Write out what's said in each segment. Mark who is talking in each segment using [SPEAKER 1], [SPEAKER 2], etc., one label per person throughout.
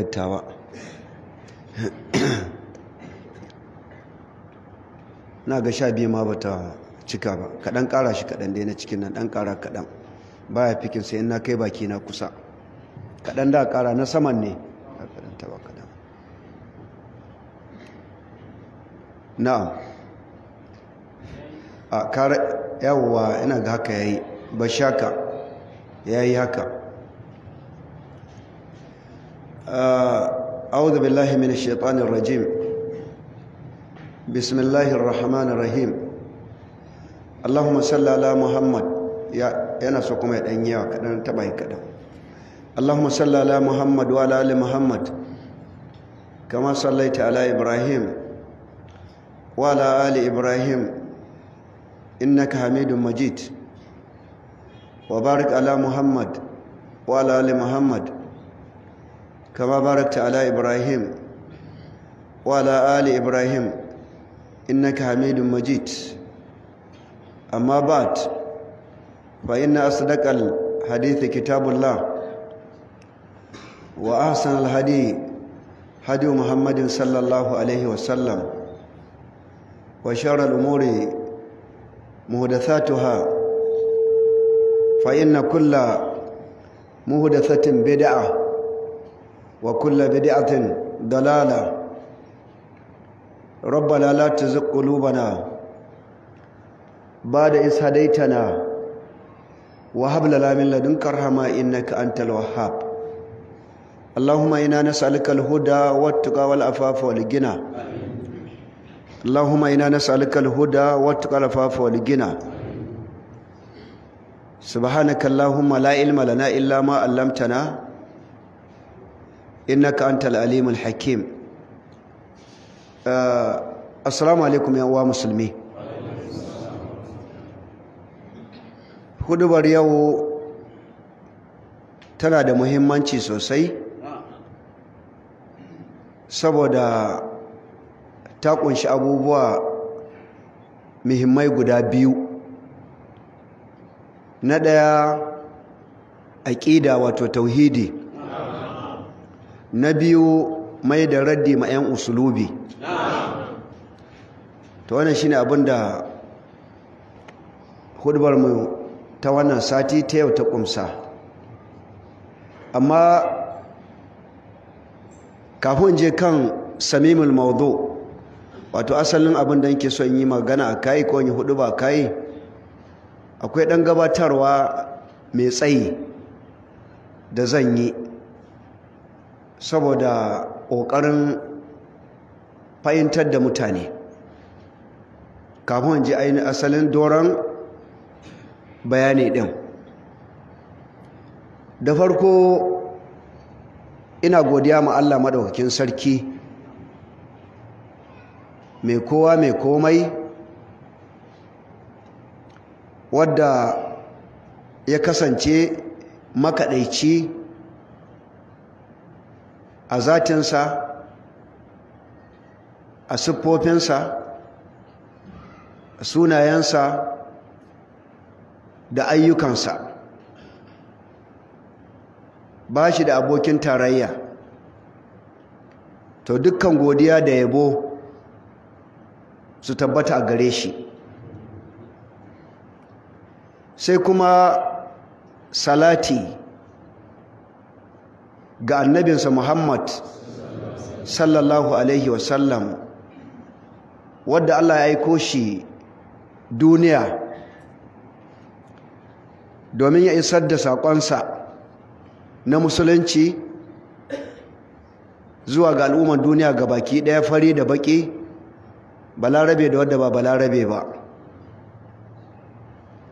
[SPEAKER 1] dattawa na ga sha biyu ma bata cika ba kaɗan ƙara shi kaɗan dai na cikin nan ɗan ƙara kaɗan ya fikin sai na kai baki na kusa kaɗan da ƙara na saman ne na, a ƙara yawwa ina ga haka ya yi ba shaka ya yi haka أعوذ بالله من الشيطان الرجيم بسم الله الرحمن الرحيم اللهم صل على محمد يا أنا سوكم يا كذا تبعي كذا اللهم صل على محمد وعلى آل محمد كما صليت على إبراهيم وعلى آل إبراهيم إنك حميد مجيد وبارك على محمد وعلى آل محمد كما باركت على إبراهيم وعلى آل إبراهيم إنك حميد مجيد أما بعد فإن أصدق الحديث كتاب الله وأحسن الهدي هدي محمد صلى الله عليه وسلم وشر الأمور مهدثاتها فإن كل مهدثة بدعة وكل بدعة ضلالة ربنا لا تزغ قلوبنا بعد إذ هديتنا وهب لنا من لدنك رحمة إنك أنت الوهاب اللهم إنا نسألك الهدى والتقى والعفاف والغنى اللهم إنا نسألك الهدى والتقى والعفاف والغنى سبحانك اللهم لا علم لنا إلا ما علمتنا innaka antal alimul hakim uh, assalamu alaikum ya uwa musulmi hudubar yau tana da muhimmanci sosai saboda ta kunshi abubuwa muhimmai guda biyu na ɗaya aƙida wato tauhidi na biyu mai da raddi ma 'yan usulubi ta wannan shine abin da hudubar ta wannan sati ta yau ta kumsa amma kafin je kan samimul maudu wato asalin abin da yake son yi magana a kayi ko yi hudu ba kayi akwai dan gabatarwa mai tsayi da zan yi saboda ƙoƙarin fahimtar da mutane kafin ji ainihin asalin doron bayani ɗin da farko ina godiya ma Allah maɗaukakin sarki mai kowa mai komai wadda ya kasance makaɗaici a zatinsa a siffofinsa a sunayensa da ayyukansa ba shi da abokin tarayya to dukkan godiya da yabo su tabbata a gare shi sai kuma salati ga annabinsa Muhammad sallallahu alaihi wasallam wadda Allah ya aiko shi duniya domin ya isar da saƙonsa na musulunci zuwa ga al'ummar duniya ga baki ɗaya fari da baki, balarabe da wadda ba balarabe ba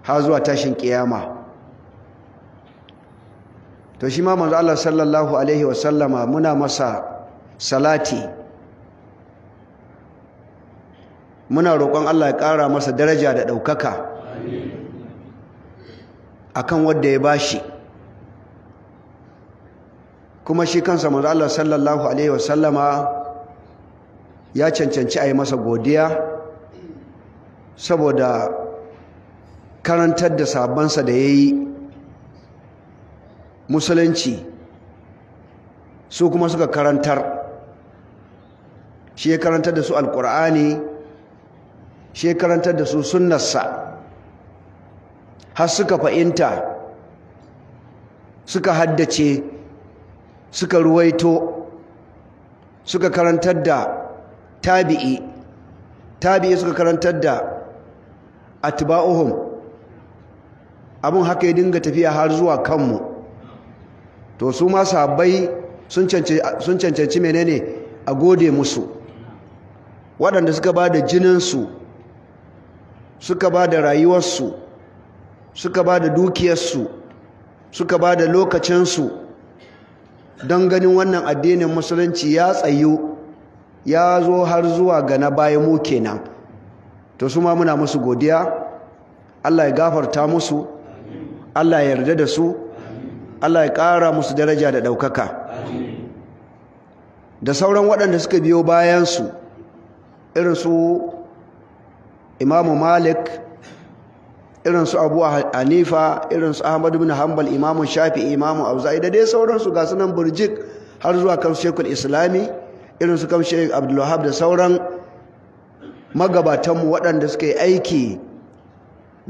[SPEAKER 1] har zuwa tashin ƙiyama to shi ma manzo Allah sallallahu alaihi wa sallama muna masa salati muna roƙon Allah ya ƙara masa daraja da ɗaukaka akan wanda ya bashi kuma shi kansa manzo Allah sallallahu alaihi wa sallama ya cancanci a yi masa godiya saboda karantar da sabansa da ya yi musulunci su kuma suka karantar shi ya karantar da su alkur'ani shi ya karantar da su sunnarsa har suka fa'inta suka haddace suka ruwaito suka karantar da tabi'i tabi'i suka karantar da atiba'uhun. abin haka ya dinga tafiya har zuwa kanmu to su ma sahabbai sun cancanci menene a gode musu waɗanda suka ba da jininsu suka ba da rayuwarsu suka ba da dukiyarsu suka ba da lokacinsu don ganin wannan addinin musulunci ya tsayu ya zo har zuwa ga na baya mu kenan to su ma muna musu godiya Allah ya gafarta musu Allah ya yarda da su Allah ya ƙara musu daraja da ɗaukaka da sauran waɗanda suka biyo bayansu irin imamu malik irin su abu hanifa irin su ahmad bin hanbal imamu shafi imamu auza'i da dai sauransu ga sunan burjik har zuwa kan shekul islami irin su kan shekul abdullahab da sauran magabatanmu waɗanda suka yi aiki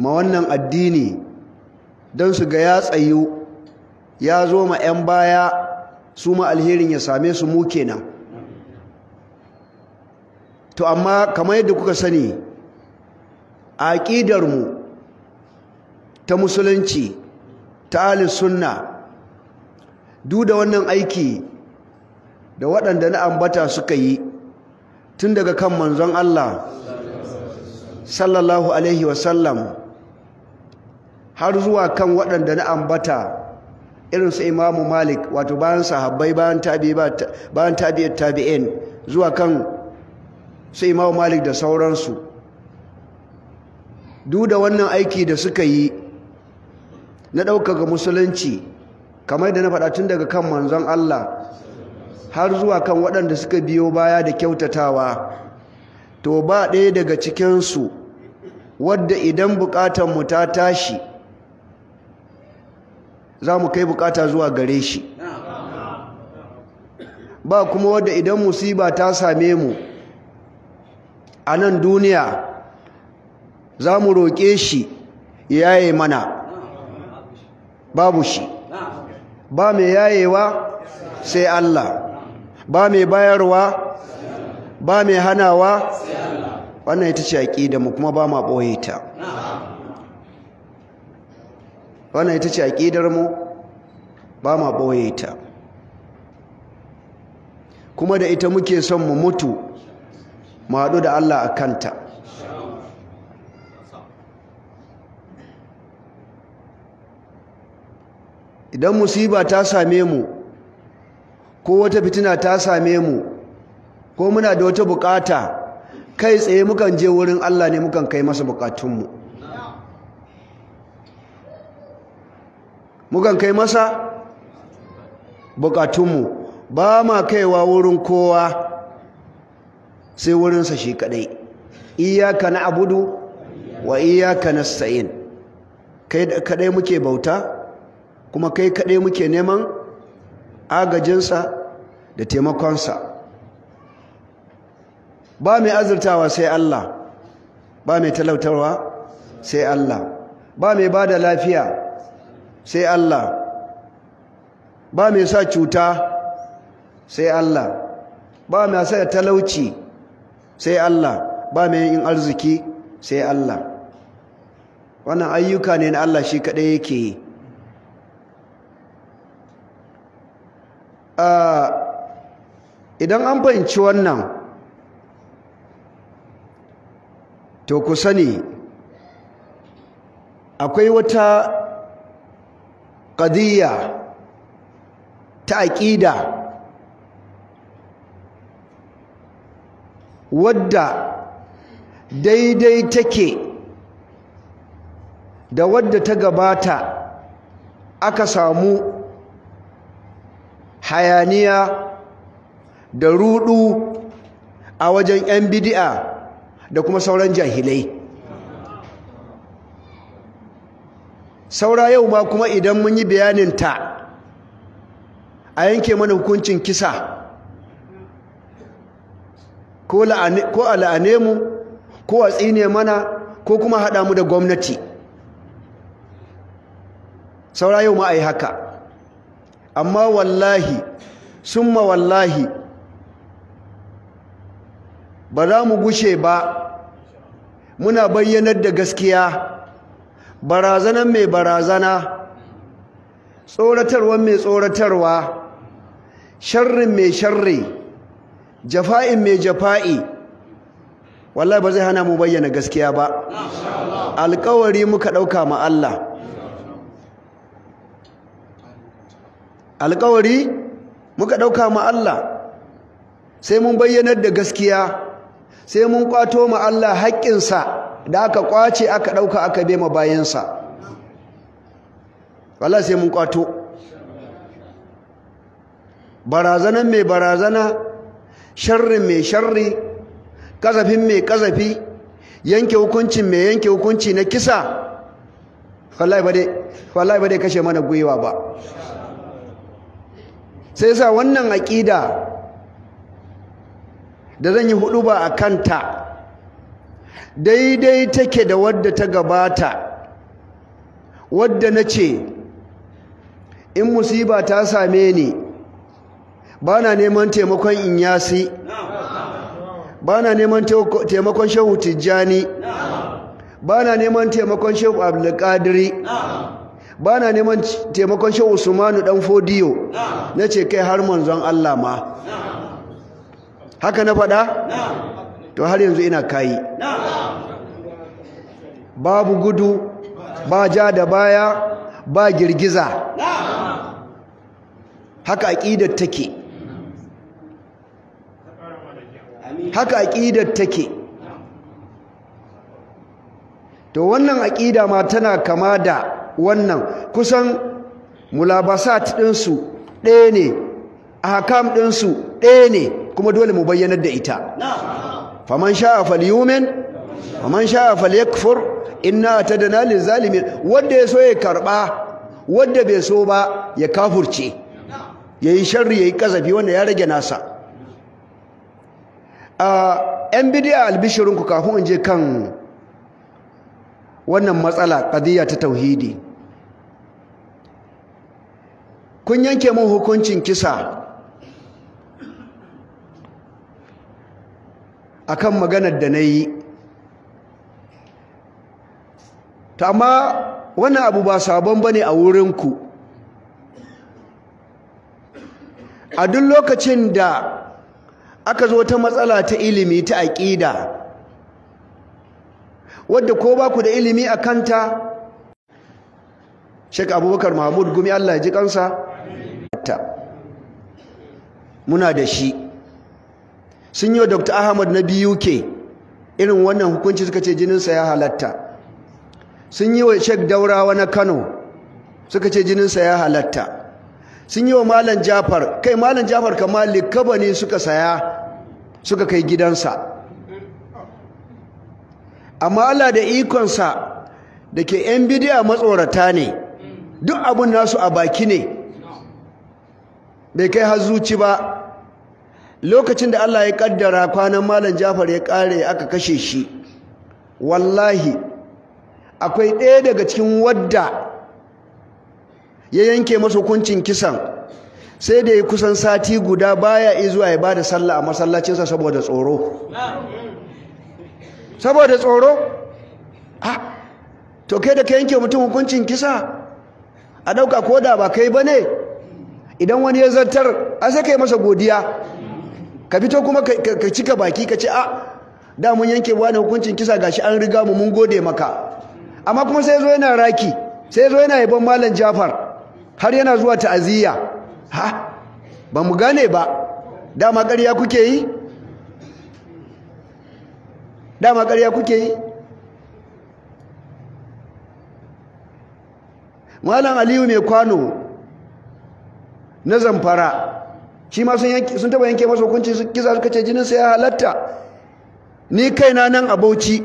[SPEAKER 1] ma wannan addini don su ga ya tsayu ya zo ma 'yan baya su ma alherin ya same su mu kenan to amma kamar yadda kuka sani aƙidarmu ta musulunci ta sunna duk da wannan aiki da waɗanda na ambata suka yi tun daga kan manzon Allah sallallahu alaihi wasallam har zuwa kan waɗanda na ambata irin su imamu malik wato bayan sahabbai bayan tabi'at tabi'in zuwa kan su imamu malik da sauransu duk da wannan aiki da suka yi na ɗaukaka musulunci kamar da na faɗa tun daga kan manzon Allah har zuwa kan waɗanda suka biyo baya da kyautatawa to ba ɗaya daga cikinsu wadda idan buƙatanmu mu ta tashi za mu kai bukata zuwa gare shi ba kuma wadda idan musiba ta same mu a nan duniya za mu roƙe shi yaye mana babu shi ba mai yayewa sai Allah ba mai bayarwa ba mai hanawa wannan ita ce aƙida mu kuma ba ma ɓoye ta wannan ita ce aƙidar mu ba ma ɓoye ta kuma da ita muke son mu mutu mu haɗu da Allah a kanta idan musiba ta same mu ko wata fitina ta same mu ko muna da wata bukata kai tsaye mukan je wurin Allah ne mukan kai masa bukatunmu mukan kai masa bukatunmu ba ma kaiwa wurin kowa sai wurinsa shi kadai iyaka na abudu wa iyaka na kai kadai muke bauta kuma kai kadai muke neman agajinsa da taimakonsa ba mai azurtawa sai Allah ba mai talautarwa sai Allah ba mai bada lafiya sai Allah ba mai sa cuta sai Allah ba mai sa talauci sai Allah ba mai yin arziki sai Allah wannan ayyuka ne na Allah shi kaɗai yake yi idan an fahimci wannan to ku sani akwai wata ƙadiyya ta aƙida wadda daidai take da wadda ta gabata aka samu hayaniya da rudu a wajen 'yan bidi'a da kuma sauran jahilai saura yau ma kuma idan mun yi bayanin ta a yanke mana hukuncin kisa ko a la'ane mu ko a tsine mana ko kuma haɗa mu da gwamnati saura yau ma a yi haka amma wallahi summa wallahi ba za mu gushe ba muna bayyanar da gaskiya barazanan mai barazana tsoratarwan mai tsoratarwa sharrin mai sharri jafa'in mai jafa'i wallahi ba zai hana mu bayyana gaskiya ba alkawari muka ɗauka ma Allah alkawari muka ɗauka ma Allah sai mun bayyanar da gaskiya sai mun kwato ma Allah haƙƙinsa da aka kwace aka ɗauka aka bema bayansa wala sai mun kwato barazanan mai barazana sharri mai sharri kazafin mai kazafi yanke hukuncin mai yanke hukunci na kisa wallahi ba dai kashe mana gwiwa ba sai sa wannan aƙida da zan yi hudu ba a kanta daidai take da wadda ta gabata wadda na ce in musiba ta same ni ba na neman taimakon inyasi ba na neman taimakon shehu tijjani ba na neman taimakon shehu abdulkadiri ba na neman taimakon shehu usmanu dan fodiyo na ce kai har manzon allah ma haka na faɗa? to har yanzu ina kayi babu gudu ba ja da baya ba girgiza haka aqidar take haka aqidar take to wannan aqida ma tana kama da wannan kusan mulabasat ɗinsu ɗaya ne ahkam ɗinsu ɗaya ne kuma dole mu bayyanar da ita faman sha'a falyumin faman sha'a falyakfur inna nalin lizalimin wanda ya so ya karba wanda bai so ba ya kafurce yayi sharri yayi kazafi wanda ya rage nasa a yan bidiya albishirin ku kafin in je kan wannan matsala qadiyya ta tauhidi kun yanke mun hukuncin kisa akan maganar da na yi ta amma wannan abu ba sabon ba ne a wurinku a duk lokacin da aka zo ta matsala ta ilimi ta aƙida wadda ko ba ku da ilimi a kanta shek Abubakar Mahmud Gumi Allah ji kansa muna da shi sun yi wa dr ahmad na biyu ke irin wannan hukunci suka ce jininsa ya halatta sun yi wa shek daurawa na kano suka ce jininsa ya halatta sun yi wa malam jafar kai malam jafar kama likaba ne suka saya suka kai gidansa amma allah da ikonsa da ke 'yan bidiya matsorata ne duk abin nasu a baki ne bai kai har zuci ba lokacin da Allah ya kaddara kwanan malam Jafar ya kare aka kashe shi wallahi akwai ɗaya daga cikin wadda ya yanke masa hukuncin kisan sai da ya kusan sati guda baya zuwa ya ba da sallah a masallacinsa saboda tsoro saboda tsoro a to kai da ka yanke mutum hukuncin kisa a ɗauka koda da ba kai ba ne idan wani ya zartar a sai kai masa godiya ka fito kuma ka cika baki ka ce a ah, da mun yanke wani hukuncin kisa gashi an riga mu mun gode maka amma kuma sai zo yana raki sai zo yana yabon malam Jafar har yana zuwa ta'aziyya ha ba mu gane ba dama ƙarya kuke yi dama ƙarya kuke yi malam aliyu mai kwano na zamfara shi ma sun taba yanke masa hukunci su kisa suka ce jinin sa ya halatta ni kaina nan a Bauchi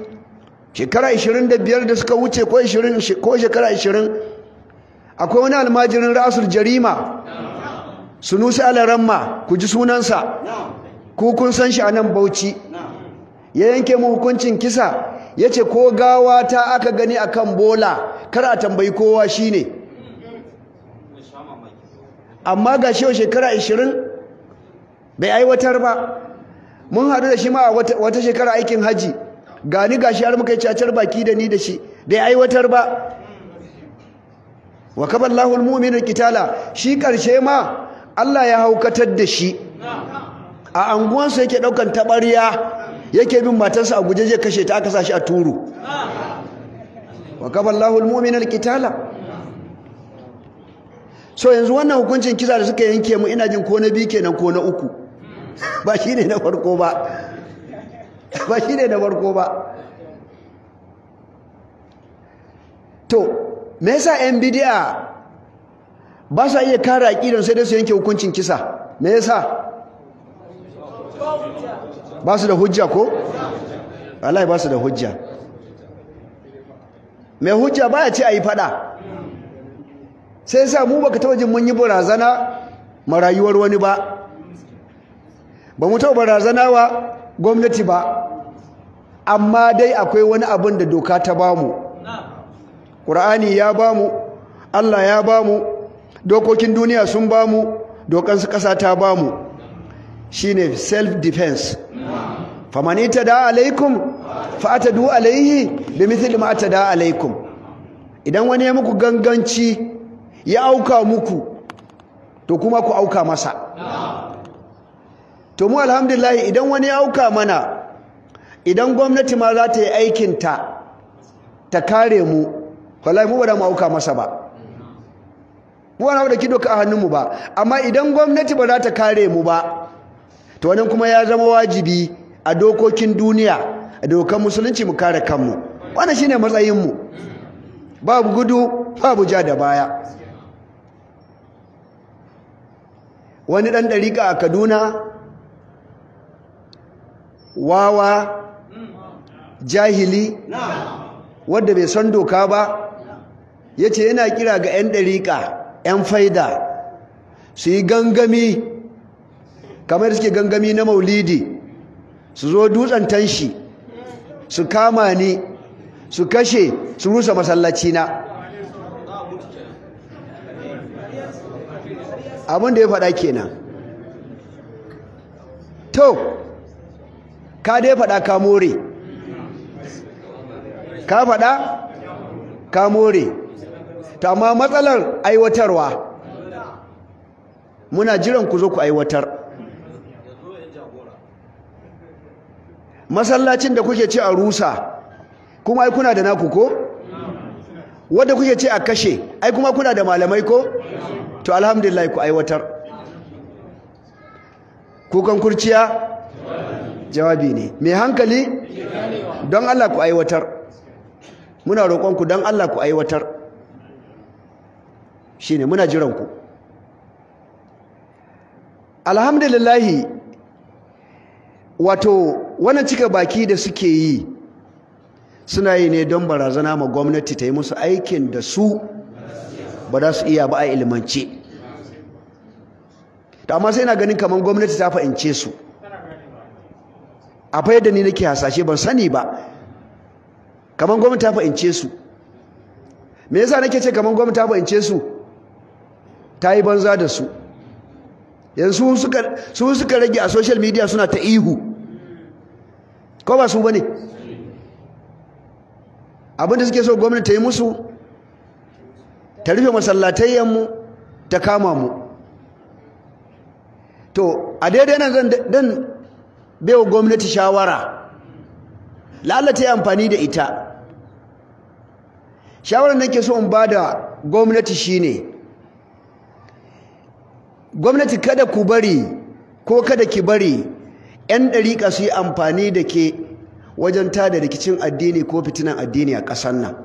[SPEAKER 1] shekara 25 da suka wuce ko shekara 20 akwai wani almajirin rasul jarima sunusi alaramma ku ji sunansa ku kun san shi a nan Bauchi ya yanke mu hukuncin kisa ya ce ko gawa ta aka gani a kan bola kar a tambayi kowa shine. amma ga shi shekara 20 bai aiwatar ba mun haɗu da shi ma wata shekara aikin haji gani gashi har muka yi cacar baki da ni da shi bai aiwatar ba wa kaballahu almu'minu kitala shi karshe ma Allah ya haukatar da shi a anguwansa yake ɗaukan tabariya yake bin matarsa a guje zai kashe ta aka sa shi a turu wa kaballahu almu'minu kitala so yanzu wannan hukuncin kisa da suka yanke mu ina jin ko na biyu kenan ko na uku ba shi ne na farko ba ba shi ne na farko ba to me yasa yan bidiya ba sa iya kare aƙidar sai dai su yanke hukuncin kisa me yasa ba su da hujja ko wallahi ba su da hujja mai hujja ba ya ce a yi fada sai sa mu baka taba jin mun yi barazana ma rayuwar wani ba ba mu taɓa barazana wa gwamnati ba amma dai akwai wani abin da doka ta bamu ƙur'ani ya bamu allah ya bamu dokokin duniya sun bamu dokan su ƙasa ta bamu ne self defense ta da alaikum fa atadu alaihi da mithli ma da alaikum idan wani ya muku ganganci ya auka muku to kuma ku auka masa to mu alhamdulillah idan wani ya auka mana idan gwamnati ma za ta yi aikinta ta kare mu wallahi mu ba da mu auka masa ba mu ba da kido ka a hannunmu ba amma idan gwamnati ba za ta kare mu ba to wannan kuma ya zama wajibi a dokokin duniya a dokan musulunci mu kare kanmu wannan shine matsayinmu babu gudu babu ja da baya wani ɗan ɗariƙa a kaduna wawa jahili wadda bai san doka ba ya ce yana kira ga 'yan ɗariƙa 'yan faida su yi gangami kamar suke gangami na maulidi su zo dutsen tanshi su kama ni su kashe su rusa masallaci na ya faɗa kenan to ka dai faɗa ka more ka faɗa ka more ta ma matsalar aiwatarwa muna jiran ku zo ku aiwatar masallacin da kuke ce a rusa kuma ai kuna da naku ko wanda kuke ce a kashe ai kuma kuna da malamai ko to alhamdulillah ku aiwatar kukan kurciya jawabi ne mai hankali don Allah ku aiwatar muna roƙonku don Allah ku aiwatar shine muna jiranku alhamdulillahi wato wani cika baki da suke yi suna yi ne don barazana ma gwamnati ta yi musu aikin da su ba za su iya ba a ilimance to amma sai na ganin kamar gwamnati ta fahimce su a fa yadda ni nake hasashe ban sani ba kamar gwamnati ta fahimce su me yasa nake ce kamar gwamnati ta fahimce su ta yi banza da su yanzu su suka rage a social media suna ta ihu ko ba su bane abinda suke so gwamnati ta yi musu ta rufe masallatayyanmu ta kama mu to a daidai nan zan Bewa gwamnati shawara lalata ya amfani da ita shawarar nake so in ba da gwamnati shine gwamnati kada ku bari ko kada ki bari 'yan ɗariƙa su yi amfani da ke wajen tada rikicin addini ko fitinan addini a ƙasar nan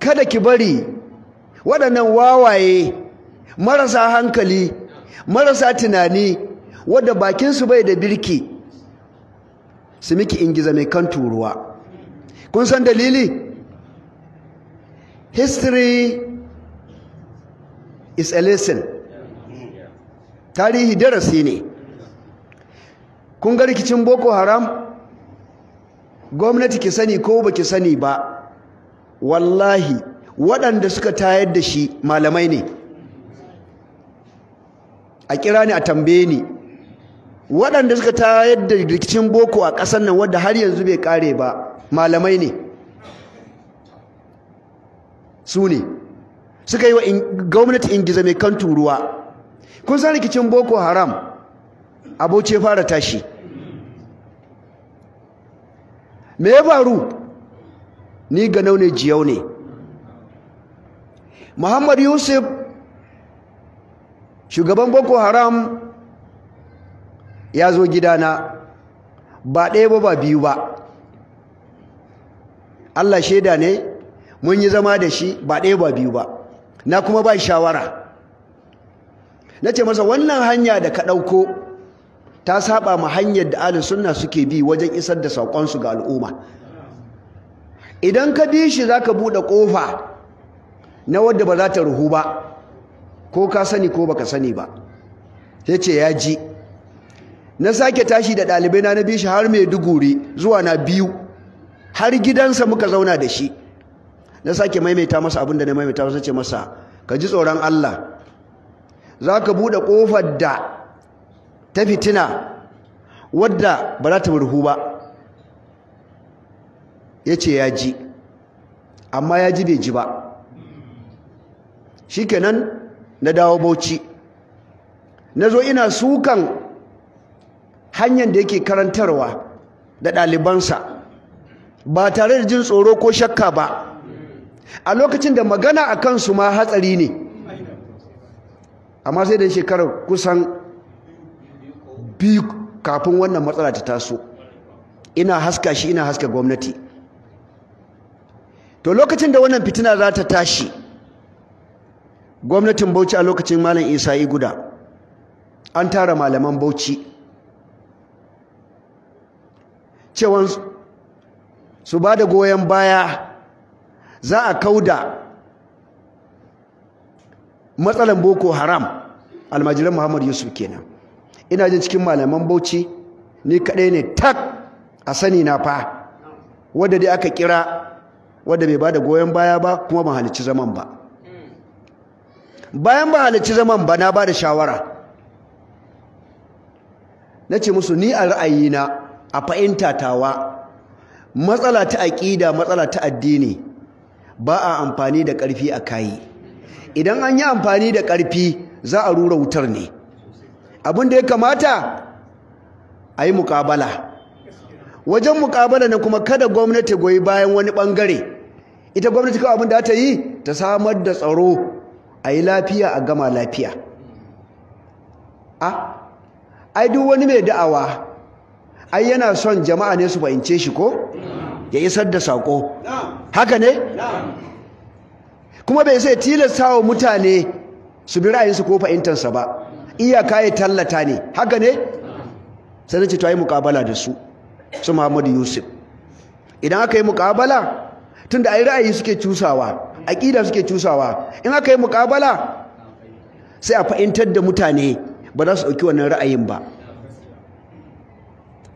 [SPEAKER 1] kada ki bari waɗannan wawaye marasa hankali marasa tunani wadda bakinsu bai da birki su miki ingiza mai kan turuwa kun san dalili history is a lesson tarihi darasi ne kun ga rikicin boko haram gwamnati ki sani ko ba ki sani ba wallahi waɗanda suka tayar da shi malamai ne a kira ni a tambaye ni waɗanda suka tayar da rikicin boko a ƙasar nan wadda har yanzu bai ƙare ba malamai ne su ne suka yi wa gwamnati ingiza mai kan turuwa kun san rikicin boko haram abuce fara tashi me ya faru ni ganau ne jiyau ne muhammad yusuf shugaban boko haram ya zo gidana ba ɗaya ba ba biyu ba allah shaida ne mun yi zama da shi ba ɗaya ba biyu ba na kuma ba shawara na ce masa wannan hanya da ka ɗauko ta saba ma hanyar da ahli suna suke bi wajen isar da saƙonsu ga al'umma idan ka bi shi za ka buɗe ƙofa na wadda ba za ta ruhu ba ko ka sani ko baka sani ba Ya ce ya ji na sake tashi da ɗalibai na na bi shi har mai duguri zuwa na biyu har gidansa muka zauna da shi na sake maimaita masa abin da na maimaita masa ce masa ka ji tsoron Allah za ka buɗe ƙofar da ta fitina wadda ba za ta murhu ba ya ce ya ji amma ya ji bai ji ba shi kenan na dawo bauchi na zo ina sukan hanyar da yake karantarwa da ɗalibansa ba tare da jin tsoro ko shakka ba a lokacin da magana a kansu ma hatsari ne amma sai da shekarar kusan biyu kafin wannan matsala ta taso ina haska shi ina haska gwamnati to lokacin da wannan fitina za ta tashi gwamnatin bauchi a lokacin malam isa guda, an tara malaman bauchi cewan su ba da goyon baya za a kauda matsalan boko haram almajiran muhammad yusuf kenan ina jin cikin malaman bauchi ni kadai ne tak a sani na fa wadda dai aka kira wadda bai ba da goyon baya ba kuma ba halicci zaman ba bayan ba halarci zaman ba na ba da shawara na ce musu ni a ra'ayina a fahimta tawa matsala ta aƙida matsala ta addini ba a amfani da ƙarfi a kayi idan an yi amfani da ƙarfi za a rura wutar ne abin da ya kamata a yi muƙabala wajen muƙabala na kuma kada gwamnati goyi bayan wani ɓangare ita gwamnati kawai abin da ta yi ta samar da tsaro a yi lafiya a gama lafiya a ai duk wani mai da'awa ai yana son jama'a ne su fahimce shi ko ya isar da saƙo haka ne kuma bai sai tilasta wa mutane su bi ra'ayinsu ko fahimtarsa ba iyaka ya tallata ne haka ne sai na ce yi mukabala da su su Muhammadu Yusuf idan aka yi muƙabala tunda ai ra'ayi suke cusawa aƙida suke cusawa in aka yi muƙabala sai a fahimtar da mutane ba za su ɗauki wannan ra'ayin ba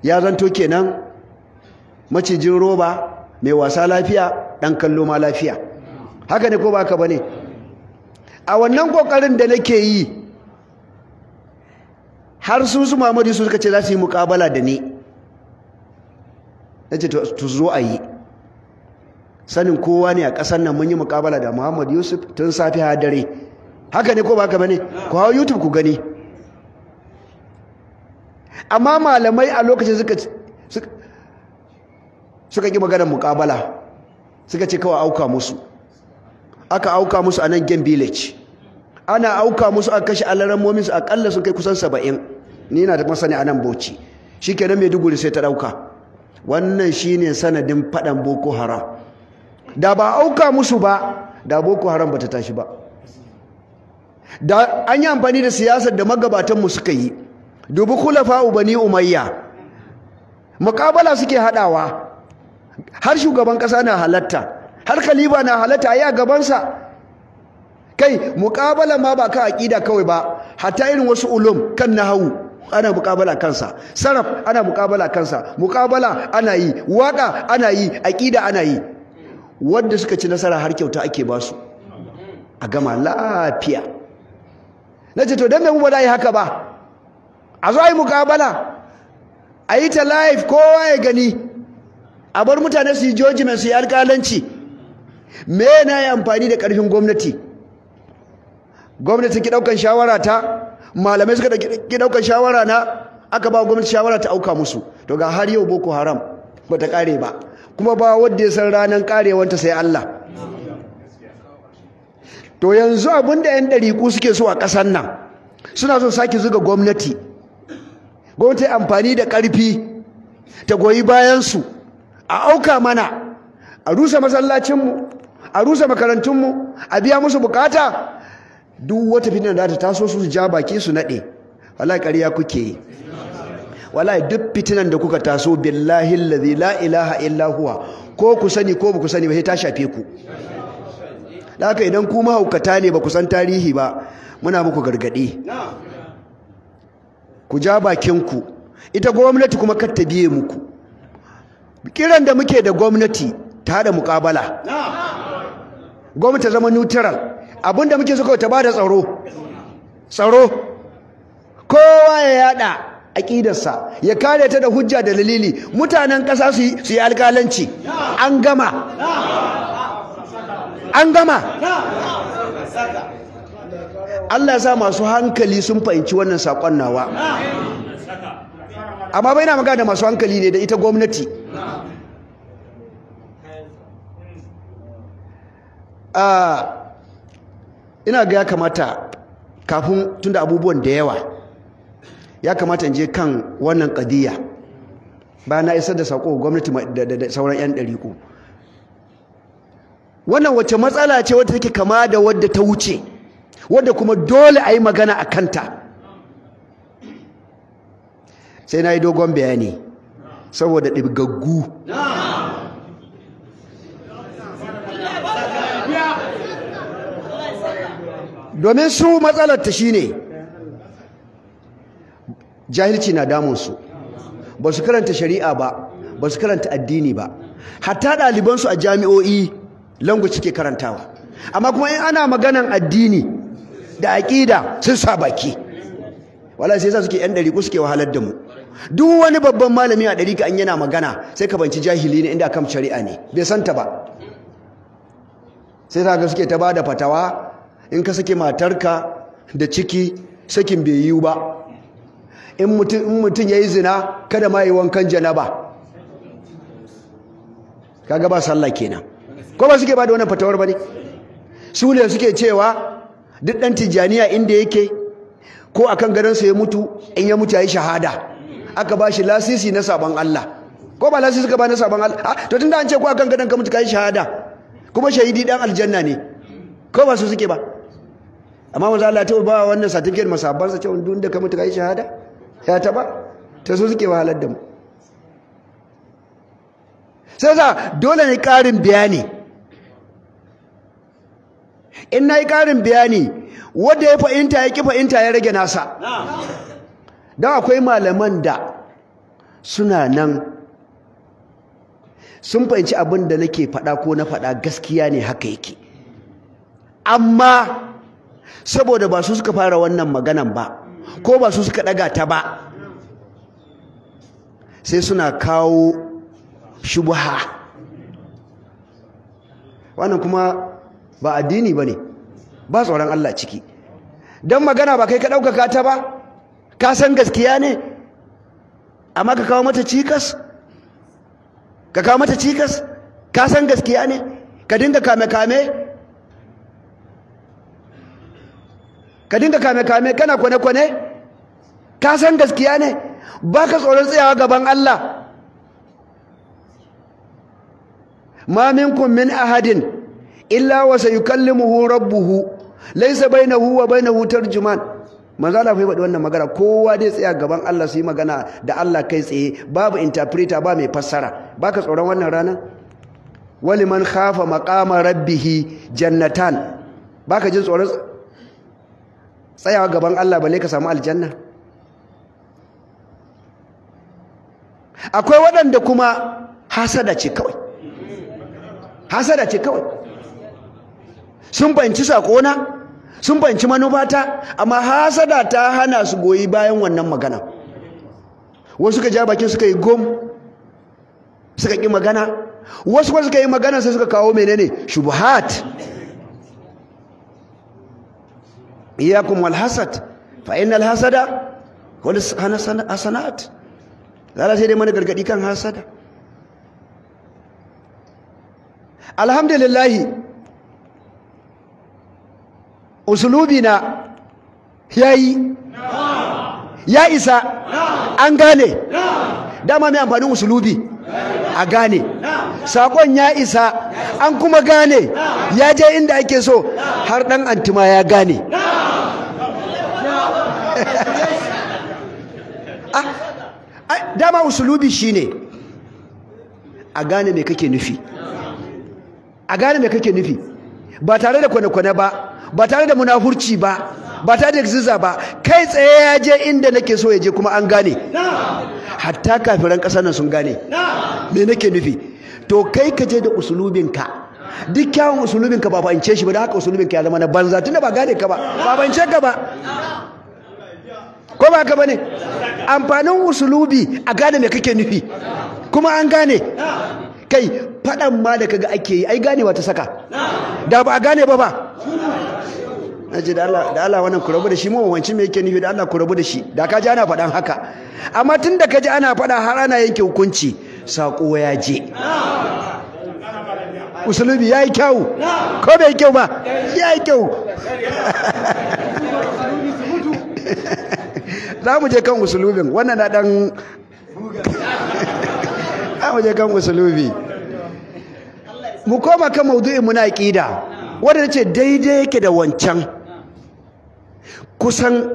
[SPEAKER 1] ya zanto kenan macijin roba mai wasa lafiya ɗan kallo ma lafiya haka ne ko ba ka ba ne a wannan ƙoƙarin da nake yi har su su mamadi su suka ce za su yi muƙabala da ni na ce to zo a yi sanin kowa ne a ƙasar nan mun yi muƙabala da Muhammad Yusuf tun safi har dare haka ne ko ba ka bane ku hau YouTube ku gani amma malamai a lokacin suka suka ki maganar muƙabala suka ce kawai auka musu aka auka musu a nan Gen Village ana auka musu a kashe alaran momin su akalla sun kai kusan saba'in ni na da masani a nan Bauchi shikenan Maiduguri sai ta dauka wannan shine sanadin fadan Boko Haram da ba auka musu ba da boko haram bata tashi ba da an yi amfani da siyasar da magabatanmu suka yi dubi kulafa bani umayya muƙabala suke haɗawa har shugaban ƙasa na halatta har kaliba na halatta ya gabansa kai mukabala ma ba ka aƙida kawai ba hatta irin wasu ulum kan nahawu ana mukabala kansa sarraf ana mukabala kansa Mukabala, ana yi waƙa ana yi aƙida ana yi wadda suka ci nasara har kyauta ake ba su a gama lafiya na ce to don mai mu ba yi haka ba a zo a yi mukabala a yi ta laif kowa ya gani a bar mutane su yi joji mai su yi alkalanci me na yi amfani da karfin gwamnati gwamnati ki ɗaukan shawara ta malamai suka ki ɗaukan shawara na aka ba gwamnati shawara ta auka musu to ga har yau boko haram ba ta kare ba kuma ba wanda ya san ranar karewanta sai Allah to yanzu abin da 'yan ɗariƙu suke so a ƙasar nan suna so sake zuga gwamnati gwamnati amfani da ƙarfi ta goyi bayansu a auka mana a rusa masallacinmu a rusa makarantunmu a biya musu bukata duk wata fitina da ta taso su ja baki su naɗe alaƙari ya kuke yi wallahi duk fitinan da kuka taso billahi allazi la ilaha illa huwa ko ku sani ko ba ku sani ba sai ta shafe ku da haka idan kuma haukata ne ba ku san tarihi ba muna muku gargadi ku ja bakinku ita gwamnati kuma kar ta biye muku kiran da muke da gwamnati ta da mukabala gwamnati zama neutral abinda muke so kawai ta da tsaro tsaro kowa ya yada aqidarsa ya kare ta da hujja da dalili mutanen kasa su yi alƙalanci an gama an gama Allah ya sa masu hankali sun fahimci wannan sakon nawa amma bai na magana da masu hankali ne da ita gwamnati ah, ina ga ya kamata kafin tunda abubuwan da yawa ya kamata in je kan wannan ƙadiyya ba na isar da sako gwamnati da sauran 'yan ɗariƙo wannan wace matsala ce wadda take kama da wadda ta wuce wadda kuma dole a yi magana a kanta sai na yi dogon bayani saboda ɗibgaggu domin su matsalar ta shine jahilci na damunsu ba su karanta shari'a ba ba su karanta addini ba hatta ɗalibansu a jami'o'i langu suke karantawa amma kuma in ana maganan addini da aƙida sun sa baki wala sai sa suke yan ku suke wahalar da mu duk wani babban malami a ɗari ka an yana magana sai ka banci jahili ne inda kam shari'a ne bai santa ba sai ta suke ta ba da fatawa in ka sake matarka da ciki sakin bai yiwu ba in mutum ya yi zina kada ma yi wankan janaba kaga ba sallah kenan ko ba suke ba da wannan fatawar ba ne su ne suke cewa duk dan tijjaniya inda yake ko akan gadonsa ya mutu in ya mutu yayi shahada aka ba shi lasisi na sabon Allah ko ba lasisi ka ba na sabon Allah ah, to tunda an ce ko akan gadon ka mutu ka yi shahada kuma shahidi dan aljanna ne ko ba su suke ba amma manzo Allah ta ba wannan certificate masabban sa ce duk inda ka mutu ka yi shahada ya taba ta su suke wahalar da mu sai za dole ne ƙarin bayani in na yi ƙarin bayani wadda ya fahimta ya ƙi fahimta ya rage nasa don akwai malaman da suna nan sun fahimci abin da nake faɗa ko na faɗa gaskiya ne haka yake amma saboda ba su suka fara wannan maganan ba ko ba su suka daga ta ba sai suna kawo shubha wannan kuma ba addini bane ba tsoron Allah ciki Don magana ba kai ka ɗaukaka ta ba ka san gaskiya ne amma ka kawo mata cikas ka kawo mata cikas ka san gaskiya ne ka dinga kame kame ka dinga kame-kame kana kwane-kwane ka san gaskiya ne ba ka tsoron tsayawa gaban Allah ma minkum min ahadin illa wa sayukallimuhu rabbuhu laysa bainahu wa bainahu tarjuman manzo Allah fa faɗi wannan magana kowa dai tsaya gaban Allah su yi magana da Allah kai tsaye babu interpreter ba mai fassara baka tsoron wannan rana man khafa maqama rabbihi jannatan baka jin tsoron tsayawa gaban Allah balle ka samu aljanna akwai waɗanda kuma hasada ce kawai hasada ce kawai sun banci sakona sun banci manufata amma hasada ta hana su goyi bayan wannan magana wasu suka ja bakin suka yi gom suka ƙi magana wasu kuma suka yi magana sai suka kawo menene shubuhat iyakum wal hasad fa innal hasada wal hasanat zalla sai dai mana gargadi kan hasada alhamdulillah usulubina yayi ya isa an gane dama mai amfanin usulubi a gane sakon ya isa an kuma gane ya je inda ake so har dan antima ya gane
[SPEAKER 2] ah,
[SPEAKER 1] dama usulubi shine a gane mai kake nufi a gane me kake nufi ba tare da kwane-kwane ba ba tare da munafurci ba ba ta da ziza ba kai tsaye ya je inda nake so ya je kuma an gane hatta kafiran ƙasar nan sun gane me nake nufi to kai ka je da usulubinka duk kyawun usulubinka ba fahimce shi ba da haka usulubinka ya zama na banza tunda ba gane ka ba ba fahimce ka ba ko ba ka bane amfanin usulubi a gane me kake nufi kuma an gane kai faɗan ma da kaga ake yi ai ganewa ta saka da ba a gane ba ba na ce da Allah wannan ku rabu da shi mu wancin me yake nufi da Allah ku rabu da shi da ka ji ana faɗan haka amma tun da ka ji ana faɗa har ana yanke hukunci saƙo ya je usulubi ya yi kyau ko bai kyau ba ya yi kyau za mu je kan usulubin wannan na ɗan za mu je kan usulubi mu koma kan maudu'in muna ƙida wanda ce daidai yake da wancan kusan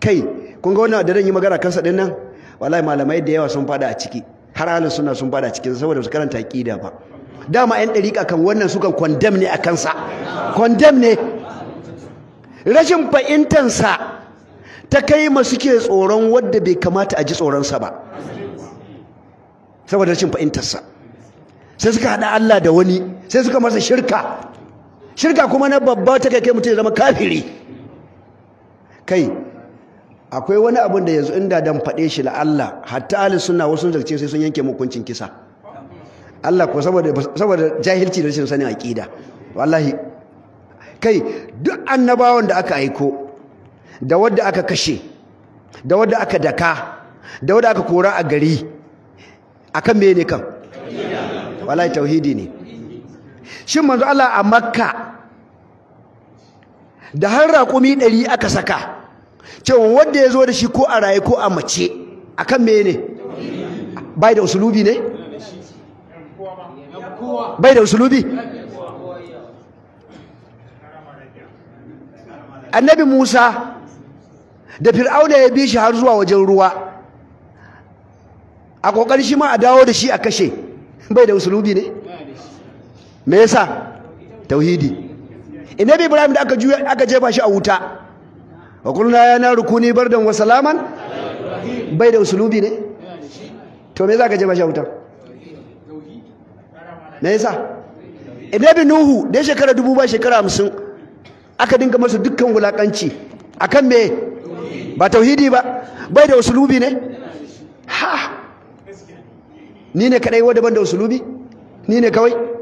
[SPEAKER 1] kai kun ga wannan da zan yi magana kansa din nan wallahi malamai da yawa sun fada a ciki har halin suna sun fada a cikin saboda su karanta aqida ba dama yan dariƙa kan wannan sukan condemn ne a kansa condemn ne rashin fahimtansa ta kai ma suke tsoron wadda bai kamata a ji tsoronsa ba saboda rashin fahimtarsa sai suka haɗa Allah da wani sai suka masa shirka shirka kuma na babba ta kai mutum ya zama kafiri kai akwai wani abin da yanzu inda dan faɗe shi la'alla hatta ahli sunna wasu zarce sai sun yanke hukuncin kisa Allah ko saboda jahilci da rashin sanin aqida wallahi kai duk annabawan da aka aiko da wadda aka kashe da wadda aka daka da wadda aka kora a gari akan me ne kan wallahi tauhidi ne shin manzo Allah a makka da har raƙumi ɗari aka saka cewa wanda ya zo da shi ko a raye ko a mace kan me ne bai da usulubi ne bai da usulubi annabi Musa da Fir'auna ya bi shi har zuwa wajen ruwa a kokari shi ma a dawo da shi a kashe bai da usulubi ne me yasa tauhidi annabi Ibrahim da aka jefa shi a wuta wa kulna ya na rukuni bardan wa salaman bai da usulubi ne to me za ka je mashi wuta me yasa Ibn annabi nuhu da shekara dubu ba shekara hamsin aka dinga masa dukkan wulakanci akan me ba tauhidi ba bai da usulubi ne ha ni ne kadai wanda ban da usulubi ni ne kawai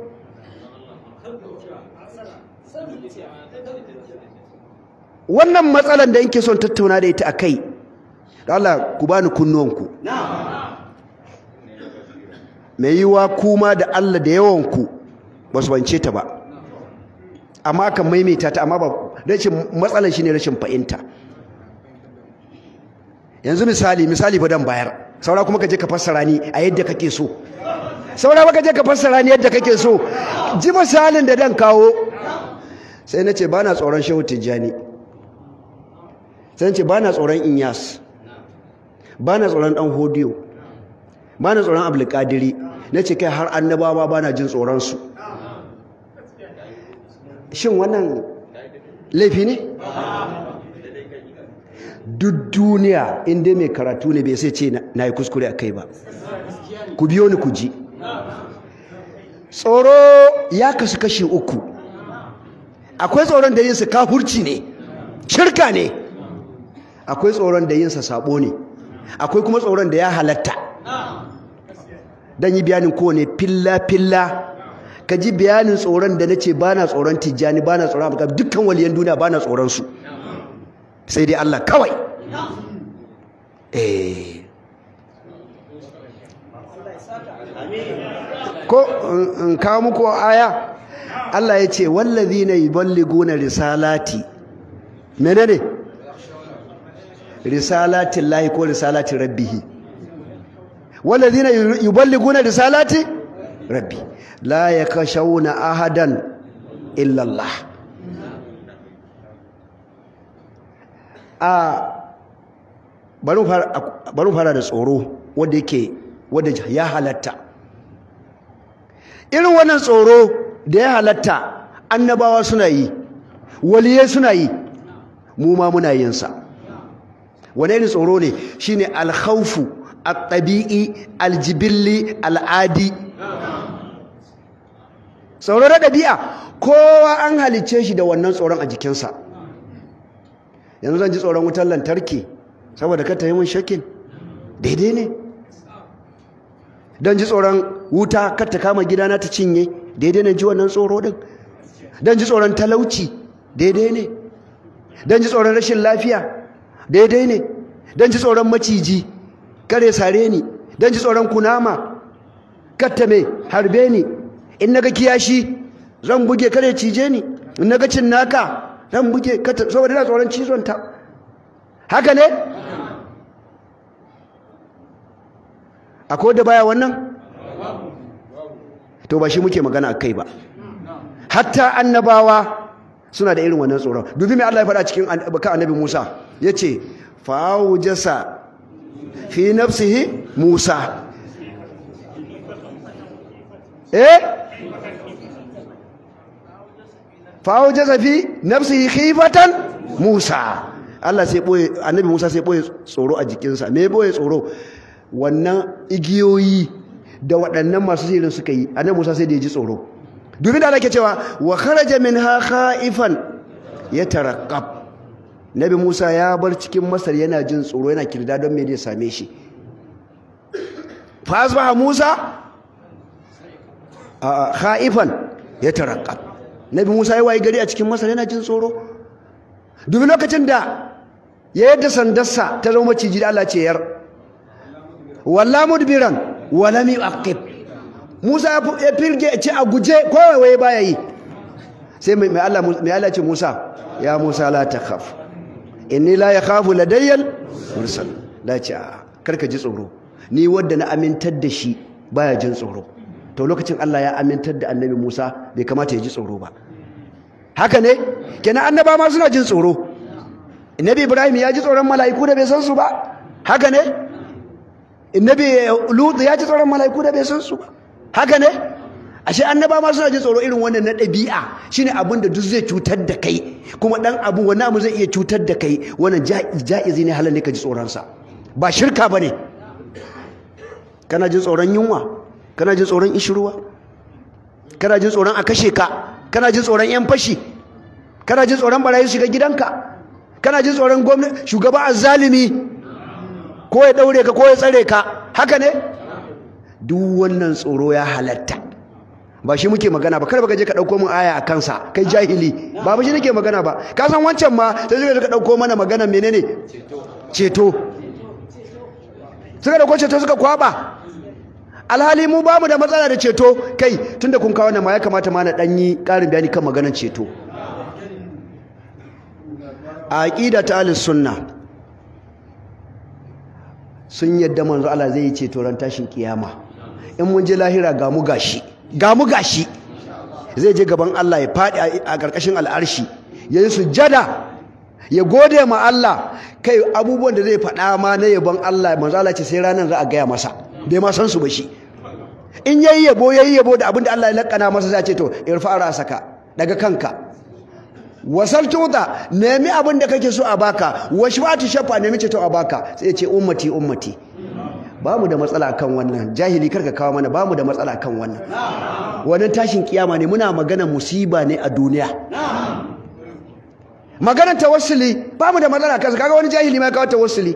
[SPEAKER 1] wannan matsalan da yake son tattauna da ita akai da Allah ku bani kunnuwanku mai yiwa kuma da Allah da yawanku ba su bance ta ba amma kan maimaita ta amma ba rashin matsalan shine rashin fahimta yanzu misali misali fa dan bayar saura kuma ka je ka fassara ni a yadda kake so saura ba ka je ka fassara ni yadda kake so ji misalin da dan kawo sai na ce ba na tsoron shehu tijjani sai ce ba na tsoron inyas ba na tsoron dan hodiyo ba na tsoron abulkadiri na ce kai har annabawa ba na jin su. shin wannan laifi ne duk duniya inda mai karatu ne bai sai ce na yi kuskure a kai ba ku biyo ni ku ji tsoro ya kasu kashi uku akwai tsoron da yin su kafurci ne shirka ne akwai tsoron da yinsa sabo ne akwai kuma tsoron da ya halatta dan yi bayanin kowane filla filla ka ji bayanin tsoron da nace na tsoron tijjani ba na tsoron abuka dukkan waliyan duniya ba na tsoron su sai dai Allah kawai eh ko in kawo muku aya Allah ya ce wallazina yuballiguna risalati menene ne risalatin lahi ko rabbi wanda risalatin rabbihi walladhina yuballiguna risalati rabbi la yakashawna ahadan illa Allah a bari fara da tsoro wanda yake wanda ya halatta irin wannan tsoro da ya halatta annabawa suna yi waliyai suna yi mu ma muna yin sa wane ne tsoro ne shi ne alhaufu a tabii aljibilli al'adi tsoro da ɗabi'a kowa an halicce shi da wannan tsoron a jikinsa yanzu zan ji tsoron wutar lantarki saboda ka tayi mun shakin daidai ne don ji tsoron wuta kar ta kama gidana ta cinye daidai ne ji wannan tsoro din don ji tsoron talauci daidai ne don ji tsoron rashin lafiya daidai ne don ci tsoron maciji kare sare ni don ci tsoron kunama kattame harbe ni in naga kiyashi zan buge kare cije ni in naga cin naka zan buge saboda na tsoron cizon ta haka ne akwai da baya wannan to ba shi muke magana a kai ba hatta annabawa suna da irin wannan tsoron dubi mai Allah ya faɗa cikin a annabi Musa ce, fa jasa fi nafsihi Musa eh fa fi nafsihi khifatan Musa Allah sai boye annabi Musa sai boye tsoro a jikinsa me boye tsoro wannan igiyoyi da waɗannan masu sirrin suka yi annabi Musa sai da ya ji tsoro dubi da nake cewa wa kharaja minha khaifan yataraqqab nabi Musa ya bar cikin Masar yana jin tsoro yana kirda don me zai same shi fa asbaha Musa khaifan yataraqqab nabi Musa ya wayi gari a cikin Masar yana jin tsoro dubi lokacin da ya yadda sandarsa ta zama maciji da Allah ce yar walla biran wala mi aqib Musa ya firge ce a guje ba baya yi sai mai Allah ce Musa ya Musa la takhaf inni la yakhafu ladayyal mursal la ce karka ji tsoro ni wanda na amintar da shi baya jin tsoro to lokacin Allah ya amintar da annabi Musa bai kamata ya ji tsoro ba haka ne kenan annaba ma suna jin tsoro annabi Ibrahim ya ji tsoron mala'iku da bai san su ba haka ne annabi Lut ya ji tsoron mala'iku da bai san su ba haka ne ashe annaba ma suna jin tsoro irin wannan na ɗabi'a shine abin da duk zai cutar da kai kuma ɗan abu wani abu zai iya cutar da kai wannan ja'izi ne halal ne ka ji tsoronsa ba shirka ba ne kana jin tsoron yunwa kana jin tsoron ishirwa kana jin tsoron a kashe ka kana jin tsoron yan fashi kana jin tsoron barayi shiga gidanka kana jin tsoron gwamnati shugaba azzalimi ko ya daure ka ko ya tsare ka haka ne duk wannan tsoro ya halatta ba shi muke magana ba kada gaje je ka dauko min aya a kansa kai jahili ba ba shi nake magana ba ka san wancan ma sai suka ka dauko mana magana menene ceto suka dauko ceto suka kwaba alhali mu bamu da matsala da ceto kai tunda kun kawo nan ma ya kamata ma na danyi yi karin bayani kan maganar ceto a aqida ta ahlus sunna sun yadda manzo Allah zai yi ceto ran tashin kiyama in mun je lahira ga mu gashi ga mu gashi zai je gaban Allah ya fadi a karkashin al'arshi ya yi sujjada ya gode ma Allah kai abubuwan da zai fada ma na yabon Allah manzo Allah ce sai ranar za a gaya masa bai ma san su ba shi in yayi yabo yayi yabo da abin da Allah ya lakana masa sai ce to irfa rasaka daga kanka wasal tuta nemi abin da kake so a baka washwatu shafa nemi ce to a baka sai ya ce ummati ummati ba mu da matsala kan wannan jahili karka kawo mana ba mu da matsala kan wannan wannan tashin kiyama ne muna magana musiba ne a duniya maganar tawassuli ba mu da matsala kansa kaga wani jahili ma kawo tawassuli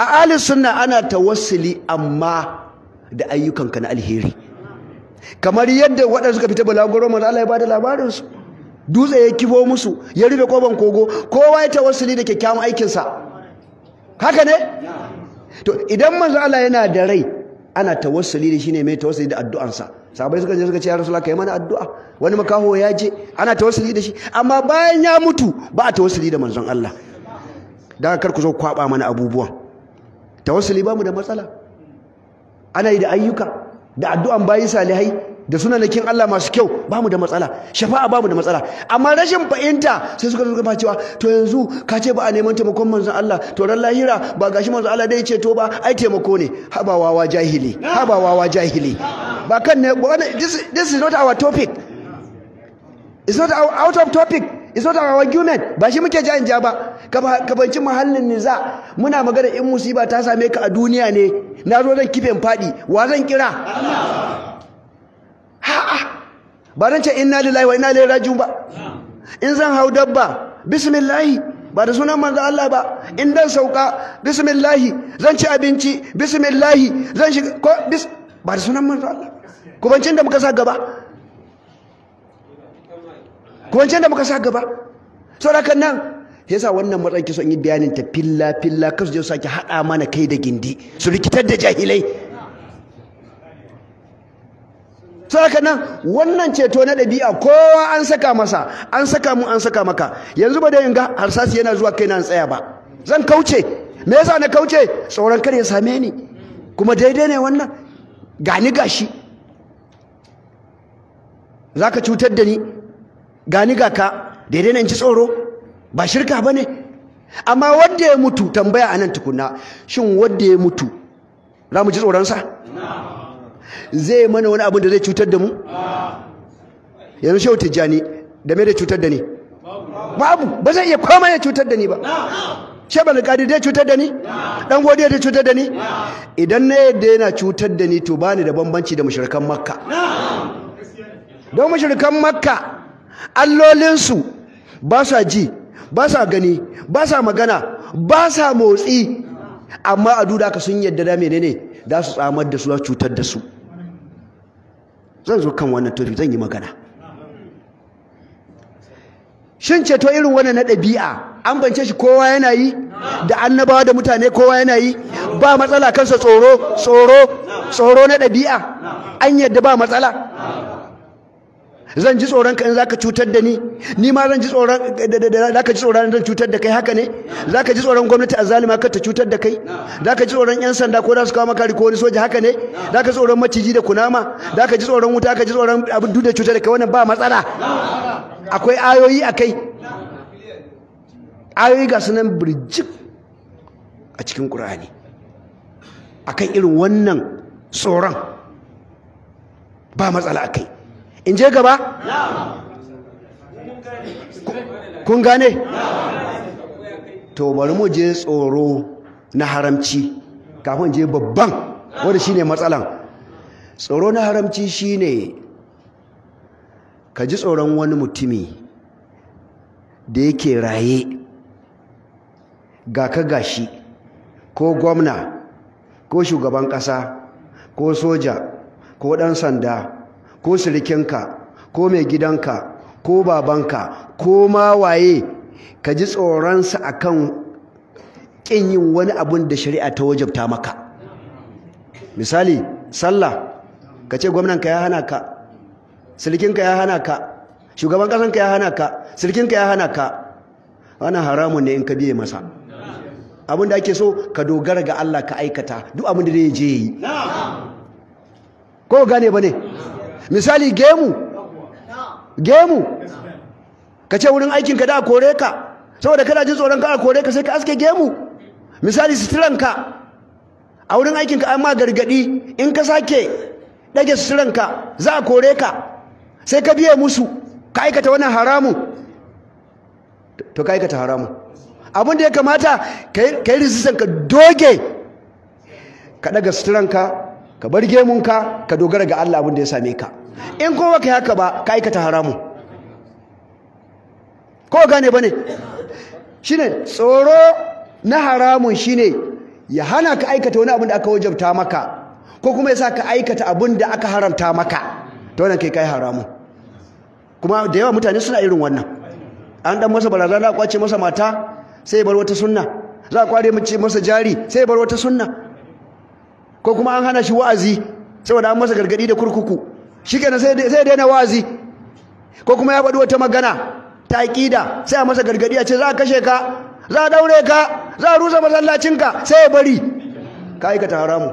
[SPEAKER 1] a Ali sunna ana tawassuli amma da ayyukanka na alheri kamar yadda waɗanda suka fita balagoro manzo Allah ya bada labarinsu. dutse ya kifo musu ya rufe koban kogo kowa ya tawassuli da kyakkyawan aikinsa haka ne to idan manzo Allah yana da rai ana tawassuli da shi ne mai tawassuli da addu'ansa sahabbai suka je suka ce ya rasulullah kai mana addu'a wani makaho ya je ana tawassuli da shi amma bayan ya mutu ba a tawassuli da manzon Allah da kar ku zo kwaba mana abubuwan tawassuli ba mu da matsala ana yi da ayyuka da addu'an bayi salihai da sunanakin Allah masu kyau ba mu da matsala shafa'a ba mu da matsala amma rashin fahimta sai suka zo cewa to yanzu ka ce ba a neman taimakon manzon Allah to ran lahira ba gashi manzon Allah dai ce to ba ai taimako ne haba wawa jahili haba wawa jahili ba kan ne this, this is not our topic it's not our out of topic it's not our argument ba shi muke ja in ja ba kabanci mahallin niza muna magana in musiba ta same ka a duniya ne na zo zan kife fadi. wa zan kira Allah. ba don ce inna lillahi wa inna ilaihi raji'un ba in zan hau dabba bismillahi ba da sunan manzo Allah ba in dan sauka bismillahi zan ci abinci bismillahi zan shi ko bis ba da sunan manzo Allah kubancin da muka sa gaba kubancin da muka sa gaba saboda nan yasa wannan matsayin kisan yi bayanin ta filla filla kasu je sake hada mana kai da gindi su rikitar da jahilai saka nan wannan ceto na ɗabi'a kowa an saka masa an saka mu an saka maka yanzu ba da yin ga harsasi yana zuwa kai nan tsaya ba zan kauce me yasa na kauce tsoron kar ya same ni kuma daidai ne wannan gani gashi Za ka cutar da ni gani ga ka daidai ne in ci tsoro ba shirka ba ne? amma wanda ya mutu tambaya anan tukuna, shin wanda ya mutu za mu ji tsoron sa zai mana wani abin da zai cutar da mu yanzu shehu tijjani da mai da cutar da ni babu ba zai iya komai ya cutar da ni ba shebal da ya cutar da ni dan godiya zai cutar da ni idan na yadda yana cutar da ni to bani da bambanci da mushrikan makka don mushrikan makka allolinsu ba sa ji ba sa gani ba sa magana ba sa motsi amma a duda ka sun yadda da menene za su tsamar da su za cutar da su zan zo kan wannan tofi zan yi magana shin ceto irin wannan na ɗabi'a an bance shi kowa yana yi da annabawa da mutane kowa yana yi ba matsala kansa tsoro tsoro tsoro na ɗabi'a an yadda ba matsala zan ji tsoron ka in zaka cutar da ni ni ma zan ji tsoron zaka ji tsoron zan cutar da kai haka ne zaka ji tsoron gwamnati azalima ka ta cutar da kai zaka ji tsoron yan sanda ko za su kawo maka ko wani soja haka ne zaka ji tsoron maciji da kunama zaka ji tsoron wuta zaka ji tsoron abin duk da cutar da kai wannan ba matsala akwai ayoyi a kai ayoyi ga sunan birjik a cikin qur'ani akan irin wannan tsoron ba matsala a kai. in je gaba kun gane to bari mu je tsoro na haramci kafin je babban wanda shine matsalan tsoro na haramci shine ka ji tsoron wani mutumi da yake raye ga ka gashi ko gwamna ko shugaban kasa, ko soja ko ɗan sanda ko sirikinka ko mai gidanka ko babanka ko ma waye ka ji tsoronsa a kan ƙin yin wani abun da shari'a ta wajabta maka misali sallah ka ce gwamnanka ya hana ka sirikinka ya hana ka shugaban ƙasanka ya hana ka sirikinka ya hana ka wannan haramun ne in ka biye masa abin da ake so ka dogara ga Allah ka aikata duk abin da zai je yi ko gane ba ne misali gemu gemu ka ce wurin aikinka da a kore ka saboda kada jin tsoron ka a kore ka sai ka aske gemu misali suturanka a wurin aikinka an ma gargadi in ka sake ɗage suturanka za a kore ka sai ka biya musu ka aikata wannan haramun to ka aikata haramun abin da ya kamata ka yi rizistan ka doge ka ɗaga suturanka ka bar gemunka ka dogara ga Allah abin da ya same ka in kowa ka haka ba ka aikata haramu. kowa gane ba ne ne tsoro na haramun ne ya hana ka aikata wani abin da aka wajabta maka ko kuma ya sa ka aikata abin da aka haramta maka ta wannan kai kai haramu? kuma da yawa mutane suna irin wannan an dan masa barazana kwace masa mata sai bar wata sunna za a kware mace masa jari sai bar wata sunna ko kuma an hana shi wa'azi saboda an masa gargadi da kurkuku shikenan sai sai daina wa'azi ko kuma ya faɗi wata magana ta aqida sai a masa gargadi a ce za a kashe ka za a daure ka za a rusa masallacinka sai ya bari ka aikata haramu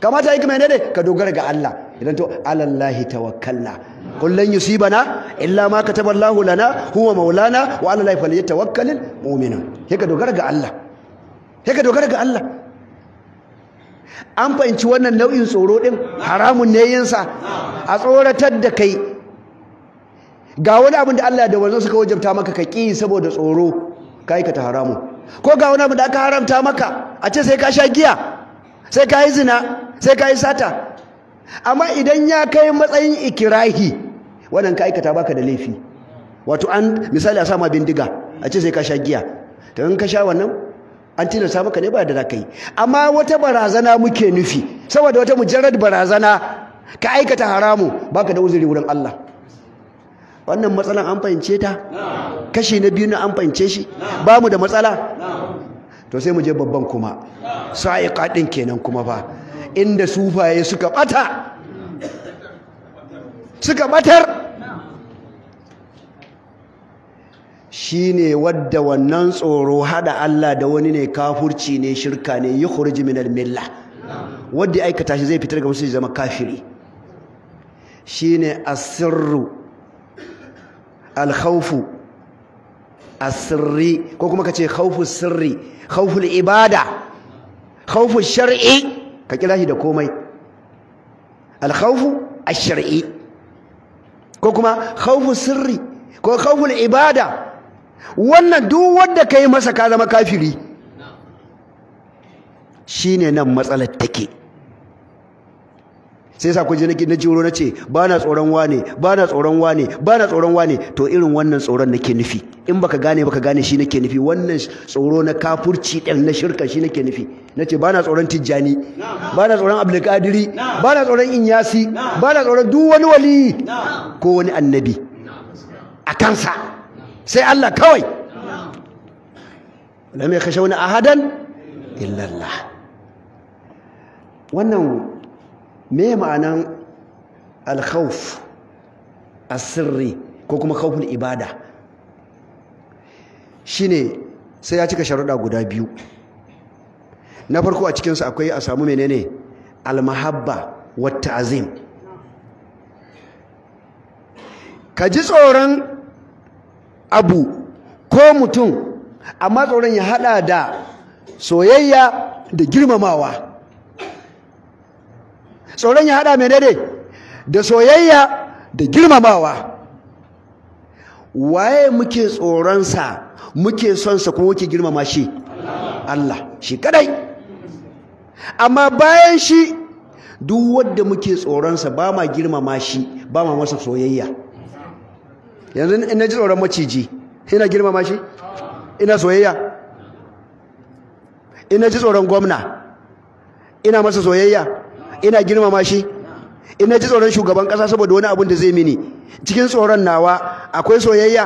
[SPEAKER 1] kamata yi mene ne ka dogara ga Allah idan to alallahi tawakkalna qul lan yusibana illa ma kataballahu lana huwa maulana wa alallahi falyatawakkalul mu'minun sai ka dogara ga Allah sai dogara ga Allah an fahimci wannan nau'in tsoro din haramun ne yinsa a tsoratar da kai ga wani abin da Allah da wanzan suka wajabta maka ka ƙi saboda tsoro ka aikata haramun ko ga wani abin da aka haramta maka a ce sai ka sha giya sai ka yi zina sai ka yi sata amma idan ya kai matsayin ikirahi wannan ka aikata baka da laifi wato an misali a sama bindiga a ce sai ka sha giya to in ka sha wannan an tilasta maka ne ba da za ka yi amma wata barazana muke nufi saboda wata mujarrad barazana ka aikata haramu baka da uzuri wurin Allah wannan matsalan an fahimce ta kashi na biyu na an fahimce shi ba mu da matsala to sai mu je babban kuma sa'i din kenan kuma fa inda sufaye suka bata suka batar shine wadda wannan tsoro hada Allah da wani ne kafurci ne shirka ne yukhrij min al-milla wadda aikata shi zai fitar ga musulmi zama kafiri shine asirru al-khawfu asirri ko kuma kace khawfu sirri khawful ibada khawfu shar'i ka kira shi da komai al-khawfu ash-shar'i ko kuma khawfu sirri ko khawful ibada wannan duk wanda ka yi masa ka zama kafiri shi ne nan matsalar take sai sa kuje na jiro na ce ba na tsoron wane ba na tsoron wane ba na tsoron wane to irin wannan tsoron nake nufi in baka gane baka gane shi nake nufi wannan tsoro na kafurci ɗin na shirka shi nake nufi na ce ba na tsoron tijjani ba na tsoron abdulkadiri ba na tsoron inyasi ba na tsoron duk wani wali ko wani annabi a kansa sai Allah kawai kashe wani ahadan illa wannan me ma'anan alkhauf a sirri ko kuma khawful ibada shine sai ya cika sharuɗa guda biyu na farko a cikinsu akwai a samu menene almahabba wata azim ka ji tsoron abu ko mutum amma tsoron ya hada da soyayya da girmamawa tsoron ya hada menene da soyayya da girmamawa waye muke tsoronsa muke sonsa kuma muke girmama shi Allah shi kadai amma bayan shi duk wadda muke tsoronsa ba ma girmama shi ba ma masa soyayya yanzu ina ji tsoron maciji ina girmama shi ina soyayya ina ji tsoron gwamna ina masa soyayya ina girmama shi ina ji tsoron shugaban kasa saboda wani abin da zai mini cikin tsoron nawa akwai soyayya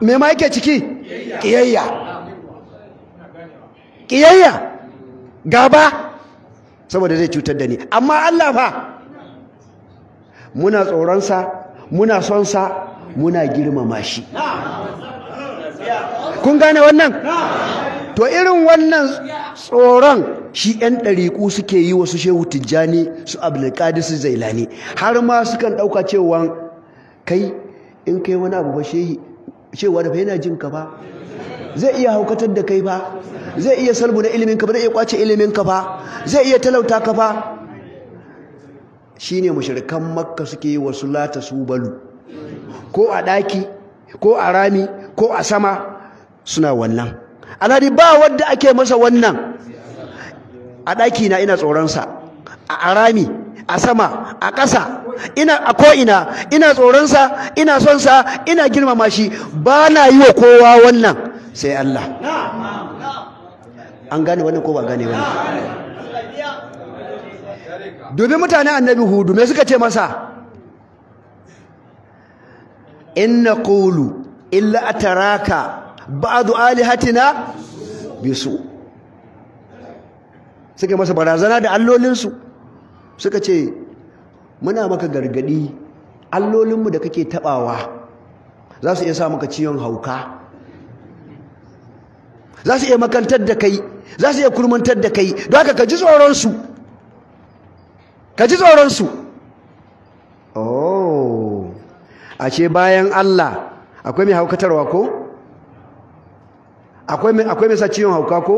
[SPEAKER 1] me ma yake ciki kiyayya kiyayya gaba saboda zai cutar da ni amma Allah fa muna tsoronsa muna son sa. muna girmama shi kun gane wannan to irin wannan tsoron shi 'yan ɗariƙu suke yi wasu shehu tijjani su abdulkadir su zailani har ma sukan ɗauka cewa kai in kai wani abu ba shehi cewa da yana jin ka ba zai iya haukatar da kai ba zai iya salbu na ilimin ka ba zai iya kwace ilimin ka ba zai iya talauta ka ba shine mashirkan makka suke yi wasu lata su balu ko a ɗaki ko a rami ko a sama suna wannan alhali ba wadda ake masa wannan a ɗaki na ina tsoronsa a rami a sama a ƙasa ina a ko'ina ina tsoronsa ina sonsa ina girmama shi ba na yi wa kowa wannan sai Allah an gane wannan ko ba gane wannan domin mutane annabi hudu me suka ce masa in naqulu illa ataraka ba'du alihatina bisu suka masa barazana da allolinsu suka ce muna maka gargadi allolinmu da kake tabawa za su iya sa maka ciyon hauka za su iya makantar da kai za su iya kurmantar da kai don haka ka ji tsoronsu ka ji tsoronsu ashe bayan Allah akwai mai haukatarwa ko akwai mai sa ciwon hauka ko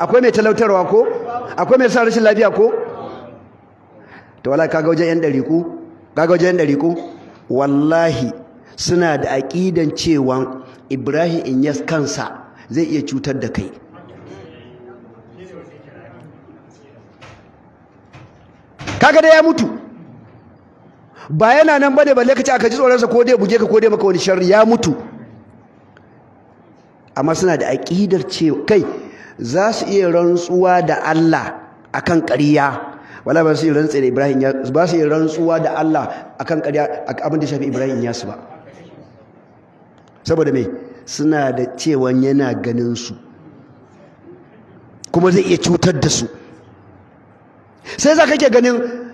[SPEAKER 1] akwai mai talautarwa ko akwai mai sa rashin lafiya ko to wala kaga wajen yan dariku kaga wajen yan ɗariku? wallahi suna da aƙidan cewa Ibrahim in yas kansa zai iya cutar da kai kaga da ya mutu ba yana nan bane balle ka ce aka ji tsoronsa ko dai buge ka ko dai maka wani sharri ya mutu amma suna da aƙidar ce kai za su iya rantsuwa da Allah akan ƙarya wala ba su iya rantsuwa da Ibrahim ya ba su iya rantsuwa da Allah akan ƙarya abin da shafi Ibrahim ya su ba saboda me suna da cewa yana ganin su kuma zai iya cutar da su sai za ka ke ganin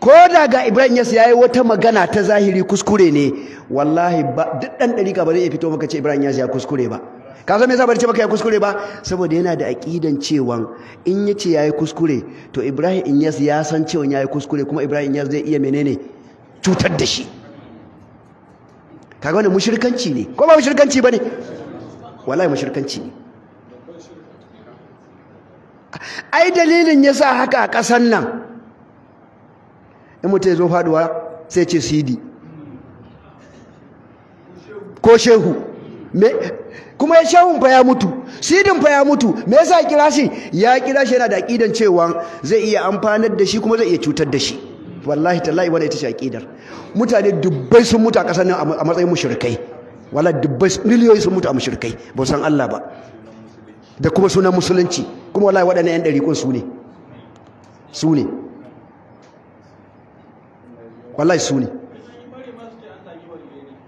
[SPEAKER 1] ko da ga Ibrahim ya yi wata magana ta zahiri kuskure ne wallahi ba duk ɗan dariƙa ba zai iya fito maka ce Ibrahim yasu ya kuskure ba ka san me yasa ba ce maka ya kuskure ba saboda yana da aqidan cewan in yace yi kuskure to Ibrahim yasu ya san cewa yi kuskure kuma Ibrahim yasu zai iya menene cutar da shi kaga wani mushrikanci ne ko ba ba ne. wallahi mushrikanci ne ai dalilin yasa haka a ƙasar nan in mutum ya zo faduwa sai ce cd ko shehu kuma ya shehun fa ya mutu sidin fa ya mutu me yasa kira shi ya kira shi yana da aqidan cewa zai iya amfanar da shi kuma zai iya cutar da shi wallahi tallahi wannan ita ce aqidar mutane dubbai sun mutu a kasar nan a matsayin mushrikai wala dubbai miliyoyi sun mutu a mushrikai ba san Allah ba da kuma sunan musulunci kuma wallahi waɗannan yan ɗariƙun su ne su ne wallahi su ne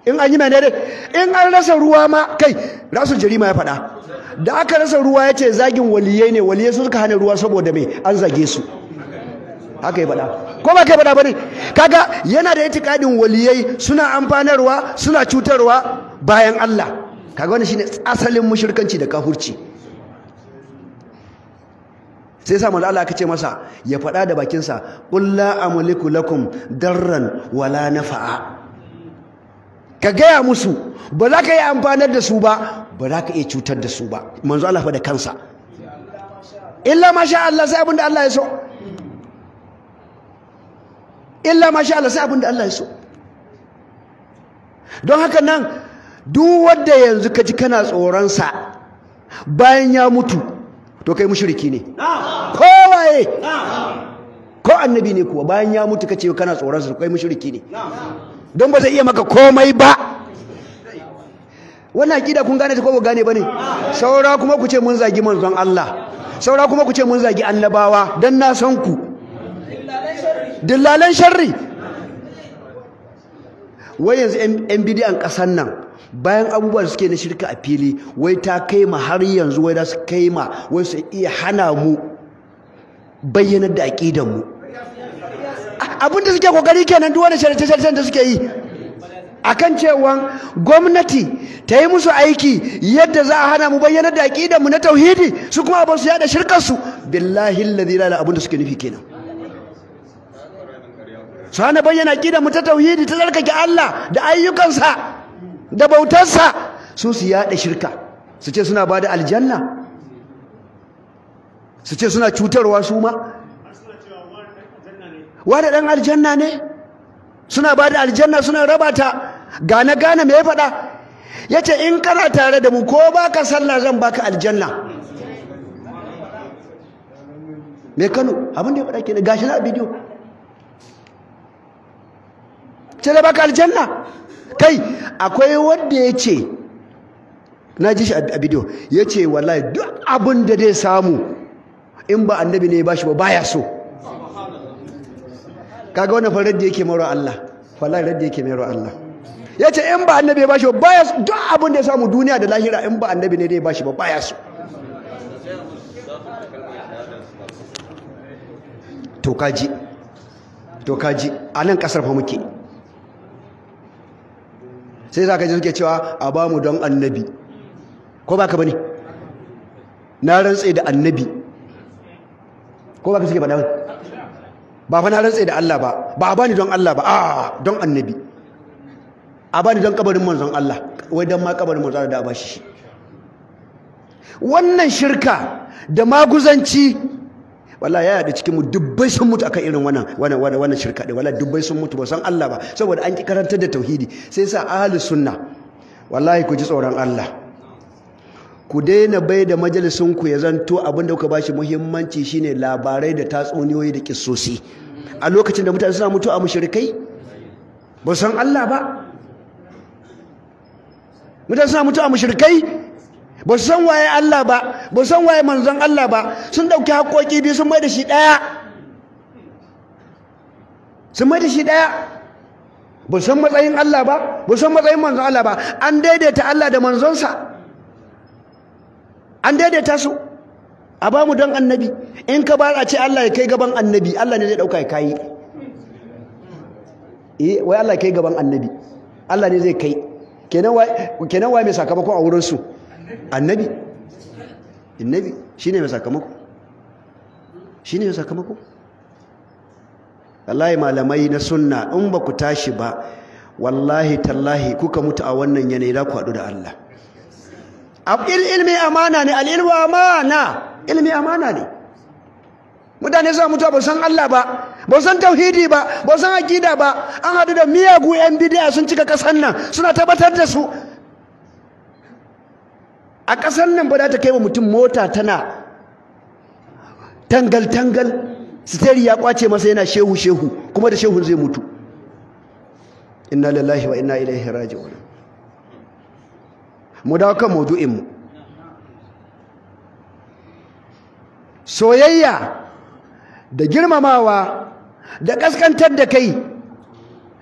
[SPEAKER 1] in an yi menene in an rasa ruwa ma kai rasul jarima ya faɗa da aka rasa ruwa ya ce zagin waliyai ne waliyai su suka hana ruwa saboda mai an zage su haka ya fada ko ba kai faɗa ba ne kaga yana da itikadin waliyai suna amfanarwa suna cutarwa bayan Allah kaga wani shine asalin mushrikanci da kafurci sai sa manzo Allah ka ce masa ya faɗa da bakinsa qul la amliku lakum darran wala nafa'a ka gaya musu ba za ka yi amfanar da su ba ba za ka iya cutar da su ba manzo Allah fa da kansa illa masha Allah sai abinda Allah ya so illa masha Allah sai abinda Allah ya so don haka nan duk wanda yanzu ka ji kana tsoronsa bayan ya mutu to kai mushriki ne kowaye ko annabi ne kuwa bayan ya mutu kace kana tsoron sa kai mushriki ne don ba zai iya maka komai ba wannan akida kun gane ta ko ba gane saura kuma ku ce mun zagi manzon Allah saura kuma ku ce mun zagi annabawa dan na san ku dillalan sharri wai yanzu yan an kasan nan bayan abubuwa suke na shirka a fili wai ta kai ma har yanzu wai da su kai ma wai su iya hana mu bayyanar da aƙidar mu abin da suke kokari kenan duk wani sharce da suke yi akan cewa gwamnati ta yi musu aiki yadda za a hana mu bayyana da aƙidar mu na tauhidi su kuma abin su yada shirkar su billahi alladhi da suke nufi kenan su hana bayyana aƙidar mu ta tauhidi ta tsarkake Allah da ayyukansa da bautarsa su su yada shirka su ce suna ba da aljanna su ce suna cutarwa su ma wani dan aljanna ne suna ba da aljanna suna rabata. gane gane me ya faɗa ya ce in kana tare da mu ko ba ka sallah zan baka aljanna me kano abinda da ya faɗa ne, gashi na bidiyo ce da baka aljanna kai akwai wanda ya ce na ji shi a bidiyo ya ce wallahi duk abin da zai samu in ba annabi ne ya bashi ba baya so kaga wannan fa da yake maro Allah wallahi radda yake maro Allah ya ce in ba annabi ya bashi ba baya so duk abin da ya samu duniya da lahira in ba annabi ne da ba bashi ba baya so to kaji to kaji a nan kasar fa muke sai za ka ji suke cewa a ba mu don annabi ko ba ka bane na rantse da annabi ko ba ka suke faɗa ba ba fa na rantse da Allah ba ba a bani don Allah ba a don annabi a bani don kabarin manzon Allah wai don ma kabarin manzon Allah da ba shi. wannan shirka da maguzanci Wala ya yaɗu cikin mu dubbai sun mutu akan irin wannan wannan wannan shirka din wallahi dubbai sun mutu ba san Allah ba saboda an ki karantar da tauhidi sai sa ahlus sunna wallahi ku ji tsoron Allah ku daina bai da majalisun ku ya zanto abin da kuka bashi muhimmanci shine labarai da tatsuniyoyi da kissosi a lokacin da mutane suna mutu a mushrikai ba san Allah ba mutane suna mutu a mushrikai ba su san waye Allah ba ba su san waye manzon Allah ba sun dauki haƙoƙi biyu sun mai da shi daya sun mai da shi daya ba san matsayin Allah ba ba san matsayin manzon Allah ba an daidaita Allah da manzonsa an daidaita su a ba mu don annabi in ka ba a ce Allah ya kai gaban annabi Allah ne zai dauka ya kai eh wai Allah ya kai gaban annabi Allah ne zai kai kenan wai kenan wai mai sakamako a wurin su annabi annabi ne mai sakamako ne mai sakamako wallahi malamai na sunna in ba ku tashi ba wallahi tallahi kuka mutu a wannan yanayi da ku haɗu da Allah ilmi amana ne al'ilwa amana ilmi amana ne mutane suna mutuwa ba san Allah ba ba san tauhidi ba ba san aqida ba an haɗu da miyagu yan bid'a sun cika kasan nan suna tabbatar da su a ƙasar nan ba za ta kai wa mutum mota tana tangal-tangal steri ya kwace masa yana shehu-shehu kuma da shehun zai mutu inna lallahi wa inna ilaihi raji'un mu dawo kan maudu'in mu soyayya da girmamawa da kaskantar da kai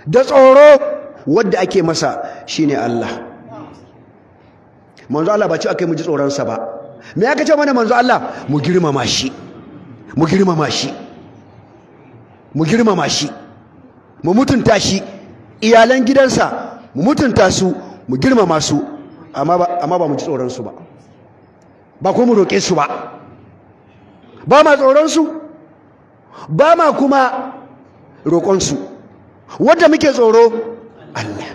[SPEAKER 1] da tsoro wadda ake masa shine Allah manzo Allah ba ci akai mu ji tsoron sa ba me aka ce mana manzo Allah mu girmama shi mu girmama shi mu girmama shi mu mutunta shi iyalan gidansa mu mutunta su mu girmama su amma ba amma ba mu ji tsoron su ba ba ko mu roƙe su ba ba ma tsoron su ba ma kuma roƙon su wanda muke tsoro Allah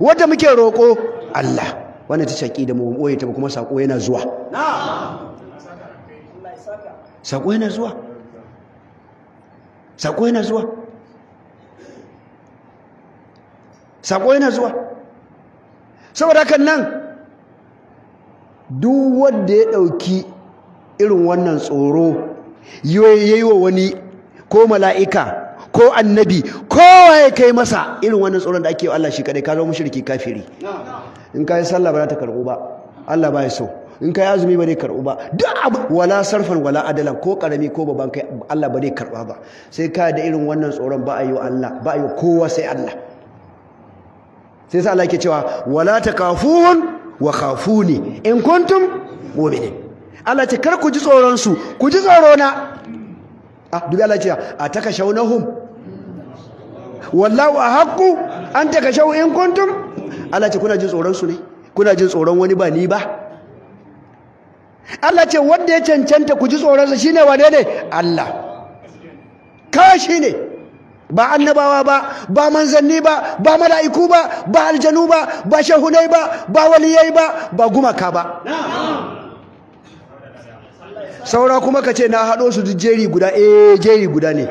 [SPEAKER 1] wanda muke roƙo Allah wannan ta shaƙi da mu ta kuma saƙo yana zuwa saƙo yana zuwa yana zuwa yana zuwa saboda kan nan duk wanda ya ɗauki irin wannan tsoro yayi wa wani ko mala'ika ko annabi kowa ya kai masa irin wannan tsoron da ake yi Allah shi kadai ka zo mushriki kafiri in ka yi sallah ba za ta karɓu ba Allah ba ya so in ka yi azumi ba zai karɓu ba Da abu wala sarfan wala adalan ko karami ko baban kai Allah ba zai karɓa ba sai ka da irin wannan tsoron ba a yi Allah ba a yi kowa sai Allah sai sa Allah yake cewa wala ta takafun wa ne in kuntum mu'minin Allah ce kar ku ji tsoron su ku ji tsoro na ah dubi Allah ce a taka shaunahum wallahu ahqqu an taka in kuntum Allah ce kuna jin tsoron su ne kuna jin tsoron wani ba ni ba Allah ce wanda ya cancanta ku ji shi shine wane ne Allah kawai shine ba annabawa ba ba manzanni ba ba mala'iku ba ba aljanu ba ba shahunai ba ba waliyai ba ba gumaka ba saura kuma ka ce na haɗo su jeri guda eh jeri guda ne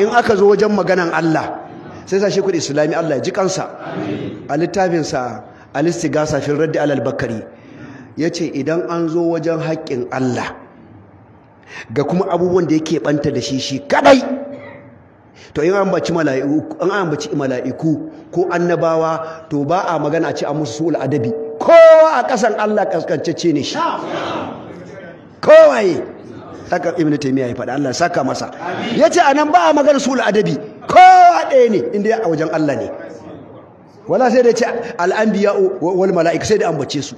[SPEAKER 1] in aka zo wajen maganan Allah sai sa shekul islami Allah ya ji kansa a littafinsa a listi fil radd raddi alal bakari ce idan an zo wajen haƙƙin Allah ga kuma abubuwan da yake banta da shi shi kadai to in an baci mala'iku an mala'iku ko annabawa to ba a magana a ce a musu su adabi kowa a kasan Allah ce ne shi yi haka ibnu taymiya ya faɗa Allah saka masa yace anan ba a magana su adabi kowa ɗaya ne inda a wajen Allah ne wala sai da ce al’ambiya wal mala'ika sai da ambace su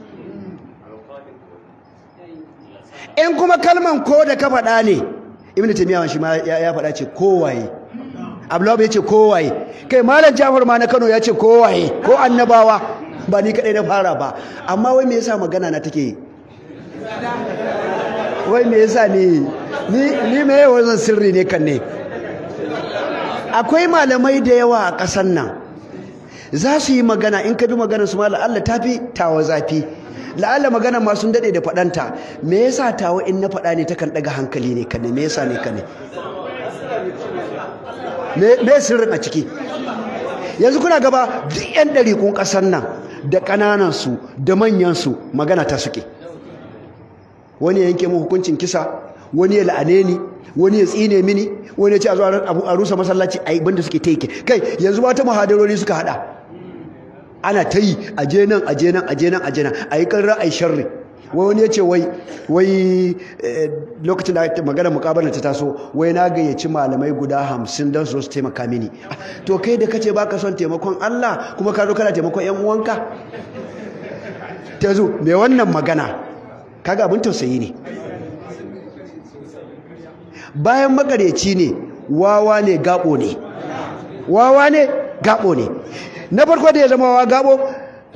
[SPEAKER 1] in kuma kalman ko da ka faɗa ne ta miyawan shi ma ya faɗa ce kowaye abdullahi ya ce kowaye kai malam jafar ma na Kano ya ce kowaye ko annabawa ba ni kadai na fara ba amma wai me yasa magana na take wai me yasa ni ni me yawon sirri ne kan ne akwai malamai da yawa a ƙasar nan za su yi magana in ka bi maganar su ma la'alla ta fi tawa zafi la'alla magana ma sun daɗe da faɗanta me yasa tawa in na faɗa ne takan ɗaga hankali ne kane me yasa ne kane me sirrin a ciki yanzu kuna gaba duk 'yan kun ƙasar nan da ƙananansu da manyansu magana ta suke wani ya yanke mu hukuncin kisa wani ya la'ane ni wani ya tsine mini wani ya ce a zuwa a rusa masallaci a yi banda suke ta kai yanzu wata muhadarori suka hada ana ta yi a je nan a je nan a je nan a je nan a yi karra a yi sharri wani ya ce wai wai eh, lokacin da magana mukabalar ta taso wai na gayyaci malamai guda hamsin don su su taimaka mini to kai da kace baka son taimakon Allah kuma ka zo kana taimakon yan uwanka ta zo mai wannan magana kaga abin tausayi ne bayan makaryaci ne wawa ne gabo ne wawa ne gabo ne na farko da ya zama wawa gabo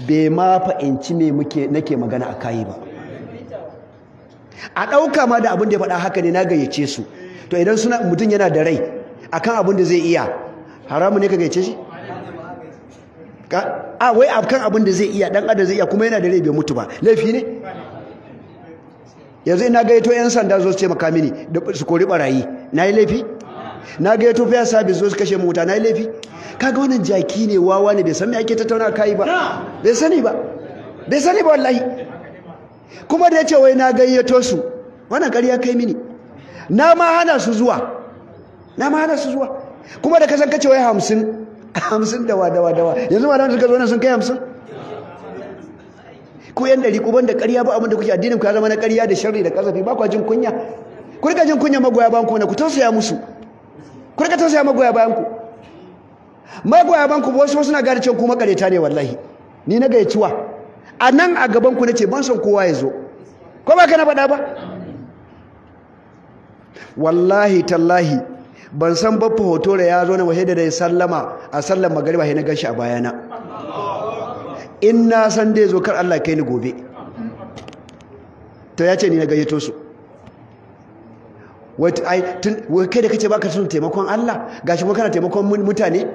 [SPEAKER 1] bai ma fa'inci ne muke nake magana a kayi ba a ɗauka ma da abin da ya faɗa haka ne na gayyace su to idan suna mutum yana da rai akan abin da zai iya haramu ne ka gayyace shi a wai akan abin da zai iya ɗan adam zai iya kuma yana da rai bai mutu ba laifi ne yanzu ina gaito yan sanda zo su taimaka mini da su kori barayi na yi laifi na gaito fiya sabi zo su kashe mota na yi laifi kaga wannan jaki ne wawa ne bai san me ake tattauna kai ba bai sani ba bai sani ba wallahi kuma da yace wai na gayyato su wannan ƙarya kai mini na ma hana su zuwa na ma hana su zuwa kuma da kasan kace wai 50 hamsin dawa dawa dawa yanzu ma da suka zo nan sun kai hamsin ko yan riko ban banda ƙarya ba abin da kuke addinin ku ya zama na ƙarya da sharri da kasafi ba ku jin kunya ku rika jin kunya magoya bayan ku na ku tausaya musu ku rika tausaya magoya bayan ku magoya bayan ku wasu suna gane cewa ku makareta ne wallahi ni na gayyaci wa a nan a gaban ku nace ban son kowa ya zo ko ba kana faɗa ba wallahi tallahi ban san baffa hoto da ya zo na wahida da ya sallama a sallan magariba sai na gashi a bayana in na san dai zo kar Allah kai ni gobe to ya ce ni na gayyato su kai da kace baka son taimakon Allah gashi kuma kana taimakon mutane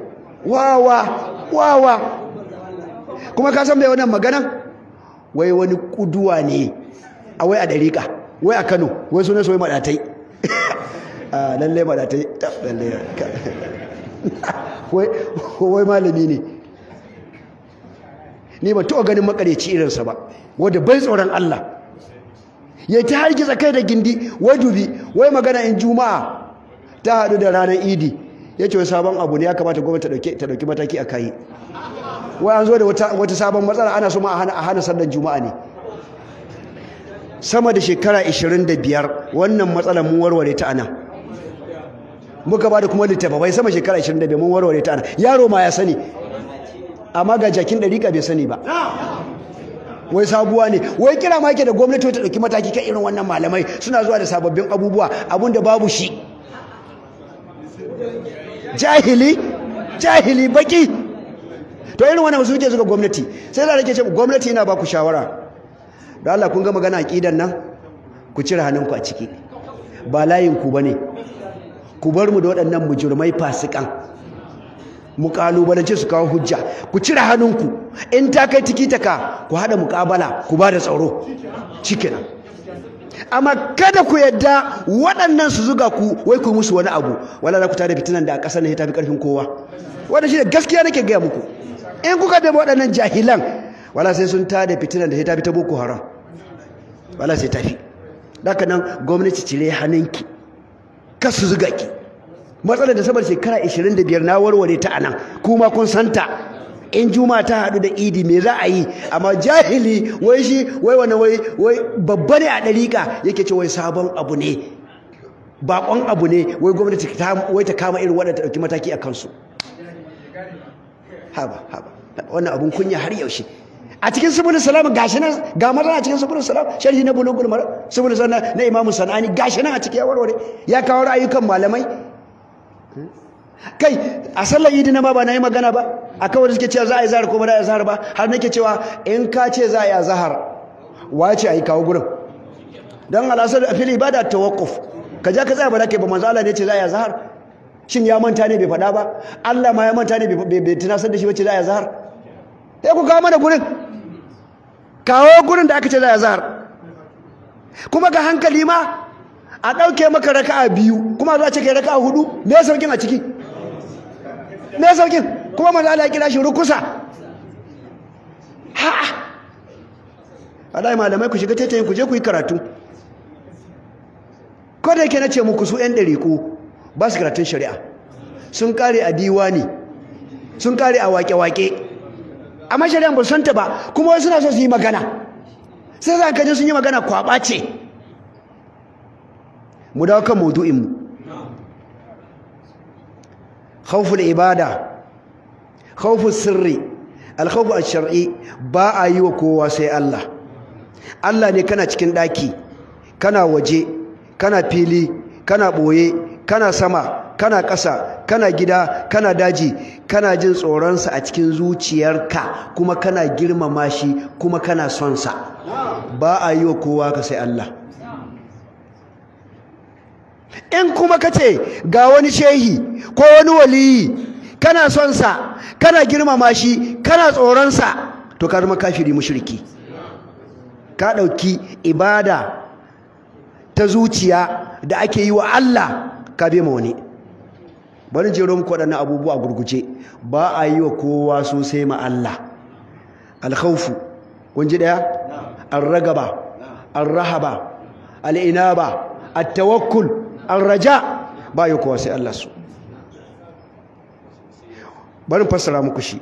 [SPEAKER 1] wawa wawa kuma ka san bai wannan maganan wai wani kuduwa ne a wai a dariƙa wai a Kano wai sunan soyayya madatai a lalle madatai lalle wai malami ne ni ba tuwa ganin makareci irinsa ba Wadda bai tsoron Allah ya ta hargitsa kai da gindi wadubi dubi wai magana in juma'a ta haɗu da ranar idi ya ce sabon abu ne ya kamata gwamnati ta ɗauki mataki a kayi wai an zo da wata sabon matsala ana so ma a hana sallar juma'a ne sama da shekara 25 wannan matsala mun warware ta ana muka ba da kuma littafa bai sama shekara 25 mun warware ta ana yaro ma ya sani amma ga jakin ɗariƙa bai sani ba wai sabuwa ne wai kira ma yake da gwamnati ta ɗauki mataki kan irin wannan malamai suna zuwa da sababbin abubuwa abun da babu shi jahili jahili baki to irin wannan su suke zuga gwamnati sai da nake ce gwamnati yana ba ku shawara da Allah kun ga magana ƙidan nan ku cire hannunku a ciki ba layin ku ne. ku bar mu da waɗannan mujurmai fasikan mu kalubalance su kawo hujja ku cire hannunku in ta kai ta ka ku haɗa mukabala ku ba da tsaro shikenan amma kada ku yadda waɗannan su zuga ku wai ku musu wani abu wala na ku tare fitinan da a ƙasar ne ta fi ƙarfin kowa wanda shi da gaskiya nake gaya muku in kuka da waɗannan jahilan wala sai sun tare fitinan da ta fi ta boko haram wala sai tafi haka nan gwamnati cire hannunki ka su zuga ki matsalar da sabar shekara 25 na warware ta anan kuma kun santa in juma ta hadu da idi me za a yi amma jahili wai shi wai wani wai wai babba ne a ɗariƙa yake ce wai sabon abu ne baƙon abu ne wai gwamnati wai ta kama irin waɗanda ta ɗauki mataki a kansu haba haba wannan abun kunya har yaushe a cikin subulus salam gashi nan ga maza a cikin subulus salam sharhi na bulugul mara subulus salam na imamu sanani gashi nan a cikin warware ya kawo ra'ayukan malamai kai a sallar yidi na ma ba na yi magana ba a kawai da suke cewa za a yi zahar ko ba da ya zahar ba har nake cewa in ka ce za a yi zahar wace a yi kawo gurin don alasar a fili ba da tawakuf ka ja ka tsaya ba da ke ba manzo Allah ne ce za a yi zahar shin ya manta ne bai faɗa ba Allah ma ya manta ne bai tunasar da shi wace za a yi zahar sai ku kawo mana gurin kawo gurin da aka ce za a yi zahar kuma ga hankali ma a ɗauke maka raka'a biyu kuma za a ce kai raka'a hudu me saukin a ciki me saukin kuma manzo Allah ya kira shi rukusa ha Allah malamai ku shiga tetayen ku je ku yi karatu ko da yake na ce muku su yan ku, ba su karatun shari'a sun kare a diwani sun kare a wake-wake amma shari'a ba su santa ba kuma wasu suna so su yi magana sai za ka ji sun yi magana kwaɓa ce mu dawo kan maudu'inmu khawful ibada khawful sirri alkhawfu ash-shar'i ba a yi wa kowa sai Allah Allah ne kana cikin daki kana waje kana fili kana boye kana sama kana ƙasa kana gida kana daji kana jin tsoronsa a cikin zuciyarka kuma kana girmama shi kuma kana son sa ba a yi wa kowa ka sai Allah in kuma ka ce ga wani shehi ko wani waliyi kana son sa kana girmama shi kana tsoron sa to ka zama kafiri mushriki ka ɗauki ibada ta zuciya da ake yi wa Allah ka ma wani bari jero muku waɗannan abubuwa gurguje ba a yi wa kowa sosai ma Allah alkhawfu kun ji daya arragaba arrahaba alinaba attawakkul alraja ba yi kowa sai Allah su bari fassara muku shi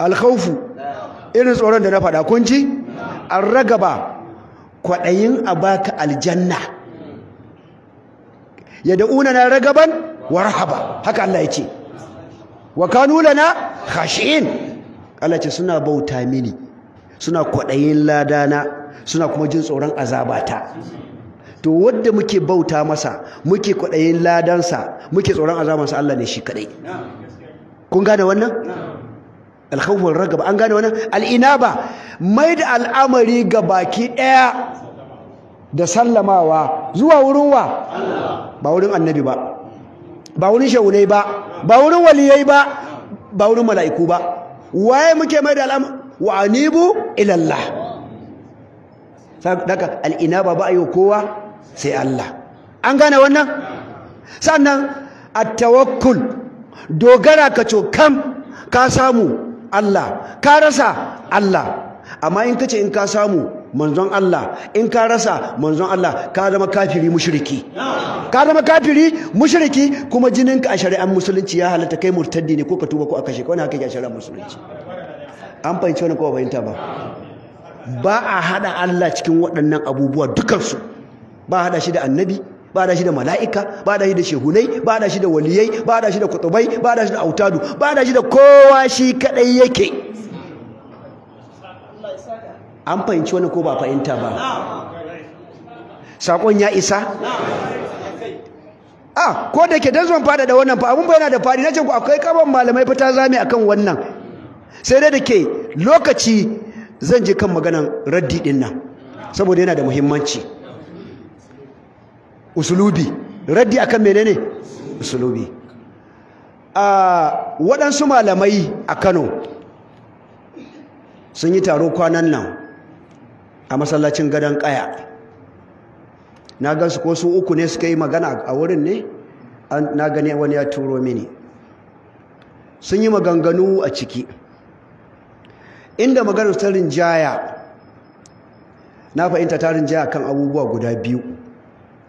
[SPEAKER 1] alkhaufu irin tsoron da na faɗa kunji ji kwaɗayin a baka aljanna ya da'una na ragaban wa rahaba haka Allah ya ce wa kanu lana khashi'in Allah ce suna bauta mini suna kwaɗayin ladana suna kuma jin tsoron azabata to wadda muke bauta masa muke kwaɗayin ladansa muke tsoron azamansa Allah ne shi kaɗai kun gane wannan alkhawfin ragaba an gane wannan al'inaba mai da al'amari ga baki ɗaya da sallamawa zuwa wurin wa ba wurin annabi ba ba wurin shahunai ba ba wurin waliyai ba ba wurin mala'iku ba waye muke mai da al'amari wa anibu ilallah daga al'inaba ba a yi kowa sai Allah an gane wannan sannan a tawakkul dogara ka ce ka samu Allah ka rasa Allah amma in kace in ka samu manzon Allah in ka rasa manzon Allah ka zama kafiri mushriki ka zama kafiri mushriki kuma jininka a shari'an musulunci ya halatta kai murtaddi ne ko ka tuba ko a kashe ka haka yake a musulunci an fahimci wani kowa fahimta ba ba a hada Allah cikin waɗannan abubuwa dukansu ba hada shi da annabi ba hada shi da mala'ika ba hada shi da shehunai ba hada shi da waliyai ba hada shi da kutubai ba hada shi da autadu ba hada shi da kowa shi kadai yake an fahimci wani ko ba fahimta ba sakon ya isa a ko da ke dan zuwan fada da wannan fa abun yana da fadi ce ku akwai kaban malamai fa ta zame akan wannan sai dai da ke lokaci zan je kan maganan raddi din nan saboda yana da muhimmanci usulubi raddi akan menene usulubi a waɗansu malamai a Kano sun yi taro kwanan nan a masallacin gadon ƙaya na gansu ko su uku ne suka yi magana a wurin ne na gani wani ya turo mini sun yi maganganu a ciki inda maganar ta rinjaya na fahimta ta rinjaya kan abubuwa guda biyu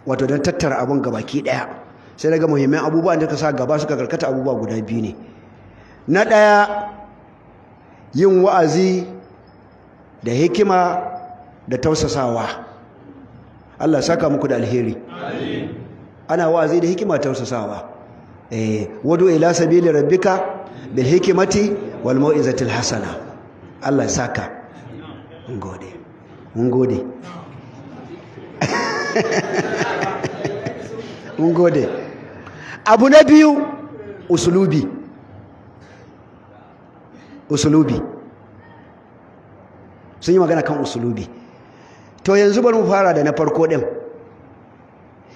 [SPEAKER 1] wato don tattara abin gabaki daya sai daga muhimman abubuwan da ka sa gaba suka karkata abubuwa guda biyu ne na daya yin wa'azi da hikima da tausasawa Allah saka muku da alheri ana wa'azi da hikima tausasawa eh wadu ila sabili rabbika bil hikimati wal mau'izatil hasana Allah saka mun gode mun gode mun gode abu na biyu usulubi usulubi sun yi magana kan usulubi to yanzu bari mu fara da na farko ɗin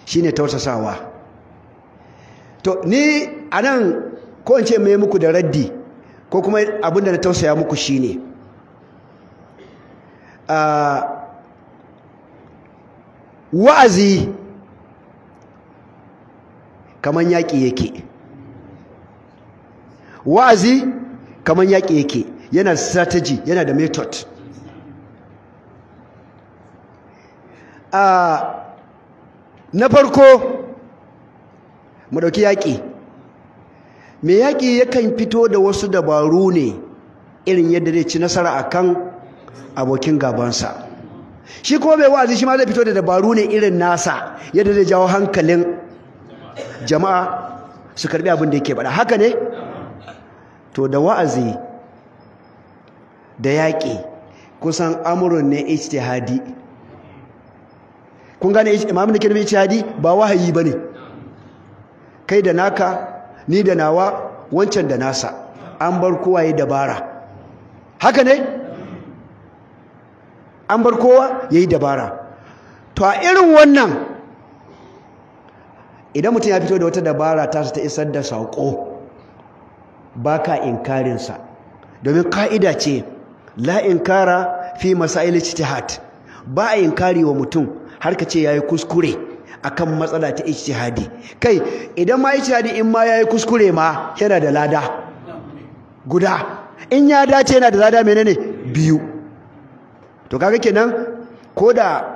[SPEAKER 1] shine tausasawa to ni a nan ko ce mai muku da raddi ko kuma abin na tausaya muku shi ne ah, wa'azi kaman yaƙi yake wa'azi kaman yaƙi yake yana strategy yana da method a na farko mu ɗauki yaƙi mai yaƙi yakan fito da wasu dabaru ne irin yadda zai ci nasara akan abokin gabansa shi kuma mai wa'azi shi ma zai fito da dabaru ne irin nasa yadda zai jawo hankalin jama'a su karbi abin da yake bada haka ne to da wa'azi da yaƙi kusan amurin ne hadi. kun gane imamu da kirmi hadi? ba wahayi ba ne. kai da naka ni da nawa wancan da nasa an bar kowa ya dabara haka ne an bar kowa ya yi dabara to a irin wannan idan mutum ya fito da wata dabara tasa ta isar da saƙo ba ka inkarinsa domin ka'ida ce la inkara fi masail ijtihad ba a inkari wa mutum har ka ce yayi kuskure a kan matsala ta ijtihadi kai idan ma ijtihadi in ma yayi kuskure ma yana da lada guda in ya dace yana da lada menene biyu to kaga kenan ko da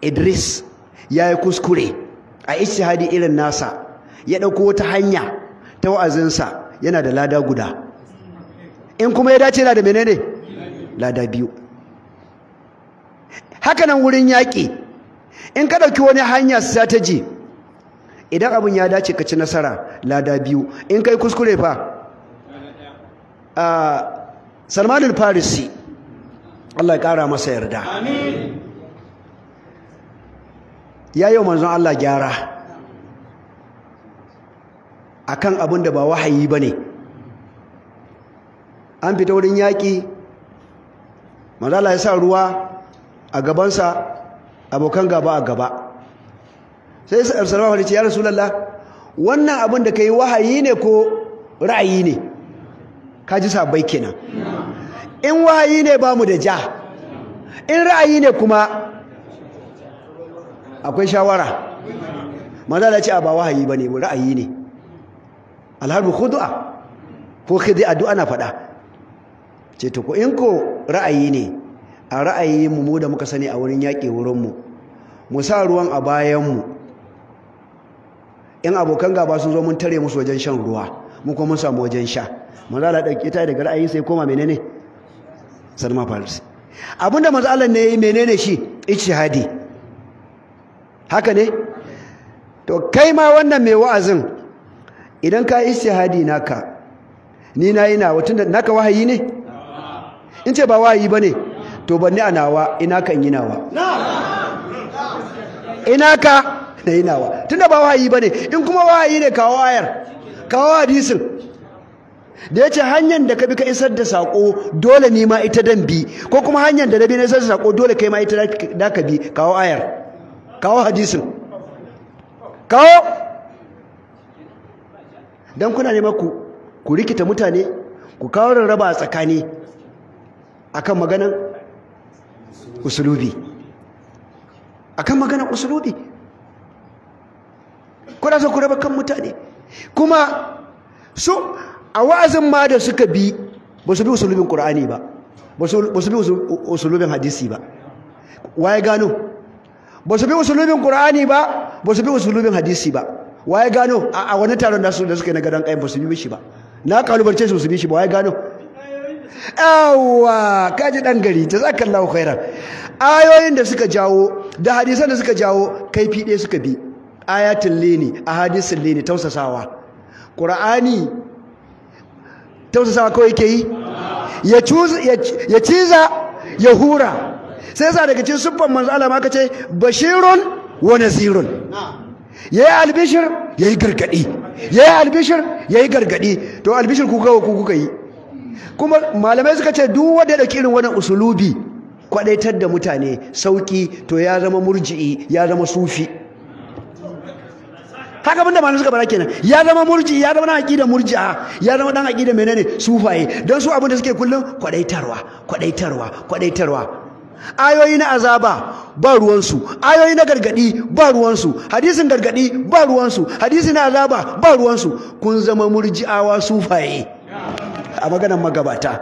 [SPEAKER 1] Idris yayi kuskure a ijtihadi irin nasa ya ɗauko wata hanya ta wa'azinsa yana da lada guda in kuma ya dace da menene lada biyu hakanan wurin yaƙi in ka ɗauki wani hanya strategy idan abin ya dace ka ci nasara lada biyu in kai kuskure fa salmanin farisi Allah ya ƙara masa yarda ya yi wa manzon Allah gyara akan abin da ba wahayi ba ne an fita wurin yaƙi manzon ya sa ruwa a gabansa abokan gaba a gaba sai sallallahu alaihi ya lalla?' wannan abin da ka yi wahayi ne ko ra'ayi ne kaji sabai kenan in wahayi ne ba mu da ja in ra'ayi ne kuma akwai shawara maza da ce a ba wahayi ba ne ra'ayi ne alharbu khudu'a ko khidi addu'a na faɗa ce to ko in ko ra'ayi ne a ra'ayi mu da muka sani a wurin yaƙi wurin mu mu sa ruwan a bayan in abokan gaba sun zo mun tare musu wajen shan ruwa mu kuma mun samu wajen sha maza da ɗauke ta daga ra'ayi sai koma menene salma faris abinda maza Allah ne menene shi ijtihadi haka ne to kai ma wannan mai wa'azin idan ka istihadi naka ni na yi nawa tunda naka wahayi ne in ce ba wahayi ba ne to banni a nawa ina kan yi nawa ina ka na yi nawa tunda ba wahayi ba ne in kuma wahayi ne kawo ayar kawo hadisin da ya ce hanyar da ka bi ka isar da saƙo dole ni ma ita dan bi ko kuma hanyar da na bi na isar da saƙo dole kai ma ita da ka bi kawo ayar kawo hadisin kawo don kuna nema ku ku rikita mutane ku kawo raba a tsakani akan maganan usulubi akan maganan usulubi kuna so ku raba kan mutane kuma su a wa'azin ma da suka bi ba su bi usulubin kur'ani ba ba su bi usulubin hadisi ba waye gano ba su bi usulubin qur'ani ba ba su bi usulubin hadisi ba waye gano a wani taron da su da suka yi na gadon kayan ba su bi shi ba na kalubarce su su bi shi ba waye gano Awa kaji dan gari ta ka Allahu khairan ayoyin da suka jawo da hadisan da suka jawo kaifi ɗaya suka bi ayatul lini ahadisul lini tausasawa qur'ani tausasawa kawai yake yi ya ciza ya hura sai yasa daga cikin siffar manzo Allah ma kace bashirun wa nazirun yayi albishir yayi gargadi yayi albishir yayi gargadi to albishir ku wa ku kuka yi kuma malamai suka ce duk wanda ya dauki irin wannan usulubi kwadaitar da mutane sauki to ya zama murji'i ya zama sufi haka da malamai suka bara kenan ya zama murji ya zama dan aqida murji'a ya zama dan aqida menene sufaye dan su da suke kullum kwadaitarwa kwadaitarwa kwadaitarwa ayoyi na azaba ba ruwansu ayoyi na gargadi ba ruwansu hadisin gargadi ba ruwansu hadisi na azaba ba ruwansu kun zama murji'awa sufaye a maganar magabata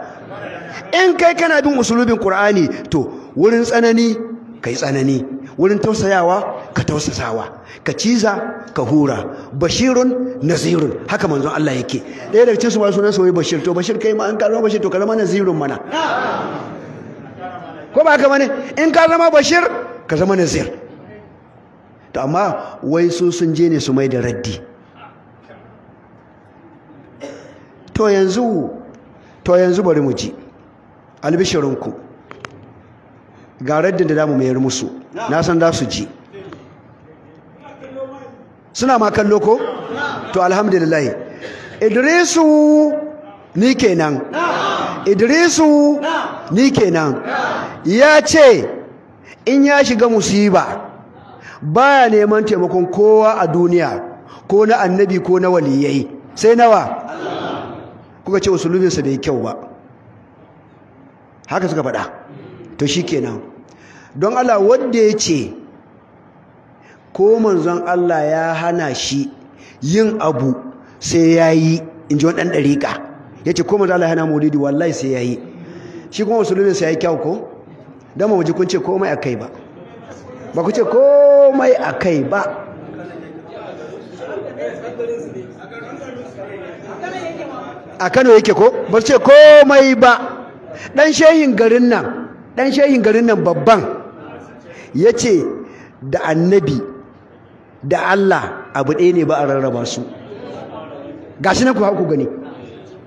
[SPEAKER 1] in kai kana bin usulubin qur'ani to wurin tsanani kai tsanani wurin tausayawa ka tausasawa ka ciza ka hura bashirun nazirun haka manzon Allah yake ɗaya daga cikin su ba sunan bashir to bashir kai ma an karo bashir to ka zama nazirun mana ko ba haka bane in ka zama bashir ka zama nazir to amma wai su sun je ne su mai da raddi to yanzu to yanzu bari mu ji albishirinku ga raddin da zamu mayar musu na san za su ji suna ma kallo ko to alhamdulillah idrisu ni kenan idrisu ni kenan ya ce in ya shiga musiba baya neman taimakon kowa a duniya ko na annabi ko na waliyai sai nawa kuka ce usulubinsa bai kyau ba haka suka faɗa to shi kenan don allah wadda ya ce ko manzon allah ya hana shi yin abu sai ya yi in ji wani ɗan ɗariƙa yace ko manzo Allah yana maulidi wallahi sai ya yi shi kuma musulmin sai yi kyau ko don mawaji kun ce komai akai ba ba ku ce komai akai ba a Kano yake ko ba ce komai ba dan shehin garin nan dan shehin garin nan babban ce da annabi da Allah abu ɗaya ne ba a rarraba su gashi na ku haku gani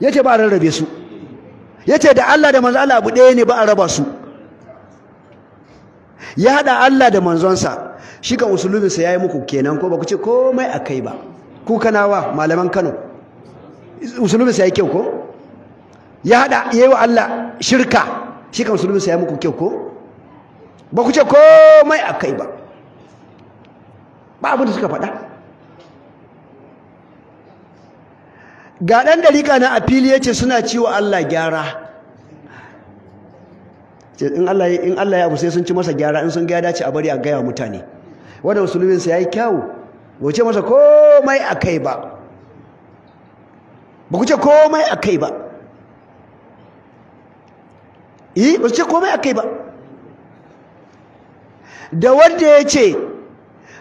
[SPEAKER 1] yace ba a rarrabe su yace da Allah da manzo Allah abu ɗaya ne ba a raba su ya hada Allah da manzonsa shi kan usulubin sa yayi muku kenan ko ba ku ce komai akai ba ku kanawa malaman Kano usulubin sa yayi kyau ko ya hada yayi wa Allah shirka shi kan usulubin sa yayi muku kyau ko ba ku ce komai akai ba ba abin da suka faɗa ga ɗan ɗariƙa na a fili ce suna ciwo Allah gyara in Allah ya abu sai sun ci masa gyara in sun gaya dace a bari a gaya mutane wadda musulmin sa yi kyawu ba ce masa komai akai ba ba ku ce komai akai ba yi eh, ba ce komai akai ba da wanda ya ce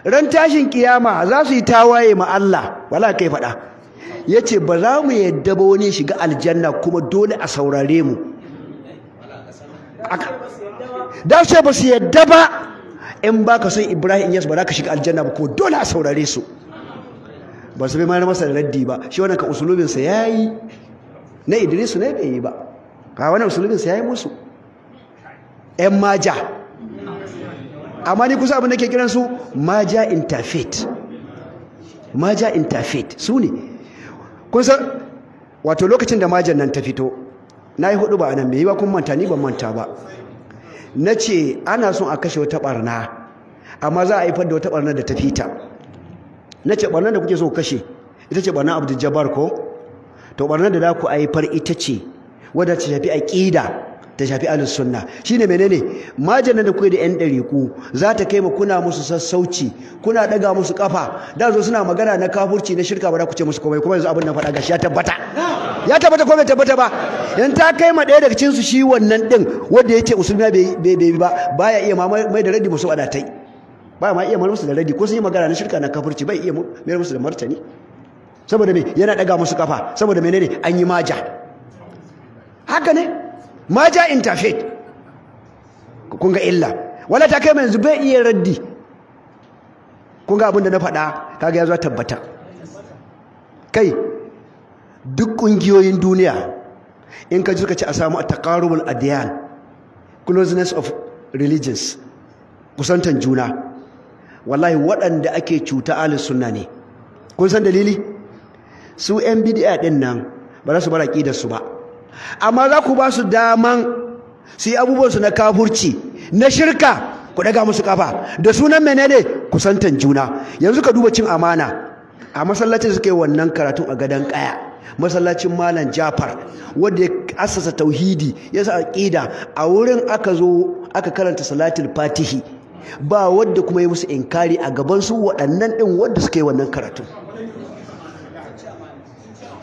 [SPEAKER 1] ran tashin kiyama za su yi tawaye ma Allah wala kai faɗa yace ba za mu yadda ba wani shiga aljanna kuma dole a saurare mu da ce ba su yadda ba in ba ka son ibrahim yas ba za ka shiga aljanna ba ko dole a saurare su ba su bai mayar masa da raddi ba shi wani ka usulubinsa ya yi na su ne bai yi ba ka wani usulubinsa ya yi musu yan maja amma ni kusa abin da ke kiransu maja interfaith maja interfaith su ne kun san wato lokacin da majan nan ta fito na yi hudu ba anan mai ba kun manta ni ban manta ba na ce ana son a kashe wata barna amma za a haifar da wata barna da ta fita na ce barna da kuke so kashe ita ce barna da jabar ko to barna da za ku haifar ita ce wadda ta shafi aƙida ta shafi ahlus sunna shine menene majalan da kuke da yan ɗariku za ta kai ma kuna musu sassauci kuna daga musu kafa da zo suna magana na kafurci na shirka ba da ku ce musu komai kuma yanzu abin nan faɗa gashi ya tabbata ya tabbata ko bai tabbata ba yan ta kai ma ɗaya daga cikin su shi wannan din wanda yace usulma bai bai ba baya iya mai da radi musu ba baya ma iya mai musu da radi ko sun yi magana na shirka na kafurci bai iya mai musu da martani saboda me yana daga musu kafa saboda menene an yi maja haka ne ma ja interfaith kun ga illa wala ta kai yanzu bai iya raddi kun ga abinda na faɗa kaga ya zo tabbata kai duk ƙungiyoyin duniya in ka jirka ci a samu a taƙarubul adiyan closeness of religions kusantan juna wallahi waɗanda ake cuta alis sunna ne kun san dalili su yan bidiya ɗin nan ba za su bar da su ba amma za ku ba su daman su yi abubuwansu na kafurci na shirka ku ɗaga musu kafa da sunan menene kusantan juna yanzu ka duba cin amana a masallacin suke wannan karatun a gadon kaya masallacin malam jafar wanda ya asasa tauhidi ya sa aqida a wurin aka zo aka karanta salatul fatihi ba wadda kuma ya musu inkari a gaban su waɗannan ɗin wadda suke wannan karatu.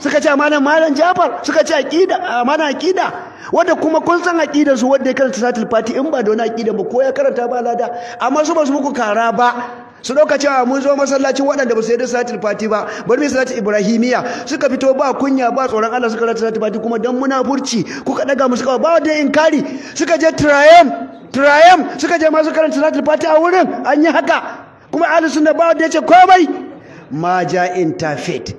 [SPEAKER 1] suka ce amanan malam jafar suka ce aqida amana aqida wanda kuma kun san aqidar su wanda ya karanta satil fati in ba da wani aqida ba ko ya karanta ba lada amma su ba su muku kara ba su dauka cewa mun zo masallacin waɗanda ba su yarda satil fati ba bari mai salati ibrahimiya suka fito ba kunya ba tsoron Allah suka karanta satil fati kuma dan burci kuka daga musu kawai ba wanda ya inkari suka je triumph triumph suka je masu karanta satil fati a wurin an yi haka kuma ahlus sunna ba wanda ya ce komai ma ja'in tafit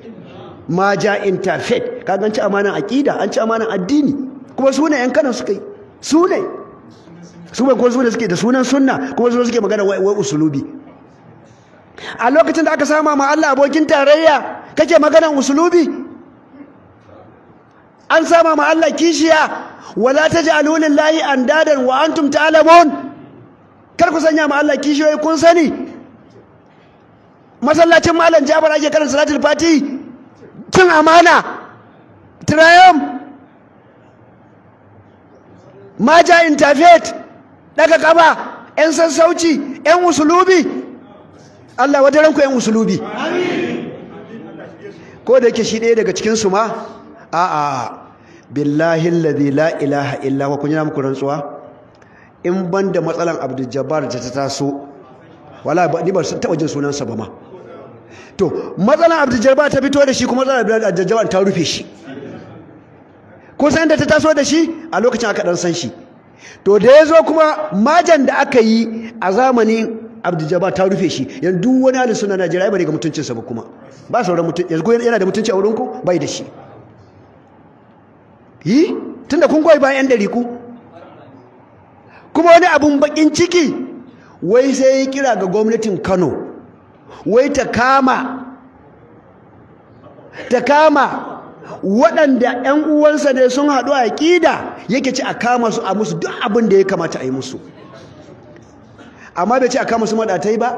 [SPEAKER 1] ma ja interfaith kaga an ci amanan aqida an ci amanan addini kuma su yan kanan suka yi su su ne kuma su suke da sunan sunna kuma su suke magana wai usulubi a lokacin da aka sama ma Allah abokin tarayya kake magana usulubi an sama ma Allah kishiya wala taj'alu lillahi andadan wa antum ta'lamun kar ku sanya ma Allah kishiyoyi kun sani masallacin malam jabara ake karin salatul fati cin amana triumph maja interfaith daga kaba yan sassauci yan usulubi Allah wata ranku yan usulubi ko da yake shi ɗaya daga cikinsu ma a'a billahi alladhi la ilaha illa wa kun yana muku rantsuwa in ban da matsalan abdul jabbar da ta taso wala ba ni ba taɓa jin sunansa ba ma to matsalan abdul jabbar ta fito da shi kuma matsalan abdul jabbar ta rufe shi ko san da ta taso da shi a lokacin aka dan san shi to da ya zo kuma majan da aka yi a zamanin abdul jabbar ta rufe shi yanzu duk wani halin suna najeriya ba ga mutuncinsa ba kuma ba sauran mutunci yanzu yana da mutunci a wurinku? bai da shi yi tunda kun goyi bayan ɗari ku kuma wani abun bakin ciki wai sai ya kira ga gwamnatin kano wai ta kama ta kama waɗanda 'yan uwansa ne sun haɗu a ƙida yake ci a kama su a musu duk abin da ya kamata a yi musu amma bai ci a kama su maɗatai ba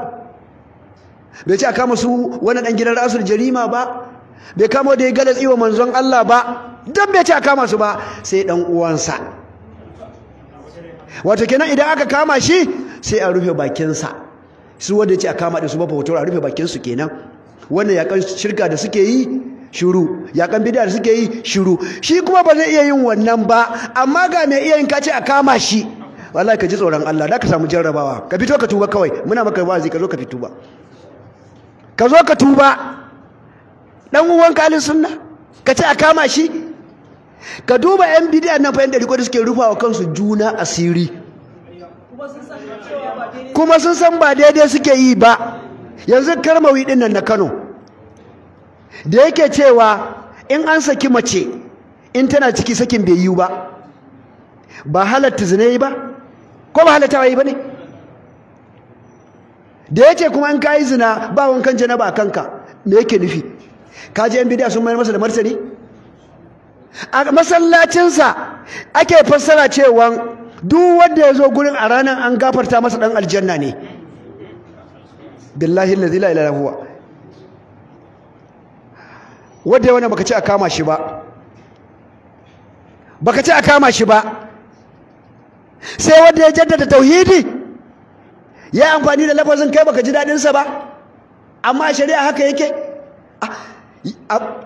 [SPEAKER 1] bai ci a kama su wani ɗan gidan rasul jarima ba bai kama da ya gada tsiwa manzon Allah ba don bai ci a kama su ba sai ɗan uwansa wata kenan idan aka kama shi sai a rufe bakinsa su wanda ce a kama din su ba hoto a rufe bakin su kenan wannan yakan shirka da suke yi shuru, yakan bidiyar da suke yi shuru. shi kuma ba zai iya yin wannan ba amma ga mai iya yin kace a kama shi wallahi ka ji tsoron Allah da ka samu jarrabawa ka fito ka tuba kawai muna maka wazi ka zo ka fito ba ka zo ka tuba dan uwan kalin sunna ka ce a kama shi ka duba yan bidiyar nan fa yan da suke rufawa kansu juna asiri kuma sun san ba daidai suke yi ba yanzu karmawi din nan na Kano da yake cewa in an saki mace in tana ciki sakin bai yiwu ba ba halatta zina ba ko ba halatta yi ba ne da yake kuma in yi zina ba wankan jana ba kanka me yake nufi ka je yan bidiya sun mayar masa da martani a masallacinsa ake fassara cewa duk wanda ya zo gurin a ranar an gafarta masa dan aljanna ne billahi allazi la ilaha huwa wanda wani baka ce a kama shi ba baka ce a kama shi ba sai wanda ya jaddada tauhidi ya amfani da lafazin kai baka ji daɗinsa ba amma shari'a haka yake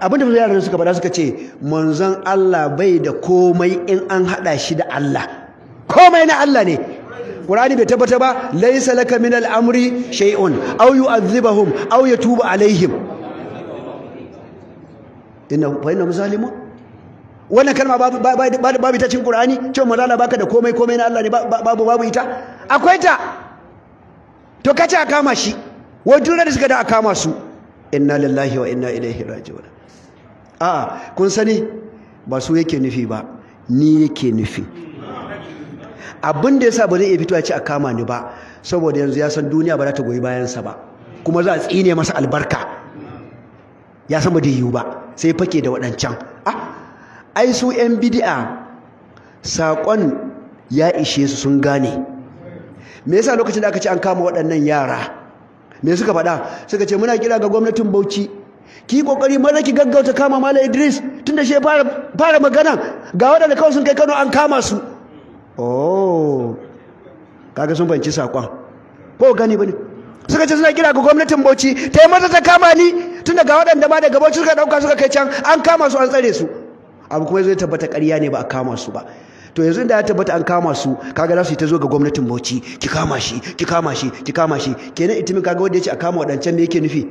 [SPEAKER 1] abin da yaran suka bada suka ce manzon Allah bai da komai in an hada shi da Allah komai na Allah ne Qur'ani bai tabbata ba laysa laka min al-amri shay'un aw yu'adhibuhum aw yatubu alaihim inna fa inna wannan kalma babu babu ita cikin Qur'ani cewa manzo baka da komai komai na Allah ne babu babu ita akwai ta to kace a kama shi wajen da suka da a kama su inna lillahi wa inna ilaihi raji'un a kun sani ba su yake nufi ba ni yake nufi abin da ya sa ba zai iya fito ya ce a kama ni ba saboda yanzu ya san duniya ba za ta goyi bayansa ba kuma za a tsine masa albarka ya san ba zai yiwu ba sai fake da waɗancan ah ai su yan bidi'a saƙon ya ishe su sun gane me yasa lokacin da aka ce an kama waɗannan yara me suka faɗa suka ce muna kira ga gwamnatin Bauchi ki kokari maza ki gaggauta kama Malam Idris tunda shi fara fara magana ga waɗanda kawai sun kai Kano an kama su Oh. kaga sun banci sakon ko gani bane suka ce suna kira ga gwamnatin Bauchi ta yi mata ta kama ni tun daga waɗanda ma daga Bauchi suka ɗauka suka kai can an kama su an tsare su abu kuma zai tabbata ƙarya ne ba a kama su ba to yanzu da ya tabbata an kama su kaga za su yi ta zo ga gwamnatin Bauchi ki kama shi ki kama shi ki kama shi kenan itimi kaga wanda ya ce a kama waɗancan me yake nufi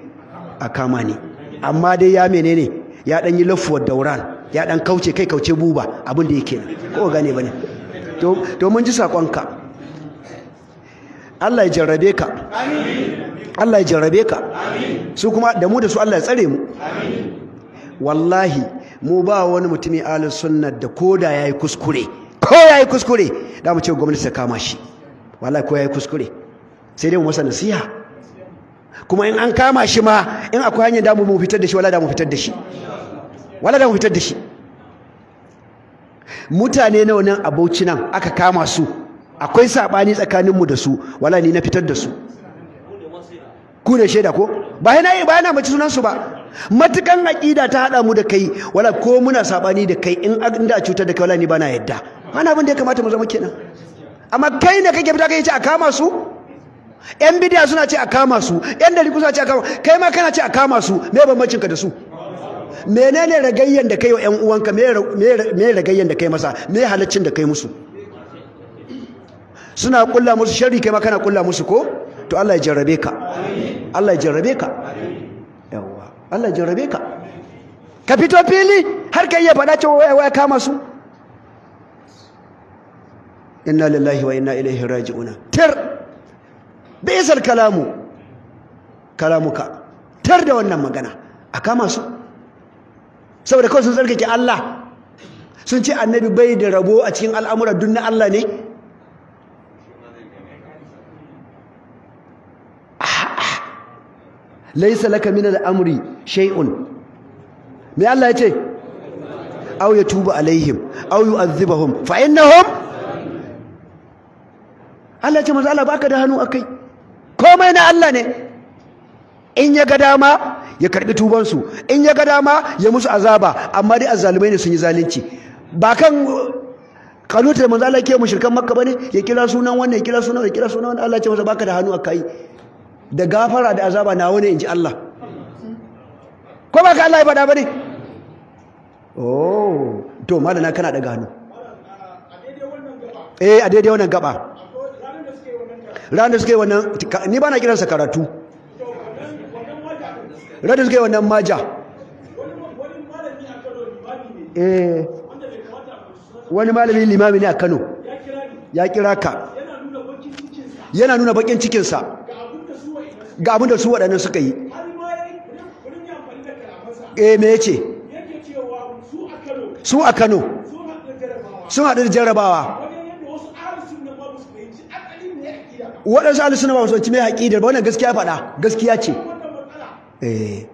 [SPEAKER 1] a kama ni amma dai ya menene ya ɗan yi lafuwar dauran ya ɗan kauce kai kauce buba abin da yake ko gane bane to mun ji sakonka Allah ya jarrabe ka Allah ya jarrabe ka su kuma da mu da su Allah ya tsare mu wallahi mu ba wani mutumi ahlus sunna da koda yi kuskure ko ya yi kuskure da mu ce gwamnati ta kama shi wallahi ko ya yi kuskure sai dai mu masa nasiha kuma in an kama shi ma in akwai hanyar da mu fitar da shi wala da mu fitar da shi wala da mu fitar da shi mutane nawa nan a Bauchi nan aka kama su akwai sabani tsakaninmu da su wala ni na fitar da su ku ne shaida ko ba yana yi ba yana mace sunan su ba matukan aqida ta hada mu da kai wala ko muna sabani da kai in inda a cutar da kai wala ni bana yadda ana abin da ya kamata mu zama kenan amma kai ne kake fita kai ce a kama su yan bidiya suna ce a kama su yan dari suna ce a kama kai ma kana ce a kama su me bambancin ka da su menene ragayyan da kai wa ƴan uwanka me ragayyan da kai masa me halaccin da kai musu suna kulla musu sharri kai ma kana kulla musu ko to Allah ya jarrabe ka Allah ya jarrabe ka yawa Allah ya jarrabe ka ka fito fili har kai ya faɗa cewa waya kama su inna lillahi wa inna ilaihi raji'una tir bi'sal kalamu kalamuka tar da wannan magana a kama su saboda kawai sun tsarkake Allah sun ce annabi bai da rabo a cikin al'amuran duk na Allah ne laisa laka min al'amri shay'un me Allah ya ce aw yatubu alaihim aw yu'adhibahum fa hom? Allah ya ce manzo Allah baka da hannu a kai. komai na Allah ne in ya ga dama ya karbi tubansu in ya ga dama ya musu azaba amma dai azzalumai ne sun yi zalunci ba kan uh, kanuta manzo Allah ke mushrikan makka bane ya kira sunan wannan ya kira sunan ya kira sunan wannan Allah ya ce masa baka da hannu akai da gafara da azaba na wani inji Allah ko baka Allah ya fada bane oh to malana kana daga hannu eh a daidai wannan gaba ranar da suka yi wannan eh, ni ba na kiransa karatu radda suka wannan maja eh. wani malamin limami ne a Kano ya kira ka yana nuna bakin cikinsa ga abin da su waɗannan suka yi
[SPEAKER 2] e me ce
[SPEAKER 1] su a Kano sun haɗu da jarrabawa waɗansu alisu na ba su mai da ba wannan gaskiya faɗa gaskiya ce eh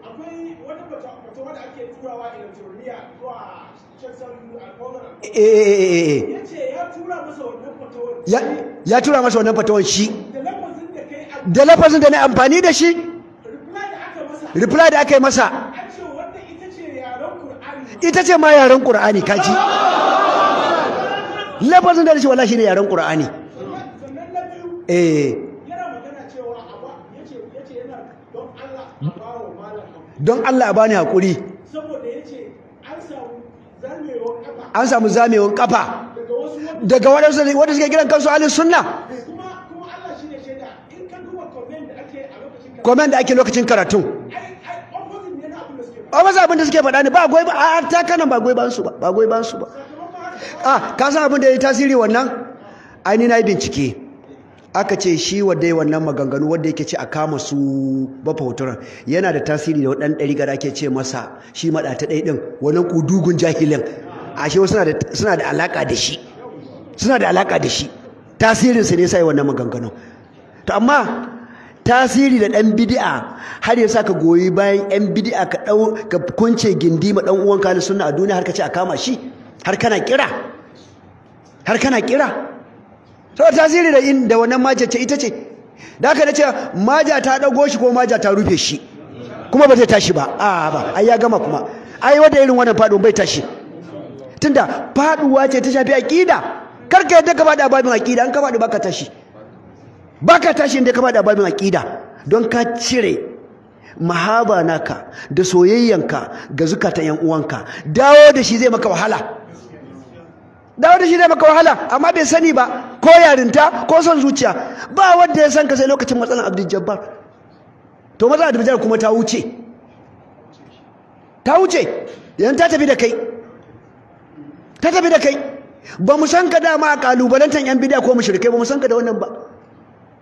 [SPEAKER 1] ya tura masa wannan fatawar shi da lafazin da na amfani da shi reply da aka yi masa ita ce ma yaren ƙura'ani kaji lafazin da na shi wala shi ne yaren ƙura'ani eh don Allah bani hakuri an samu zamewan kafa daga waɗansu wanda suke giran kansu alin sunna komen da ake lokacin karatun a maza abin da suke faɗa ne ba goyi ba a ta kanan ba goyi ba su ba ba goyi ba su ba a ah, ka san abin da ya tasiri wannan ainihin na yi bincike aka ce shi wadda wannan maganganu wadda yake ce a kama su bafa hotunan yana da tasiri da waɗanda ɗari gara ke ce masa shi maɗa ta ɗai ɗin wannan kudugun jahilin ashe suna da alaƙa da shi suna da alaƙa da shi tasirinsa ne sai wannan maganganu to amma tasiri da ɗan bidi'a har yasa ka goyi bayan ɗan bidi'a ka ɗau ka kunce gindi ma ɗan uwan na suna a duniya har ka ce a kama shi har kana kira har kana kira to tasiri da inda da wannan maja ce ita ce da haka nace maja ta dago shi ko maja ta rufe shi kuma ba zai tashi ba a ba ai ya gama kuma ai wanda irin wannan faduwa bai tashi tunda faduwa ce ta shafi aqida karka yadda ka faɗa babin aqida an ka faɗi baka tashi baka tashi inda ka faɗa babin aqida don ka cire mahaba naka da soyayyanka ga zukatan yan uwanka dawo da shi zai maka wahala dawo da shi zai maka wahala amma bai sani ba ko yarinta ko son zuciya ba wanda ya san ka sai lokacin matsalan abdul jabbar to matsalan abdul jabbar kuma ta wuce ta wuce yan ta tafi da kai ta tafi da kai ba mu san ka dama a kalubalantan yan bidiya ko mushrikai ba mu san ka da wannan ba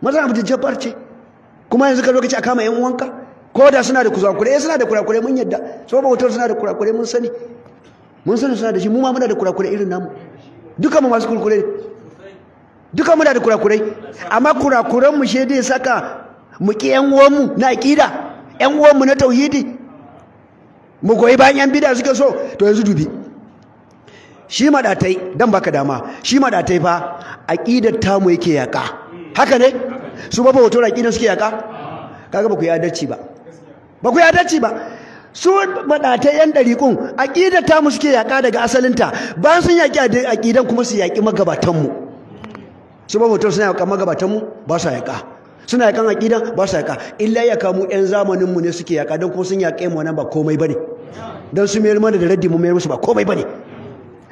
[SPEAKER 1] matsalan abdul jabbar ce kuma yanzu ka lokaci a kama yan uwanka ko da suna da kurakure eh suna da kurakure mun yadda so ba wutar suna da kurakure mun sani mun sani suna da shi mu ma muna da kurakure irin namu duka mu masu kurkure duka muna da kurakurai amma kurakuran mu shi dai saka mu ki yan uwan mu na akida yan uwan mu na tauhidi mu goyi bayan yan bid'a suke so to yanzu dubi shi madatai dan baka dama shi madatai fa ta mu yake yaka haka ne su ba hoto da akidar suke yaka kaga ba ku ya dace ba ba ku ya dace ba su madatai yan dariƙun ta mu suke yaka daga asalinta ba sun yaki akidan kuma su yaki magabatan mu su ba hoton suna yaƙa mu ba su yaƙa suna yaƙan aƙida ba su yaƙa illa yaƙa mu 'yan mu ne suke yaƙa don kuma sun yaƙe mu nan ba komai ba ne don su mayar mana da raddi mu mayar musu ba komai ba ne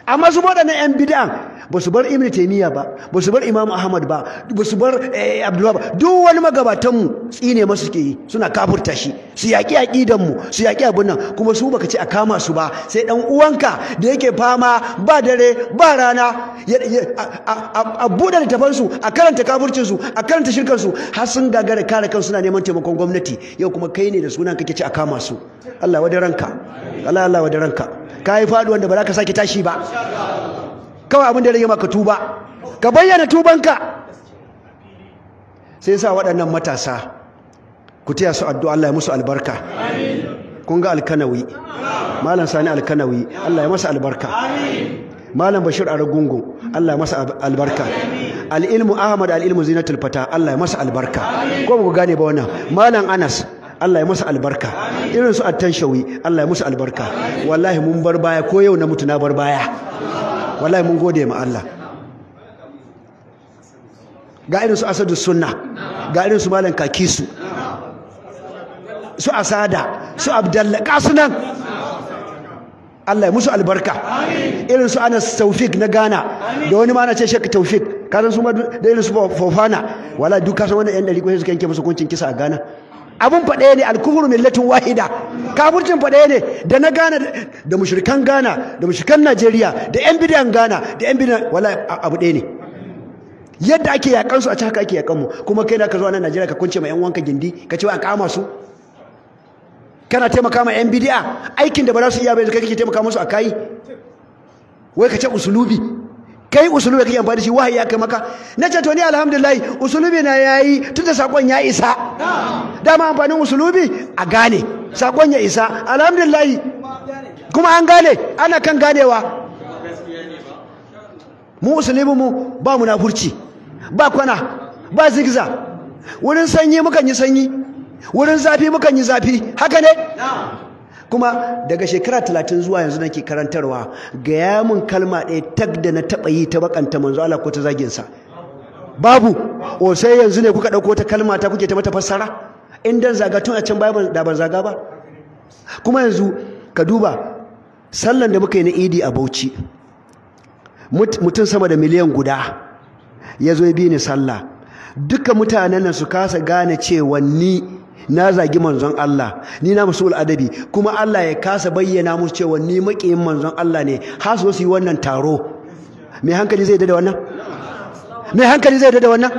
[SPEAKER 1] amma su waɗannan 'yan bid'an ba su bar ibn taimiyya ba ba su bar imam ahmad ba ba su bar eh, abdullah ba duk wani magabatan mu tsine masu ke yi suna kafurta shi su yaƙi a mu su yaƙi abin nan kuma su baka ce a kama su ba sai dan uwanka da yake fama ba dare ba rana a buɗe littafansu a karanta kafurcinsu a karanta shirkansu har sun gagara kare kansu suna neman taimakon gwamnati yau kuma kai ne da sunan kake ce a kama su Allah wadaranka Allah Allah wadaranka ka yi faɗuwan da ba za ka sake tashi ba kawai abin da ya rage maka tuba ka bayyana tubanka sai sa waɗannan matasa ku taya su addu'a Allah ya musu albarka kun ga alkanawi malam sani alkanawi Allah ya masa albarka malam bashir a ragungun Allah ya masa albarka Al'ilmu ahmad Al'ilmu zinatul fata Allah ya masa albarka ko ku gane ba wannan malam anas Allah ya masa albarka irin su attanshawi Allah ya musu albarka wallahi mun bar baya ko yau na mutu na bar baya wallahi mun gode ma Allah ga irin su asadu sunna ga irin su malam kakisu su asada su abdalla kasunan sunan Allah ya musu albarka irin su Anas Taufik na Ghana da wani ma na ce shek Taufik kasan su ma da irin su Fofana wala duk kasan san wannan yan dari ko suka yanke musu hukuncin kisa a Ghana abun faɗe ne alkufru millatin wahida kafircin faɗe ne da na Ghana da mushrikan Ghana da mushrikan Najeriya da yan bidiyan Ghana da yan bidiyan wala abu ɗaya ne yadda ake yakan su a ci haka ake yakan mu kuma kai na ka zo nan Najeriya ka kunce ma yan wanka gindi ka ce wa kama su kana taimaka ma yan bidi'a aikin da ba za su iya bai kai kake taimaka musu a kai wai ka ce usulubi kai usulubi kake amfani da shi wahayi aka maka na ce to ni alhamdulillah usulubi na yayi tun da sakon ya isa dama amfanin usulubi a gane sakon ya isa alhamdulillah kuma an gane ana kan ganewa mu usulubi mu ba furci ba kwana ba zigza wurin sanyi mukan yi sanyi wurin zafi mukan yi zafi haka ne kuma daga shekara talatin zuwa yanzu nake karantarwa ga mun kalma ɗaya tag da na taɓa yi ta bakanta manzo Allah ko ta zaginsa babu o sai yanzu ne kuka ɗauko ta kalma ta kuke ta mata fassara in dan zaga tun a can baya da ban zaga ba kuma yanzu ka duba sallan da muka yi na idi a bauchi mutum sama da miliyan guda ya zo ya bi ni sallah duka mutanen nan su kasa gane cewa ni na zagi manzon Allah ni na musul adabi kuma Allah ya kasa bayyana musu cewa ni makiyin manzon Allah ne har su yi wannan taro mai hankali zai da wannan mai hankali zai da wannan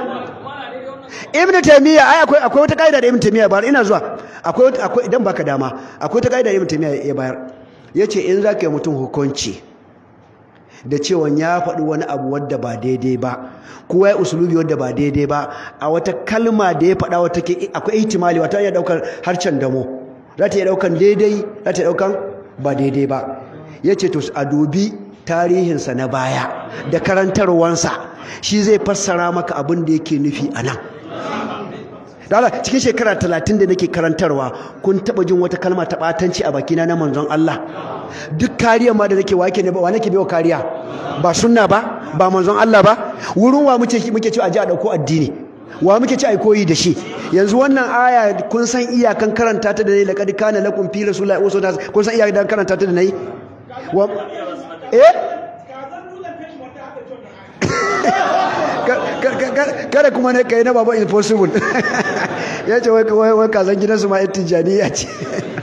[SPEAKER 1] ibnu taymiya ai akwai akwai wata kaida da ibnu taymiya bayar ina zuwa akwai akwai idan baka dama akwai wata kaida da ibnu taymiya ya bayar yace in zaka yi mutum hukunci da cewa ya faɗi wani abu wadda ba daidai ba kowa ya usulubi wadda ba daidai ba a wata kalma da ya faɗa wata ke akwai ihtimali wata ya ɗaukar harshen damo za ta iya ɗaukan daidai za ta iya ɗaukan ba daidai ba ya ce to a dubi tarihinsa na baya da karantarwansa shi zai fassara maka abin da yake nufi a nan dala cikin shekara talatin da nake karantarwa kun taba jin wata kalma ta batanci a bakina na manzon Allah duk kariya ma da nake wake ne ba wa bai wa kariya ba sunna ba ba manzon Allah ba wurin wa muke muke ci a ji a dauko addini wa muke ci a koyi da shi yanzu wannan aya kun san iyakan karanta ta da nayi laqad kana lakum fi rasulillahi uswatun kun san iyakan karanta ta da nayi eh kada kuma ne kai na baba impossible ya ce wai kasan su ma ya ce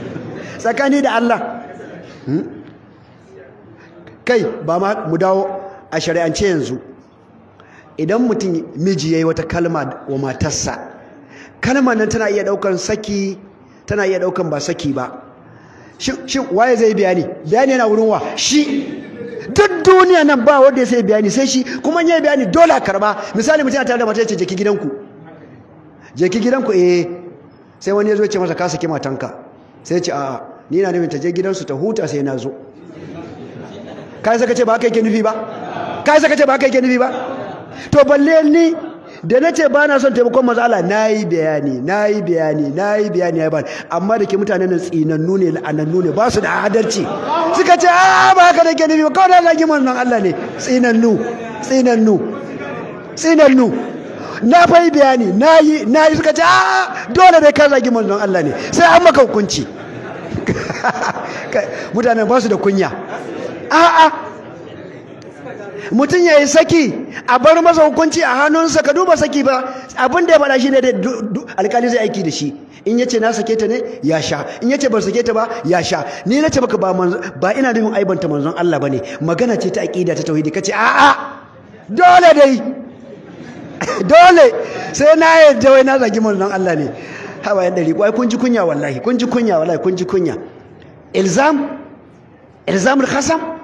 [SPEAKER 1] tsakani da Allah hmm? kai ba ma mu dawo a shari'ance yanzu idan mutum miji ya yi wata kalma wa matarsa kalmar nan tana iya ɗaukan saki tana iya daukan ba saki ba shin waye zai bayani bayani yana wurin wa shi duk duniya nan ba wanda ya sai bayani sai shi kuma ya bayani dole a karba misali mutum ya tare da mata ya ce jeki gidanku jeki gidanku eh sai wani ya zo ce masa ka saki matanka sai ce a'a ni na nemi ta je gidansu ta huta sai na zo kai saka ce ba haka yake nufi ba kai saka ce ba haka yake nufi ba to balle ni da na ce ba na son taimakon masu Allah na yi bayani na yi bayani na yi bayani ya bani amma da ke mutane nan tsinannu ne la'anannu ne ba su da adalci suka ce a ah, ba haka da ke nufi kawai da zagi nan Allah ne tsinannu tsinannu tsinannu na fai yi bayani na yi na yi suka ce a ah, dole dai ka zagi manzon Allah ne sai an maka hukunci mutanen ba su da kunya a'a mutum ya yi saki a bar masa hukunci a hannunsa ka duba saki ba abin da ya faɗa shi ne da alkali zai aiki da shi in yace na sake ta ne ya sha in yace ban sake ta ba ya sha ni na ce baka ba ba ina yin aibanta manzon Allah bane magana ce ta aqida ta tauhidi kace a a dole dai dole sai na da wai na zagi manzon Allah ne hawa yan dari kun ji kunya wallahi kun ji kunya wallahi kun ji kunya ilzam ilzamul khasam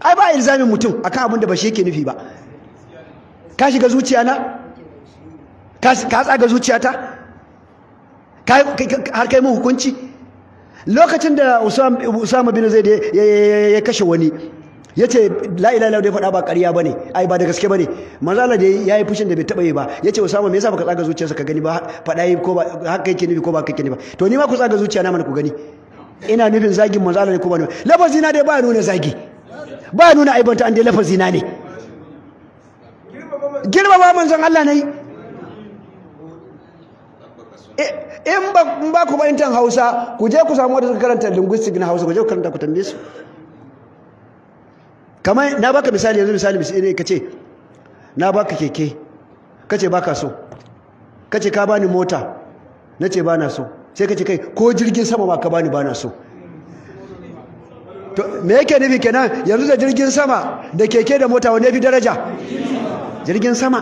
[SPEAKER 1] ai ba ilzamin mutum akan abin da ba shi yake nufi ba ka shiga zuciya na ka tsaga zuciyata har kai mu hukunci lokacin da usama bin zaid ya kashe wani ya ce la'ilala da ya faɗa ba ƙarya ne ai ba da gaske ba ne Allah da ya yi fushin da bai taba yi ba yace Usama me yasa tsaga zuciyarsa ka gani ba faɗa yi ko ba haka yake nufi ko ba kake nufi ba to ni ma ku tsaga zuciya na mana ku gani ina nufin zagin manzo ne ko ba ne lafazi na dai ba nuna zagi ba nuna aibanta an dai lafazi na ne ba manzon Allah ne eh, in ba ba ku bayantan Hausa ku je ku samu wata suka karanta linguistic na Hausa ku je ku karanta ku tambaye su kamar na baka misali yanzu misali misali kace na baka keke kace baka so kace ka bani mota nace bana so sai kace kai ko jirgin sama ma ka bani bana so to me yake nufi kenan yanzu da jirgin sama da keke da mota wanne fi daraja jirgin sama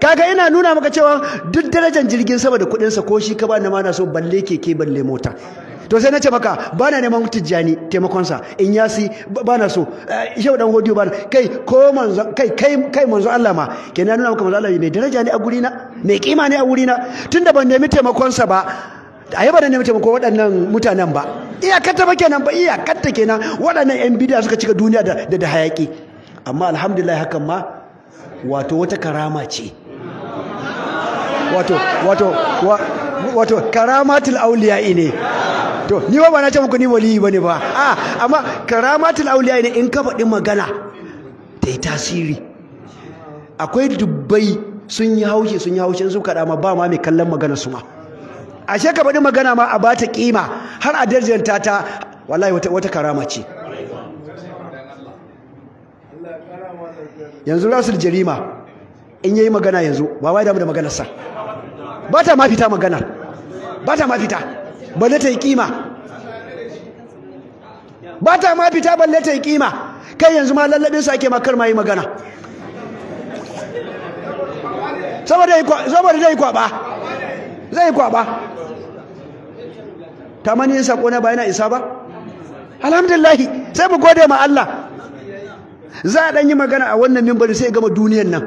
[SPEAKER 1] kaga ina nuna maka cewa duk darajar jirgin sama da sa ko shi ka ba na mana so balle keke balle mota to sai na ce maka ba na neman tijjani sa in ya ba na so eh, shehu dan hodiyo ba kai ko manzo kai kai kai manzo Allah ma kenan nuna maka manzo Allah mai daraja ne a gurina mai kima ne a na tunda ban nemi sa ba a yaba da nemi taimako waɗannan mutanen ba iyakarta ba kenan ba iyakarta kenan waɗannan 'yan bidiya suka cika duniya da da hayaƙi amma alhamdulillah hakan ma wato wata karama ce wato wato wato karamatul auliya ne to ni ba na ce muku ni waliyi bane ba a amma karamatul auliya ne in ka faɗi magana ta yi tasiri akwai dubbai sun yi haushe sun yi haushe sun kaɗa ma ba ma mai kallon magana su ma ashe ka bari magana ma a bata kima har a darjanta ta wallahi wata karama ce yanzu rasul jarima in yayi magana yanzu ba wai damu da maganarsa ba ta ma fita magana ba ta ma fita balle ta yi kima ba ta ma fita balle ta yi kima kai yanzu ma lallabin su ake makar ma yi magana saboda zai kwaba zai kwaba yin saƙo na ba yana isa ba alhamdulillah sai mu gode ma Allah za a dan yi magana a wannan mimbari sai gama duniyan nan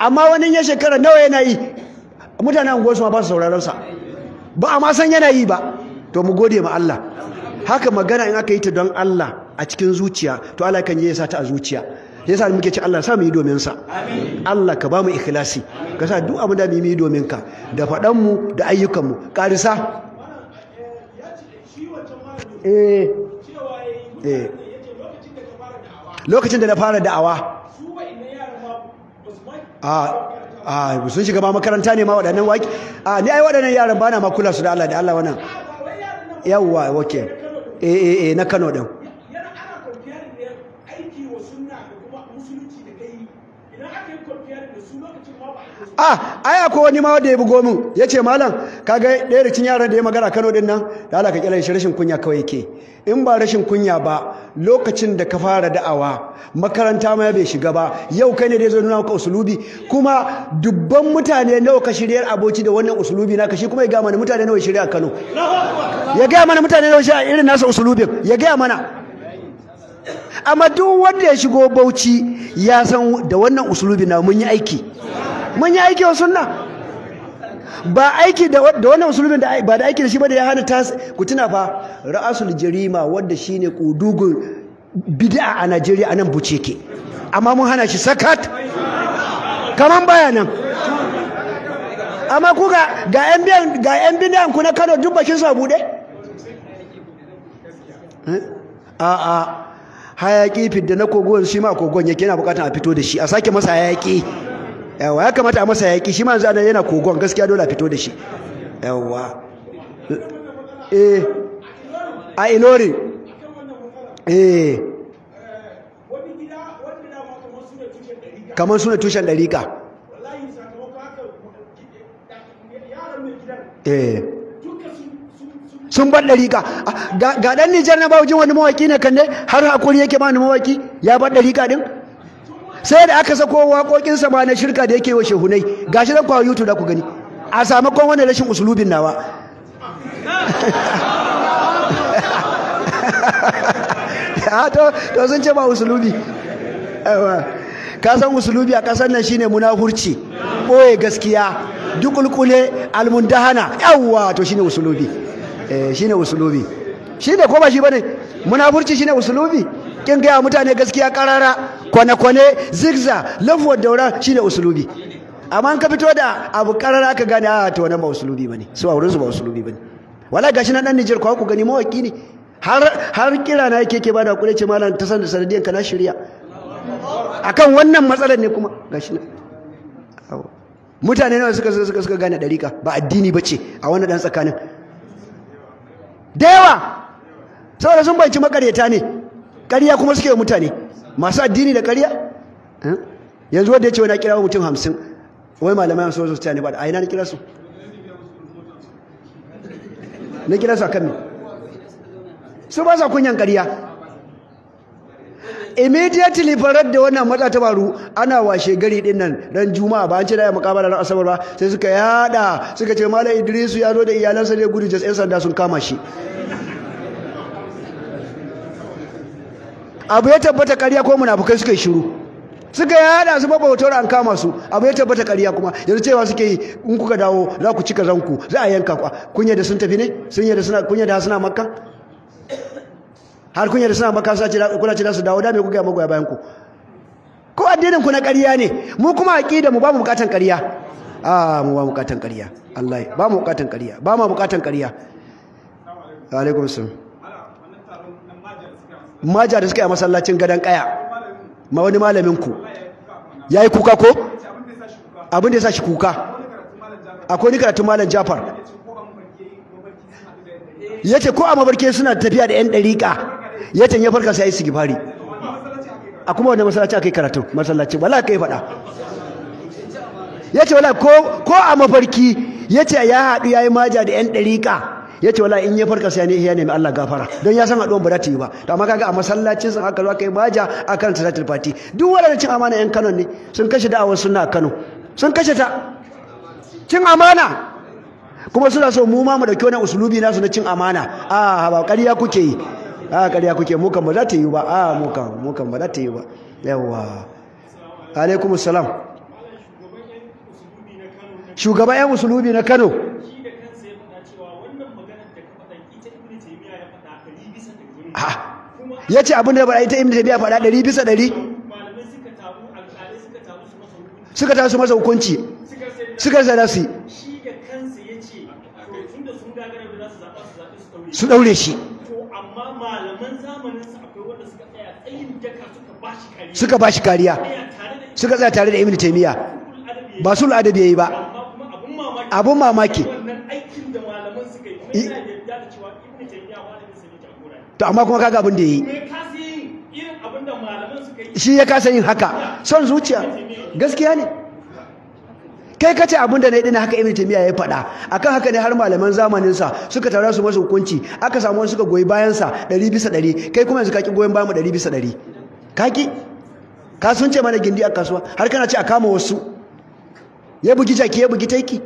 [SPEAKER 1] amma wani ya shekara nawa yana yi mutanen gosu ma ba su sauraron sa ba a ma san yana yi ba to mu gode ma Allah haka magana in aka yi ta don Allah a cikin zuciya to Allah kan yi ya sa ta a zuciya Ya sa muke ci Allah sa mu yi domin sa Allah ka ba mu ikhlasi ka sa duk abin da mu yi domin ka da faɗan mu da ayyukan mu ƙarisa eh eh lokacin da na fara da'awa a ah, a ah, sun shiga ba makaranta ne ma waɗannan waƙi a ah, ni ai waɗannan yaran ba na ma kula su da Allah da Allah wannan yawwa okay eh eh, eh na Kano din ah ai akwai wani ma wanda ya bugo min ya ce malam kaga ɗaya cin yaran da ya magana kano din nan da Allah ka kira shi rashin kunya kawai yake in ba rashin kunya ba lokacin da ka fara da'awa makaranta ma bai shiga ba yau kai ne da zo nuna ka usulubi kuma dubban mutane nawa ka shiryar aboci da wannan usulubi naka shi kuma ya ga mana mutane nawa shirya Kano ya ga mana mutane nawa shirya irin nasa usulubin ya ga mana amma duk wanda ya shigo Bauchi ya san da wannan usulubi na mun yi aiki mun yi aiki wa sunna ba aiki da wani musulmin da ba da aiki da shi ba da ya hana ta ku tuna fa ra'asul jarima wanda shine kudugun bid'a a Najeriya anan buce ke amma mun hana shi sakat kaman baya nan amma ku ga ga yan ga yan biyan ku na Kano duk bakin su a bude eh? a a hayaki fidda na kogon shi ma kogon yake yana bukatan a fito da shi a sake masa hayaki yawa ya kamata a masa yaƙi shi ma yanzu yana kogon gaskiya dole a fito da shi yawa eh a inori eh kamar suna tushen ɗarika eh sun bar ɗariƙa ga ɗan nijar na bawajin wani mawaki ne kan ne har haƙuri yake ba wani mawaki ya bar ɗariƙa ɗin sai da aka sako waƙoƙinsa ma na shirka da yake wa shehunai gashi nan kwa youtube da ku gani a samakon wannan rashin usulubin nawa ah, to sun ce ba usulubi ka san usulubi a ƙasar nan shine munafurci ɓoye gaskiya dukulkule almundahana yawwa to shine usulubi eh shine usulubi shine ko ba shi bane munafurci shine usulubi kin ga mutane gaskiya karara kwane-kwane zigza lafuwar daura shine usulubi amma ka fito da abu karara ka gane a ah, to wannan ba usulubi bane su a wurin su ba usulubi bane wala gashi na dan Niger ko ku gani mawaki ne har har kira na yake ke bada kure ce malam ta san da sanadiyan ka na shirya akan wannan matsalar ne kuma gashi na mutane nawa suka suka suka gane dariƙa ba addini bace a wannan dan tsakanin da yawa saboda sun banci makaryata ne ƙarya kuma suke mutane masu addini da ƙarya eh? yanzu wanda ya ce wani kira mutum hamsin wai malamai hamsin wasu ta ne ba da aina na kira su na kira su a kan su ba sa kunyan ƙarya immediately farar da wannan matsa ta faru ana washe gari din nan ran juma'a ba an ce da ya mukabala ran asabar ba sai suka yada suka ce malam idrisu ya zo da iyalansa ne gudu jas sanda sun kama shi abu ya tabbata ƙarya ko munafukai suka yi shiru suka hada su babautar an kama su abu ya tabbata ƙarya kuma yanzu cewa suke yi in kuka dawo za ku cika zanku za a yanka ku kun yadda sun tafi ne sun da suna kun yadda suna makka har kun yadda suna makka suna ce kuna ce za su dawo da me kuka magoya bayan ku ko addinin ku na ƙarya ne mu kuma aqida mu ba mu bukatan ƙarya a mu ba mu bukatan ƙarya Allah ba mu bukatan ƙarya ba mu bukatan ƙarya alaikum salam maja da suka yi a masallacin gadon kaya ma wani malamin ku ya yi kuka ko abin da ya sa shi kuka akwai ni karatun malam jafar ya ce ko a mafarki suna tafiya da 'yan ɗariƙa ya ce ya farka sai ya yi sigifari a kuma wani masallaci a kai karatu masallaci wala ka yi faɗa ya ce wala ko a mafarki ya ce ya haɗu ya yi maja da 'yan ɗariƙa yace wallahi in ya farka sai ne ya nemi Allah gafara don ya san haduwan ba za ta yi ba to amma kaga a masallacin sun aka zo aka yi baja akan salatul fati duk wanda cin amana yan Kano ne sun kashe da'awar sunna Kano sun kashe ta cin amana kuma suna so mu ma mu dauki wannan usulubi nasu na cin amana a ba ƙarya kuke yi a ƙarya kuke mu kan ba za ta yi ba a mu kan mu kan ba za ta yi ba yawa alaikumus salam shugaba yan usulubi na Kano ha
[SPEAKER 2] ya ce abin da ba ita ibn biya faɗa ɗari bisa ɗari
[SPEAKER 1] suka ta su masa hukunci suka zara su
[SPEAKER 2] su ɗaure shi
[SPEAKER 1] suka ba shi kariya suka tsaya tare da ibn biya ba su al'adabi ya yi ba abun mamaki to amma kuma kaga abin da yayi shi ya kasa yin haka son zuciya gaskiya ne kai kace abin da na yi haka ibn taymiya ya faɗa akan haka ne har malaman zamanin sa suka tara su masa hukunci aka samu wani suka goyi bayan sa 100 bisa 100 kai kuma yanzu ka ki goyen bayan mu 100 bisa 100 ka ki ka sun ce mana gindi a kasuwa har kana ce a kama wasu ya bugi jaki ya bugi taiki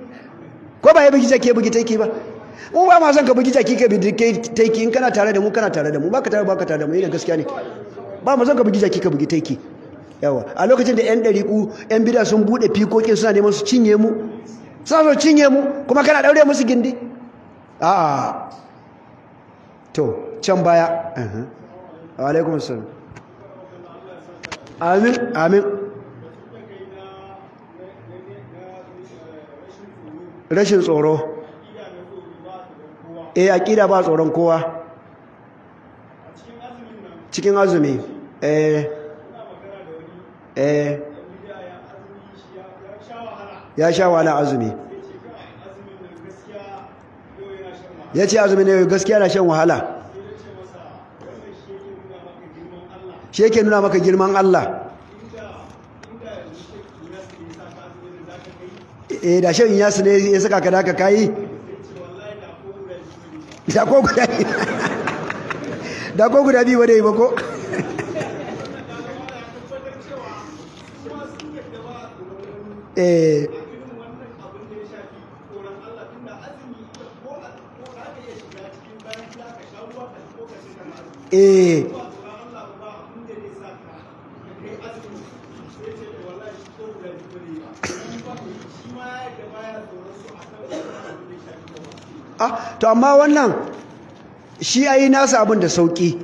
[SPEAKER 1] ko ba ya bugi jaki ya bugi taiki ba mu ba ma zan ka bugi jaki ka bidike taiki in kana tare da mu kana tare da mu baka tare baka tare da mu ina gaskiya ne ba ma zan ka bugi jaki ka bugi taiki yawa a lokacin da yan dariku yan bida sun bude fikokin suna neman su cinye mu suna so cinye mu kuma kana daure musu gindi a'a to can baya wa alaikum assalam amin amin rashin tsoro
[SPEAKER 2] eh aƙida ba tsoron kowa
[SPEAKER 1] cikin azumi eh eh ya sha wahala azumi ya ce azumi ne gaskiya na shan wahala shi yake nuna maka girman Allah eh da shan yasu ne ya saka ka da ka kayi da ko guda ko biyu ba da yi ko eh, eh. to amma wannan shi yi nasa abin da sauki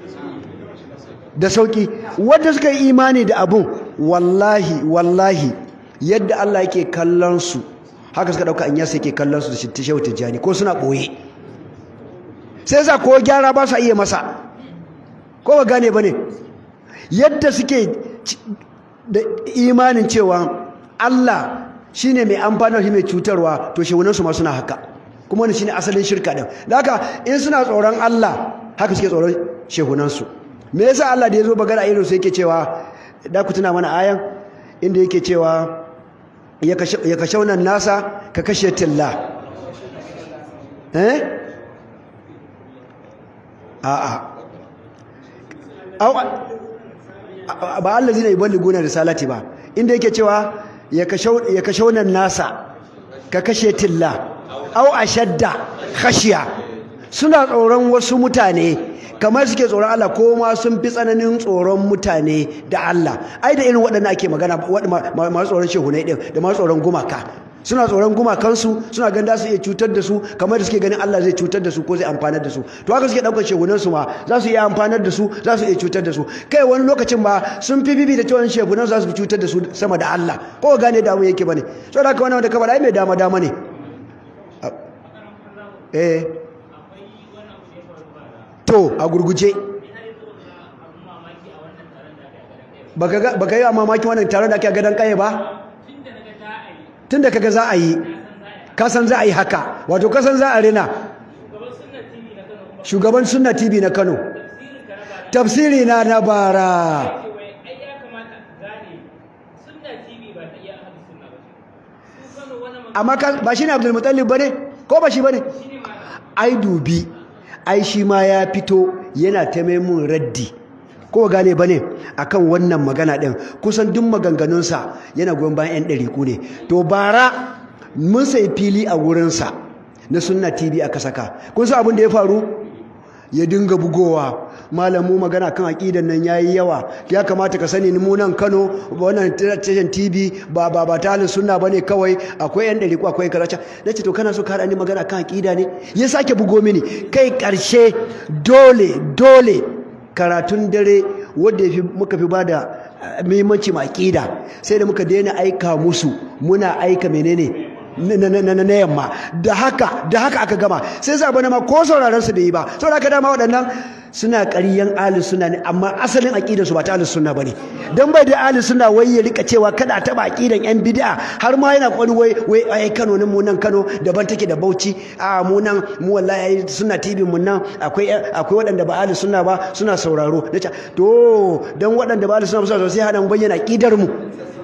[SPEAKER 1] da sauki Wadda suka yi imani da abun wallahi wallahi yadda Allah yake kallon su haka suka dauka yasa yake kallon su da shi shehu tijjani ko suna ɓoye. sai sa ko gyara ba su iya masa ko ba gane ba ne. yadda suke da imanin cewa Allah shine mai amfanar shi mai cutarwa to shehunansu ma suna haka kuma wani shine asalin shirka din haka in suna tsoron Allah haka suke tsoron shehunansu me yasa Allah da ya zo bagara irin sai yake cewa da ku tuna mana ayan inda yake cewa ya kashauna nasa ka kashe tilla eh a'a ba Allah zai yi gona da salati ba inda yake cewa ya kashauna nasa ka kashe tilla au ashadda khashiya suna tsoron wasu mutane kamar suke tsoron Allah ko ma sun fi tsananin tsoron mutane da Allah ai da irin waɗannan ake magana masu tsoron shehunai ɗin da masu tsoron gumaka suna tsoron gumakansu suna ganin su iya cutar da su kamar da suke ganin Allah zai cutar da su ko zai amfanar da su to haka suke ɗaukar shehunan su ma za su iya amfanar da su za su iya cutar da su kai wani lokacin ba sun fi bibi da cewa shehunan za su cutar da su sama da Allah ko gane damu yake bane saboda haka wannan da kabara ai mai dama dama ne eh to a gurguje baka yi a mamaki wannan taron da ake gadon kaye ba tun da kaga za a yi kasan za a yi haka wato kasan za a rina shugaban suna tv na kano tafsiri na na bara amma ba shi ne abdulmutallin ba ne ko ba shi bane ai dubi ai shi ma ya fito yana ta mun raddi ko gane a kan wannan magana din kusan duk maganganunsa yana goyon bayan yan ɗariku ne to bara mun sai fili a wurinsa na sunna tv aka saka kun san abin da ya faru ya dinga bugowa malamu magana kan aqidan nan yayi yawa ya kamata ka sani mu nan Kano wannan tashin TV ba ba ba ta halin sunna bane kawai akwai yan dari akwai karacha nace to kana so ka ni magana kan aqida ne ya sake bugo mini kai karshe dole dole karatun dare wanda muka fi bada eh, muhimmanci ma aqida sai da muka daina aika musu muna aika menene na na yamma da haka da haka aka gama sai a na ma ko sauraron su da yi ba saboda haka dama waɗannan suna ƙaryan ahli sunna ne amma asalin aqidar su ba ta ahli sunna bane dan bai da ahli sunna wai ya rika cewa kada ta ba aqidan yan bid'a har ma yana kwani wai wai ai Kano ne mu nan Kano daban take da Bauchi a mu nan mu wallahi sunna TV mu nan akwai akwai waɗanda ba ahli sunna ba suna sauraro nace to dan waɗanda ba ahli sunna ba sai hada mu bayyana aqidar mu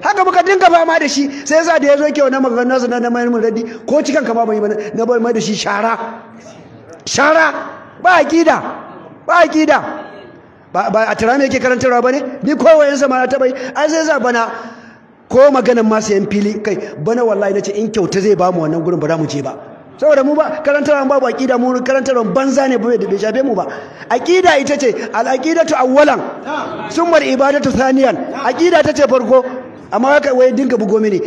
[SPEAKER 1] haka muka dinka fama da shi sai yasa da yazo kewa na maganar sa na mayar mun raddi ko cikan ka ba yi ba na bai mai da shi shara shara ba aqida ba a ba ba a tara mai yake karantarwa ne? ni ko wayan sa ma na tabai ai sai za bana ko maganan masu 'yan fili kai bana wallahi ce in kyauta zai ba mu wannan gurin ba za mu je ba saboda mu ba karantarwa babu aqida mu karantarwa banza ne bai da bai shafe mu ba aqida ita ce al'akida ta awwalan summa al ibadatu thaniyan aqida ta ce farko amma kai wai dinka bugo mini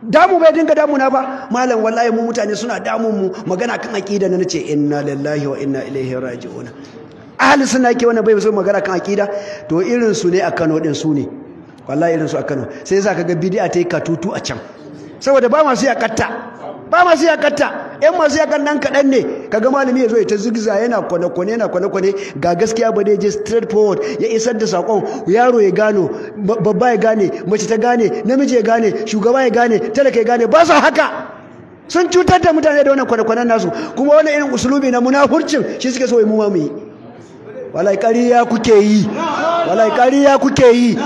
[SPEAKER 1] damu bai dinga damu na ba malam wallahi mu mutane suna damun mu magana kan akida na nace inna lillahi wa inna ilaihi raji'un ahli sunna yake wannan bai so magana kan akida to irin su ne a Kano din su ne wallahi irin su a Kano sai yasa kaga bid'a ta yi katutu a can saboda ba masu yakatta ba masu yakatta yan masu yakan nan kaɗan ne kaga malami ya zo ya ta zigza yana kwane-kwane yana kwane-kwane ga gaskiya ba dai je straight forward ya isar da sakon yaro ya gano babba ya gane mace ta gane namiji ya gane shugaba ya gane talaka ya gane ba su haka sun cutar da mutane da wannan kwane-kwanen nasu kuma wani irin usulubi na munafurcin shi suke so ya mu mamaye walai ƙariya kuke yi walai ƙariya kuke yi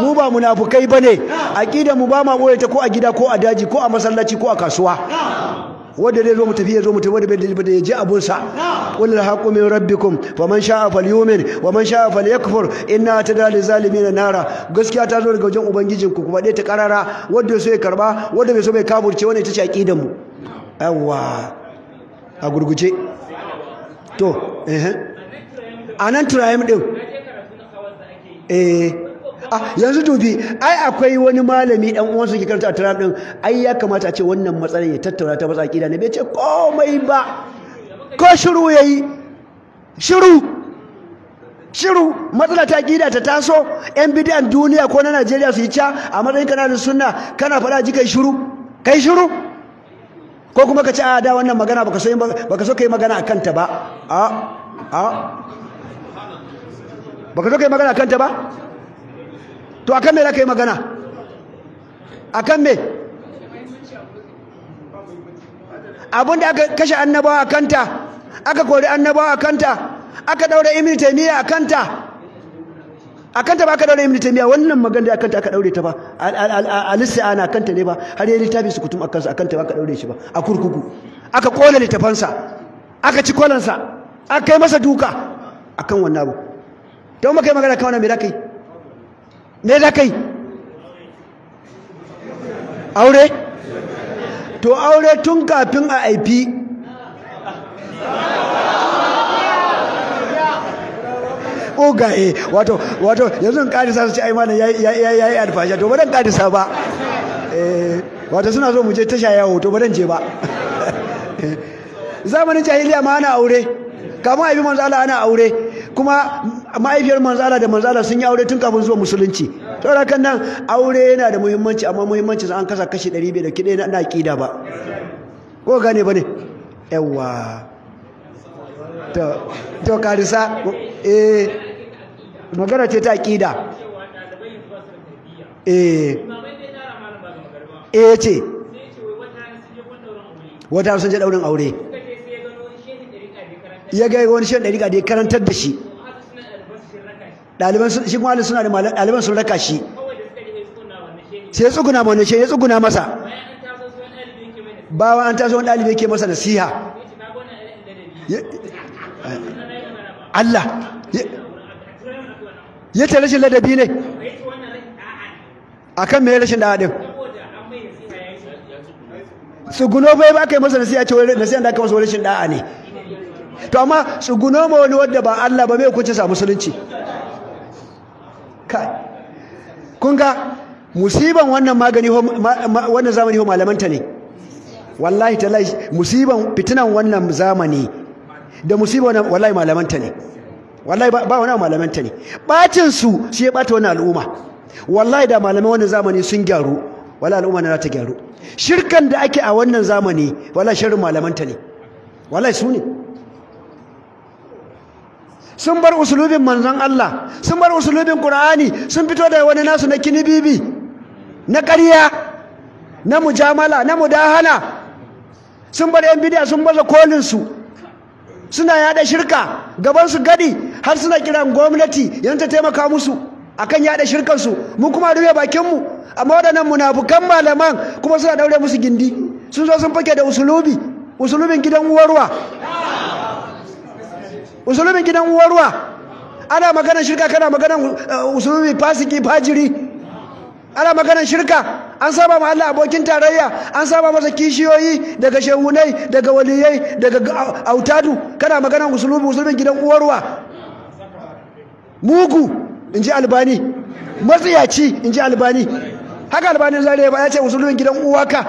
[SPEAKER 1] mu ba munafukai bane aqida mu ba ma boye ta ko a gida ko a daji ko a masallaci ko a kasuwa wanda zai zo mu tafi ya zo mu tafi wanda bai da ya ji abun sa qul haqu min rabbikum faman sha'a falyumin waman sha'a falyakfur inna tadali zalimin nara gaskiya ta zo daga wajen ubangijin ku kuma dai ta karara wanda so ya karba wanda bai so bai kafurce wanda ita ce aqidan mu yawa a gurguje to eh, eh. a nan turayim ɗin eh ah, yanzu dubi ai akwai wani malami ɗan uwansu ke karanta a turayim ɗin ai ya kamata a ce wannan matsalar ya tattauna ta matsa ƙida ne bai ce komai ba ko shiru ya yi shiru shiru matsala ta ƙida ta taso yan bidiyan duniya ko na najeriya su yi ca a matsayin kana da sunna kana fara ji kai shiru kai shiru ko kuma ka ci a ah, da wannan magana baka so kai magana a kanta ba a ah, a baka zo kai magana kanta ba to a kan me zaka yi magana A kan me abin da aka kashe annabawa a kanta aka kori annabawa a kanta aka daure ibn taimiyya a kanta a kanta ba aka daure ibn taimiyya wannan magana a kanta aka daure ta ba a lissa a kanta ne ba har yi littafi su kutum a kansa a kanta ba aka daure shi ba a kurkuku aka kola littafansa aka ci kolansa aka yi masa duka akan wannan abu don maka yi magana kawana me za ka yi me za aure to aure tun kafin a aifi ogaye wato wato yanzu in karisa su ce ai ya yi alfashe to ba kadisa karisa ba eh, wato suna so mu je tasha yawo to ba dan je ba zamanin jahiliya ma ana aure kamar aibi manzala ana aure kuma mahaifiyar manzala da manzala sun yi aure tun kafin zuwa musulunci da kan nan aure yana da muhimmanci amma muhimmanci an kasa kashi 200 da kide na ƙida ba ko gane ne, yawa to to karisa eh magana ce ta ƙida. eh eh ce wata sun je daurin aure ya ga wani shan dariƙa da ya karantar da shi ɗaliban shi kuma suna da malam ɗaliban sun raka shi sai tsuguna ma shi ya tsuguna masa bawa an taso wani ɗalibi yake masa nasiha Allah ya ce rashin ladabi ne a kan mai rashin ɗaɗin tsuguno bai ba ka yi masa nasiha ce nasiha da aka masa rashin ɗa'a ne to amma tsuguno ma wani wadda ba Allah ba mai hukunci sa musulunci kai kun ga musiban wannan magani wannan zamani malamanta ne wallahi tallahi musiban fitinan wannan zamani da musiba wannan wallahi malamanta ne wallahi ba wani malamanta ne bacin su shi ya bata wannan al'umma wallahi da malaman wannan zamani sun gyaru wallahi al'umma na ta gyaru shirkan da ake a wannan zamani wallahi sharrin malamanta ne wallahi su ne sun bar usulubin manzon Allah sun bar usulubin Qur'ani sun fito da wani nasu na kinibibi na ƙarya na mujamala na mudahana sun bar yan bidiya sun baza kolin su suna yada shirka gaban su gadi har suna kiran gwamnati yanzu ta taimaka musu akan yada shirkan su mu kuma rube bakin mu amma waɗannan munafukan malaman kuma suna daure musu gindi sun zo sun fake da usulubi usulubin gidan uwarwa usulumin gidan uwarwa ana maganar shirka kana maganar eh, usulumin fasiki fajiri ana maganar shirka an saba ma Allah abokin tarayya an saba masa kishiyoyi daga shehunai daga waliyai daga autadu kana maganar usulumin usulumin gidan uwarwa mugu in ji albani matsiyaci in ji albani haka albani zariya ba ya ce usulumin gidan uwaka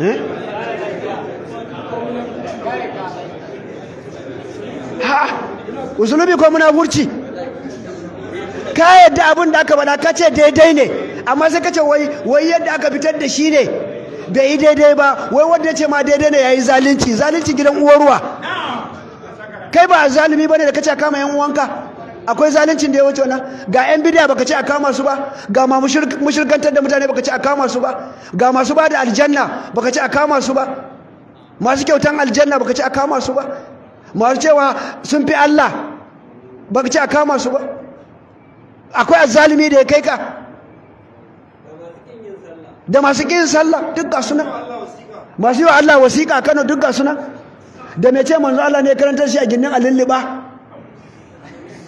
[SPEAKER 1] Eh? usulubi ko munafurci ka yadda abin da aka bada kace daidai ne amma sai kace wai wai yadda aka fitar da shi ne bai yi daidai ba wai wanda ya ce ma daidai ne ya yi zalunci zalunci gidan uwar ruwa kai ba zalimi bane da kace a kama yan uwanka akwai zaluncin da ya wuce wannan ga yan bidiya baka ce a kama su ba ga ma mushirkantar da mutane baka ce a kama su ba ga masu ba da aljanna baka ce a kama su ba masu kyautan aljanna baka ce a kama su ba masu cewa sun fi Allah ba ka ce a kama su ba akwai azalimi da ya kai ka da masu ƙin sallah duk ga suna masu yi wa Allah wasiƙa kano duk ga suna da mai ce manzo Allah ne karantar shi a ginin alilliba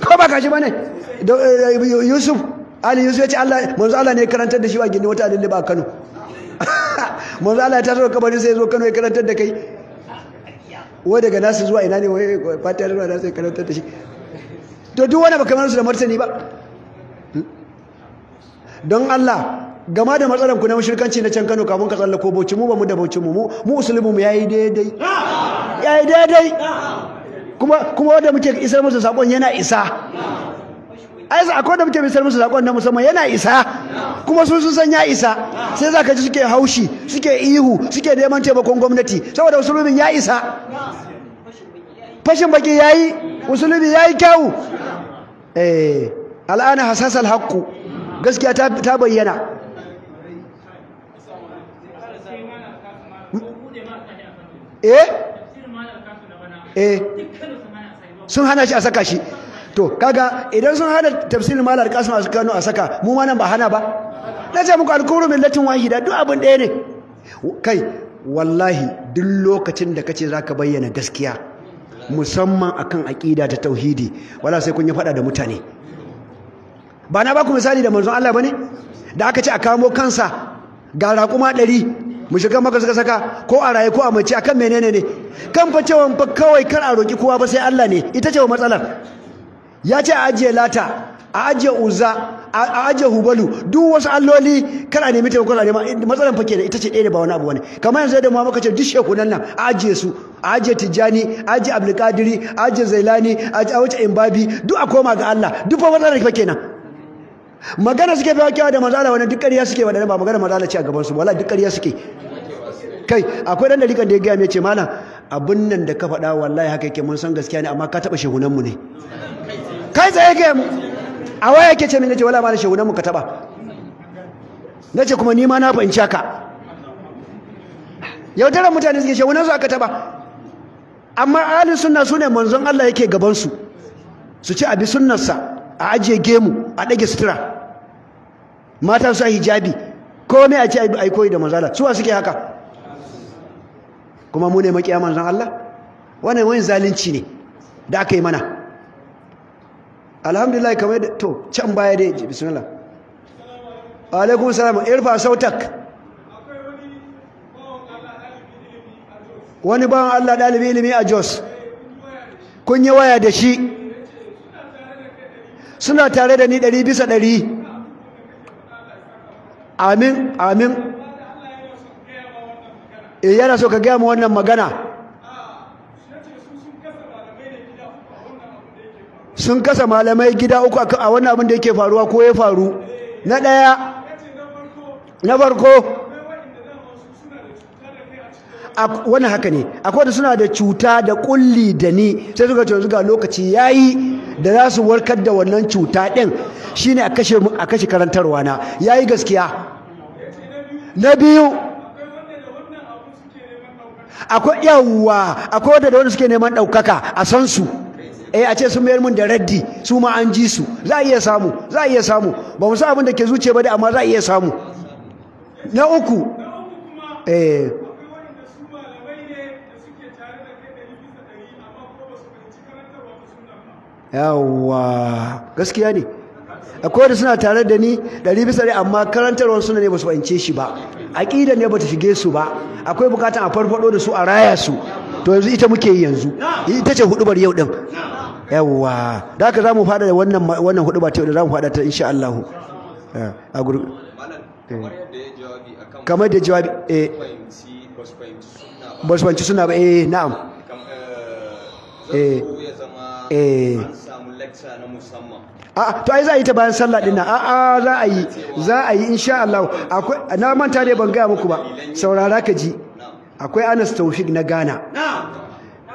[SPEAKER 1] ko ba kashi ba ne eh, yusuf ali yusuf ya ce Allah manzo Allah ne karantar da shi a ginin wata alilliba a kano manzo Allah ya taso kabarin sai ya zo kano ya karantar da kai wai daga nasu zuwa ina ne wai fata zuwa nasu ya karantar da shi to duk wani bakamar su da martani ba don Allah gama da matsalar ku na mashirkanci na can Kano kafin ka tsallako bauchi mu ba mu da bauchi mu mu musulmi mu yayi daidai yayi daidai kuma kuma wanda muke isar musu sakon yana isa ai za akwai da muke misal musu zakon na musamman yana isa kuma su sun san ya isa sai za ka ji suke haushi suke ihu suke neman taimakon gwamnati saboda usulubin ya isa fashin baki yayi usulubi yayi kyau eh al'ana hasasal haqqu gaskiya ta bayyana eh eh sun hana shi a saka shi to kaga idan sun hada tafsirin malar kasma a kano a saka mu ma nan ba hana ba na ce muku alkuru millatin wahida duk abin ɗaya ne kai wallahi duk lokacin da kace zaka bayyana gaskiya musamman akan aqida ta tauhidi wala sai kun yi faɗa da mutane ba na baku misali da manzon Allah bane da aka ce a kamo kansa ga raquma ɗari mu shiga maka suka saka ko a raye ko a mace akan menene ne kan fa cewa fa kawai kar a roki kowa ba sai Allah ne ita ce matsalar ya ce a ajiye lata a ajiye uza a ajiye hubalu duk wasu alloli kana nemi taimakon a nema matsalan fake da ita ce ɗaya da ba wani abu wani kamar yanzu da mu muka ce duk nan a ajiye su a ajiye tijjani a ajiye abdulkadiri a ajiye zailani a ajiye wuce imbabi duk a koma ga Allah duk fa matsalar fake nan magana suke fi kiyawa da mazala wani duk ƙarya suke wadanda ba magana mazala ce a gaban su wala duk ƙarya suke kai akwai dan dalikan da ya gaya mai ce malam abun nan da ka faɗa wallahi haka yake mun san gaskiya ne amma ka taɓa shehunan mu ne kai tsaye ke a waya ke ce min nace wala ma da mu ka taba nace kuma ni ma na fahimci haka yaudaran mutane suke shehunan su aka taba amma ahlus sunna sune manzon Allah yake gabansu su su ci abi sunnarsa a ajiye gemu a ɗage sutura mata su hijabi ko ne a ci ai koyi da manzala suwa suke haka kuma mu ne makiya manzon Allah wannan wani zalunci ne da aka yi mana alhamdulillah kamar da to can baya dai ji bismillah alaikum salam irfa sautak wani bawan Allah dalibi ilimi a Jos kun yi waya da shi suna tare da ni ɗari bisa ɗari amin amin eh, yana so ka gaya mu wannan magana sun kasa malamai gida uku a wannan abin da yake faruwa ko ya faru na ɗaya na farko wani haka ne akwai wanda suna da cuta da kulli da ni sai suka ce zuga lokaci yi da za su warkar da wannan cuta ɗin shine a kashe karantarwa na ya yi gaskiya na biyu akwai yawuwa akwai wanda da wanda suke neman ɗaukaka a san su eh a ce sun mayar mun da raddi su ma an ji su za a iya samu za a iya samu ba mu san abin da ke zuce ba da amma za a iya samu na uku eh yawwa gaskiya ne akwai da suna tare da ni ɗari bisa ne amma karantarwar suna ne ba su fahimce shi ba aƙida ne ba ta shige su ba akwai bukatan a farfaɗo da su a raya su to yanzu ita muke yi yanzu ita ce hudubar yau din yawa da haka zamu fada da wannan wannan ta yau da zamu fada ta insha Allah eh, a guru kamar da jawabi eh ba su fahimci suna ba eh na'am eh eh, eh. a'a to ai za a yi ta bayan sallah din a a'a za a yi za a yi insha Allah akwai na manta ne ban gaya muku ba saurara ka ji akwai Anas Tawfik na Ghana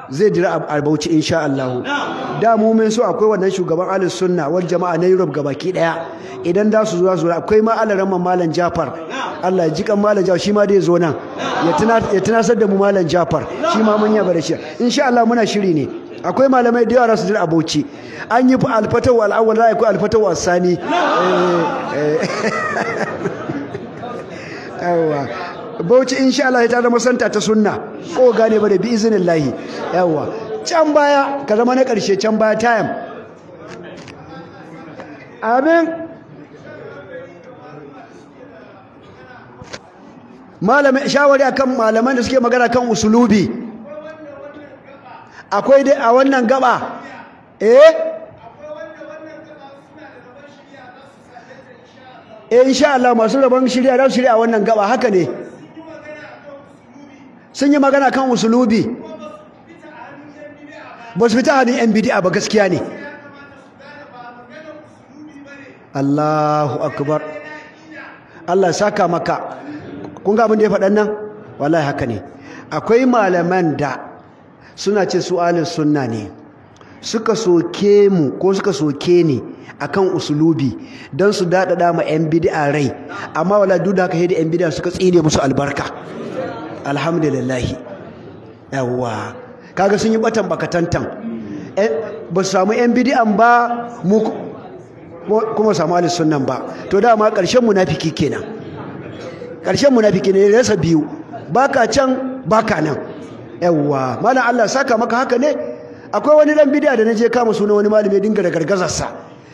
[SPEAKER 1] zai jira a Bauchi insha Allah da mu mun so akwai wannan shugaban Ahlus Sunna wal jama'a na Europe gabaki daya idan da su zuwa su akwai ma alaran Malam Jafar Allah ya ji kan Malam Jafar shi ma dai zo nan ya tunasar da mu Malam Jafar shi ma mun yaba da shi insha Allah muna shiri ne akwai malamai da yawa su jira aboci an yi fa alfatawa al'awwal za a yi alfatawa sani eh, eh. bauchi insha Allah ya zama santa ta sunna ko gane ba da bi izinin lahi yawa can baya ka zama na ƙarshe can baya time amin malamin shawari akan malaman da suke magana kan usulubi akwai dai a wannan gaba eh insha Allah masu rabon shirya za su shirya wannan gaba haka ne sun yi magana kan usulubi ba su fita hannun yan bidi'a ba gaskiya ne Allahu akbar Allah saka maka kun ga abin da ya faɗan nan wallahi haka ne akwai malaman da suna ce su alin sunna ne suka soke mu ko suka soke ni akan usulubi don su daɗaɗa ma 'yan bidi'a rai amma wala duk da haka da 'yan bid'a suka tsine musu albarka alhamdulillahi yawwa kaga sun yi batan tantan eh, ba su samu yan bidi'an ba mu kuma samu alis sunnan ba to dama karshen munafiki kenan karshen munafiki ne rasa biyu baka can baka nan yawwa malam Allah saka maka haka ne akwai wani dan bidi'a da naje kama suna wani malami dinga da gargazarsa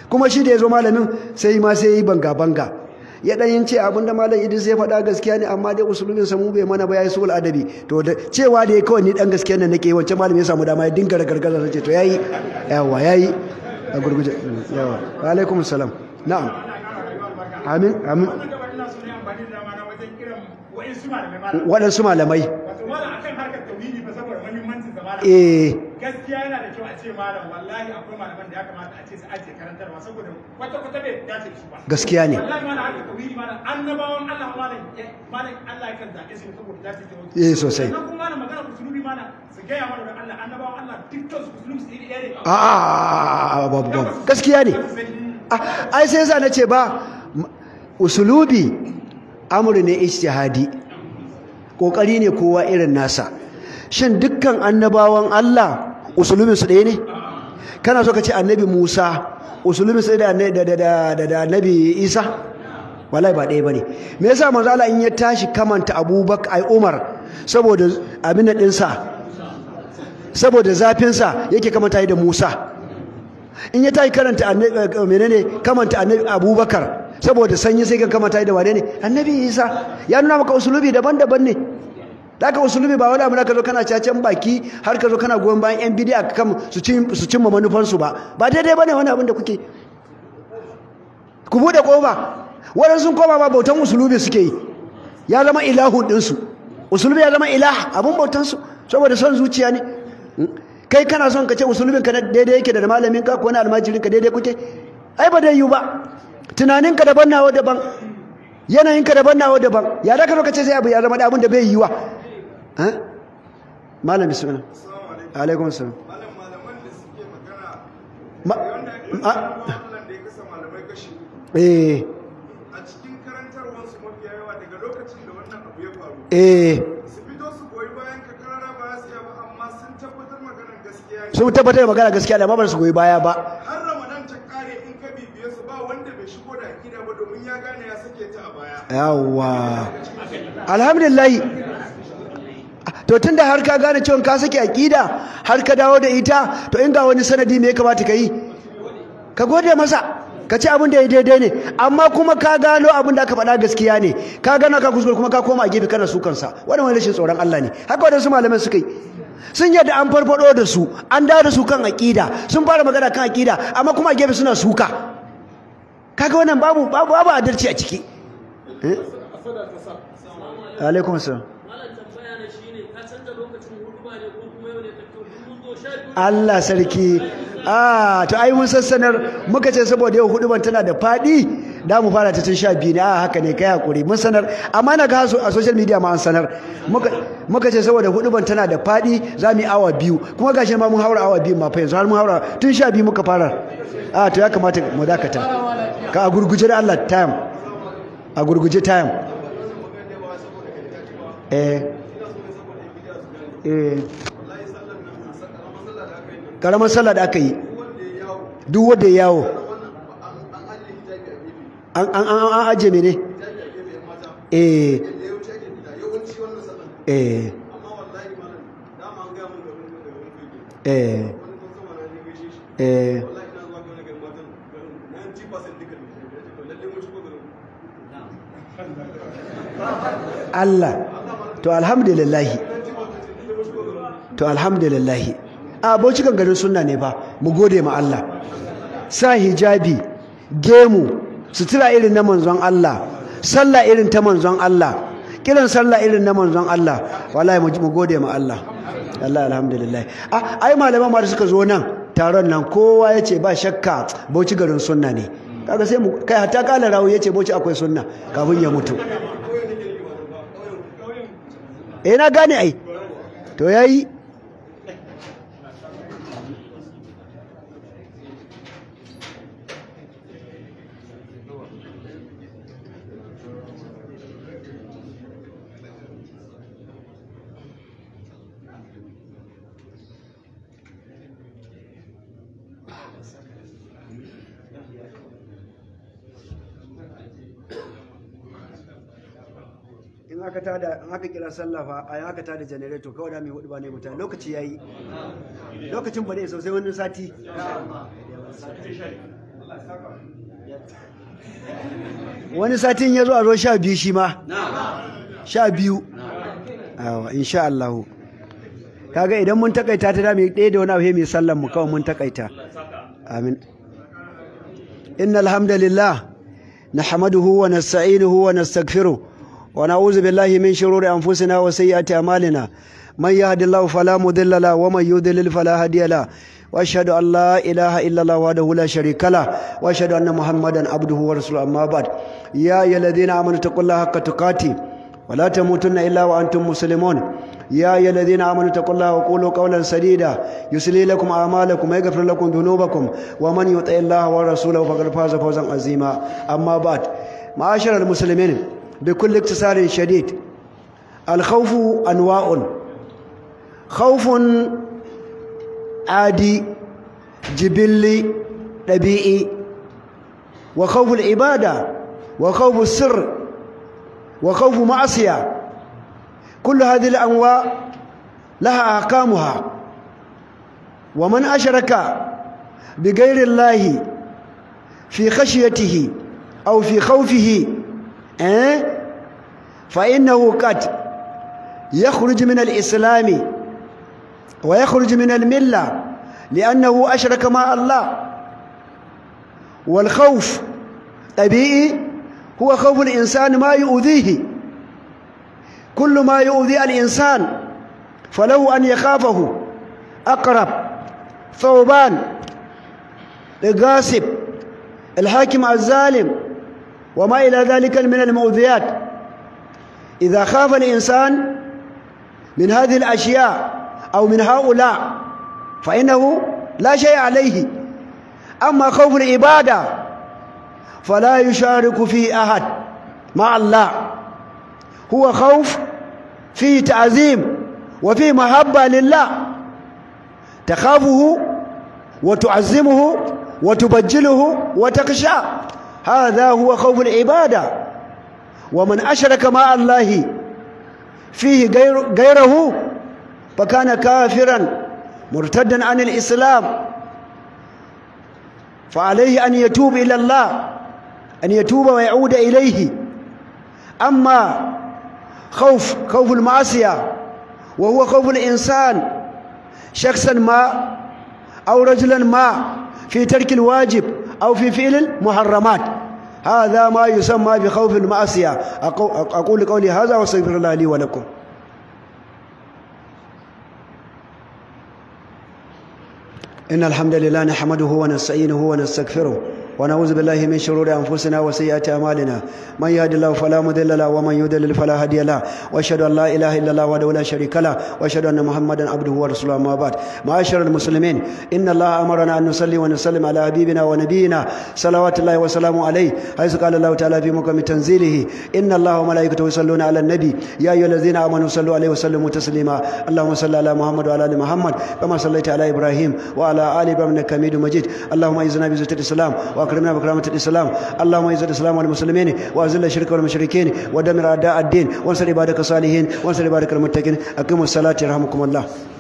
[SPEAKER 1] kuma shi da ya zo malamin sai ma sai yi banga banga ya dan ce abinda malam Idris ya faɗa gaskiya ne amma dai usulubin sa mu bai mana ba yayi sul adabi to da cewa da kawai ni dan gaskiya nan nake wancan malam ya samu dama ya dinga gargaza sace to yayi yawa yayi a gurguje yawa wa alaikum salam na'am amin amin
[SPEAKER 2] waɗansu malamai
[SPEAKER 1] eh gaskiya yana da kyau a ce malam wallahi akwai malaman da ya kamata a ce su ajiye karantarwa saboda kwata kwata bai dace da su ba gaskiya ne wallahi malam haka kawiri malam annabawan Allah malam eh, malam Allah ya kan zabe su saboda da su tawo eh sosai sannan kuma malam magana usulubi malam su ga ya malam Allah annabawan Allah dukkan su usulubi su iri iri a a babu babu gaskiya ne ah, ai sai yasa ce ba usulubi amru ne ijtihadi kokari ne kowa irin nasa shin dukkan annabawan Allah usulumin su ɗaya ne kana so ka ce annabi Musa usulumin su ɗaya da annabi Isa wallahi ba ɗaya bane me yasa manzo Allah in ya tashi kamanta Abubakar ai Umar saboda abin din sa saboda zafin sa yake kamanta da Musa in ya tashi karanta annabi eh, eh, menene kamanta annabi Abubakar saboda sanyi sai ka kamanta da wane ne annabi Isa ya nuna maka usulubi daban-daban ne da aka musulmi ba wani abu na ka zo kana cacen baki har ka zo kana goyon bayan yan bidiya kan su cimma manufansu ba ba daidai ba ne wani abin da kuke ku buɗe ƙofa waɗansu sun koma ba bautan musulmi suke yi ya zama ilahu ɗinsu musulmi ya zama ilah abin bautansu saboda son zuciya ne hmm? kai kana son ka ce musulmin na daidai yake da malamin ka ko na almajirin ka daidai kuke ai ba dai yiwu ba tunanin ka daban nawa daban yanayin ka daban nawa daban ya da ka zo ce sai abu ya zama abin da bai wa eh malam bismillah alaikum salam eh, eh. da tabbatar magana gaskiya da mabar su goyi baya ba
[SPEAKER 2] har ramadan ta kare in ka bibiye su ba wanda bai shigo da akida ba domin ya gane ya sake
[SPEAKER 1] ta a baya yawwa alhamdulillah to tunda har ka gane cewa ka saki aqida har ka dawo da ita to in ga wani sanadi me ya kamata ka yi ka gode masa ka ce abin da ya daidai ne amma kuma ka gano abin da aka faɗa gaskiya ne ka gano ka kuskure kuma ka koma a gefe kana sukan sa. wannan wani rashin tsoron Allah ne haka wadansu malaman suka yi sun yadda an farfado da su an dawo da su kan aƙida sun fara magana kan aƙida amma kuma a gefe suna suka kaga wannan babu babu babu adalci a ciki eh? alaikum assalam Allah sarki a to ai mun sassanar muka ce saboda yau hudu tana da faɗi da mu fara ta tun sha biyu ne a haka ne kai hakuri mun sanar amma na ga a social media ma an sanar muka ce saboda hudu tana da faɗi za mu yi awa biyu kuma gashi ma mun haura awa biyu ma fa yanzu har mun haura tun sha biyu muka fara a to ya kamata mu dakata ka a gurguje da Allah time a gurguje time eh eh karamar sallah da aka yi duk wanda ya yawo an an an aje mene eh eh eh eh Allah to alhamdulillahi to alhamdulillahi a bauchi kan garin sunna ne ba mu gode ma Allah sa hijabi gemu sutura irin na manzon Allah sallah irin ta manzon Allah kiran salla irin na manzon Allah wallahi mu gode ma Allah Allah alhamdulillah ai malaman ma suka zo nan taron nan kowa yace ba shakka bauchi garin sunna ne kaga sai mu kai hatta kala rawu ya ce bauchi akwai sunna kafin ya mutu eh na gane ai to yayi aka tada in aka kira sallah fa a aka tada generator kawai da mai hudu ba ne mutane lokaci yayi lokacin ba ne sosai wani sati wani satin ya zo a zo sha biyu shi ma sha biyu awa insha Allah kaga idan mun takaita ta dami ɗaya da wani abu mai sallan mu kawai mun takaita amin inna alhamdulillah na nahmaduhu wa nasta'inuhu wa nastaghfiruh ونعوذ بالله من شرور أنفسنا وسيئات أعمالنا من يهد الله فلا مضل له ومن يضلل فلا هادي له واشهد ان لا اله الا الله وحده لا شريك له واشهد ان محمدا عبده ورسوله اما بعد يا ايها الذين امنوا اتقوا الله حق تقاته ولا تموتن الا وانتم مسلمون يا أيها الذين آمنوا اتقوا الله وقولوا قولا سديدا يسلي لكم أعمالكم ويغفر لكم ذنوبكم ومن يطع الله ورسوله فقد فاز فوزا عظيما أما بعد معاشر المسلمين بكل اقتصار شديد الخوف أنواع خوف عادي جبلي طبيعي وخوف العبادة وخوف السر وخوف معصية كل هذه الأنواع لها أحكامها ومن أشرك بغير الله في خشيته أو في خوفه إيه؟ فإنه قد يخرج من الإسلام ويخرج من الملة لأنه أشرك مع الله والخوف طبيعي هو خوف الإنسان ما يؤذيه كل ما يؤذي الإنسان فله أن يخافه أقرب ثوبان الغاصب الحاكم الظالم وما إلى ذلك من المؤذيات إذا خاف الإنسان من هذه الأشياء أو من هؤلاء فإنه لا شيء عليه أما خوف العبادة فلا يشارك فيه أحد مع الله هو خوف فيه تعظيم وفيه محبة لله تخافه وتعزمه وتبجله وتخشاه هذا هو خوف العبادة ومن أشرك مع الله فيه غير غيره فكان كافرا مرتدا عن الإسلام فعليه أن يتوب إلى الله أن يتوب ويعود إليه أما خوف خوف المعصية وهو خوف الإنسان شخصا ما أو رجلا ما في ترك الواجب أو في فعل المحرمات هذا ما يسمى بخوف المعصية أقول قولي هذا واستغفر الله لي ولكم إن الحمد لله نحمده ونستعينه ونستغفره ونعوذ بالله من شرور أنفسنا وسيئات أعمالنا من يهد الله فلا مضل له ومن يضلل فلا هادي له وأشهد أن لا إله إلا الله وحده لا شريك له وأشهد أن محمدا عبده ورسوله أما بعد معاشر المسلمين إن الله أمرنا أن نصلي ونسلم على حبيبنا ونبينا صلوات الله وسلامه عليه حيث قال الله تعالى في محكم تنزيله إن الله وملائكته يصلون على النبي يا أيها الذين آمنوا صلوا عليه وسلموا تسليما اللهم صل على محمد وعلى آل محمد كما صليت على إبراهيم وعلى آل إبراهيم إنك حميد مجيد اللهم إزنا بزيت الإسلام واكرمنا بكرامه الاسلام اللهم اعز الاسلام والمسلمين واذل الشرك والمشركين ودمر اعداء الدين وانصر عبادك الصالحين وانصر عبادك المتقين اقيموا الصلاه يرحمكم الله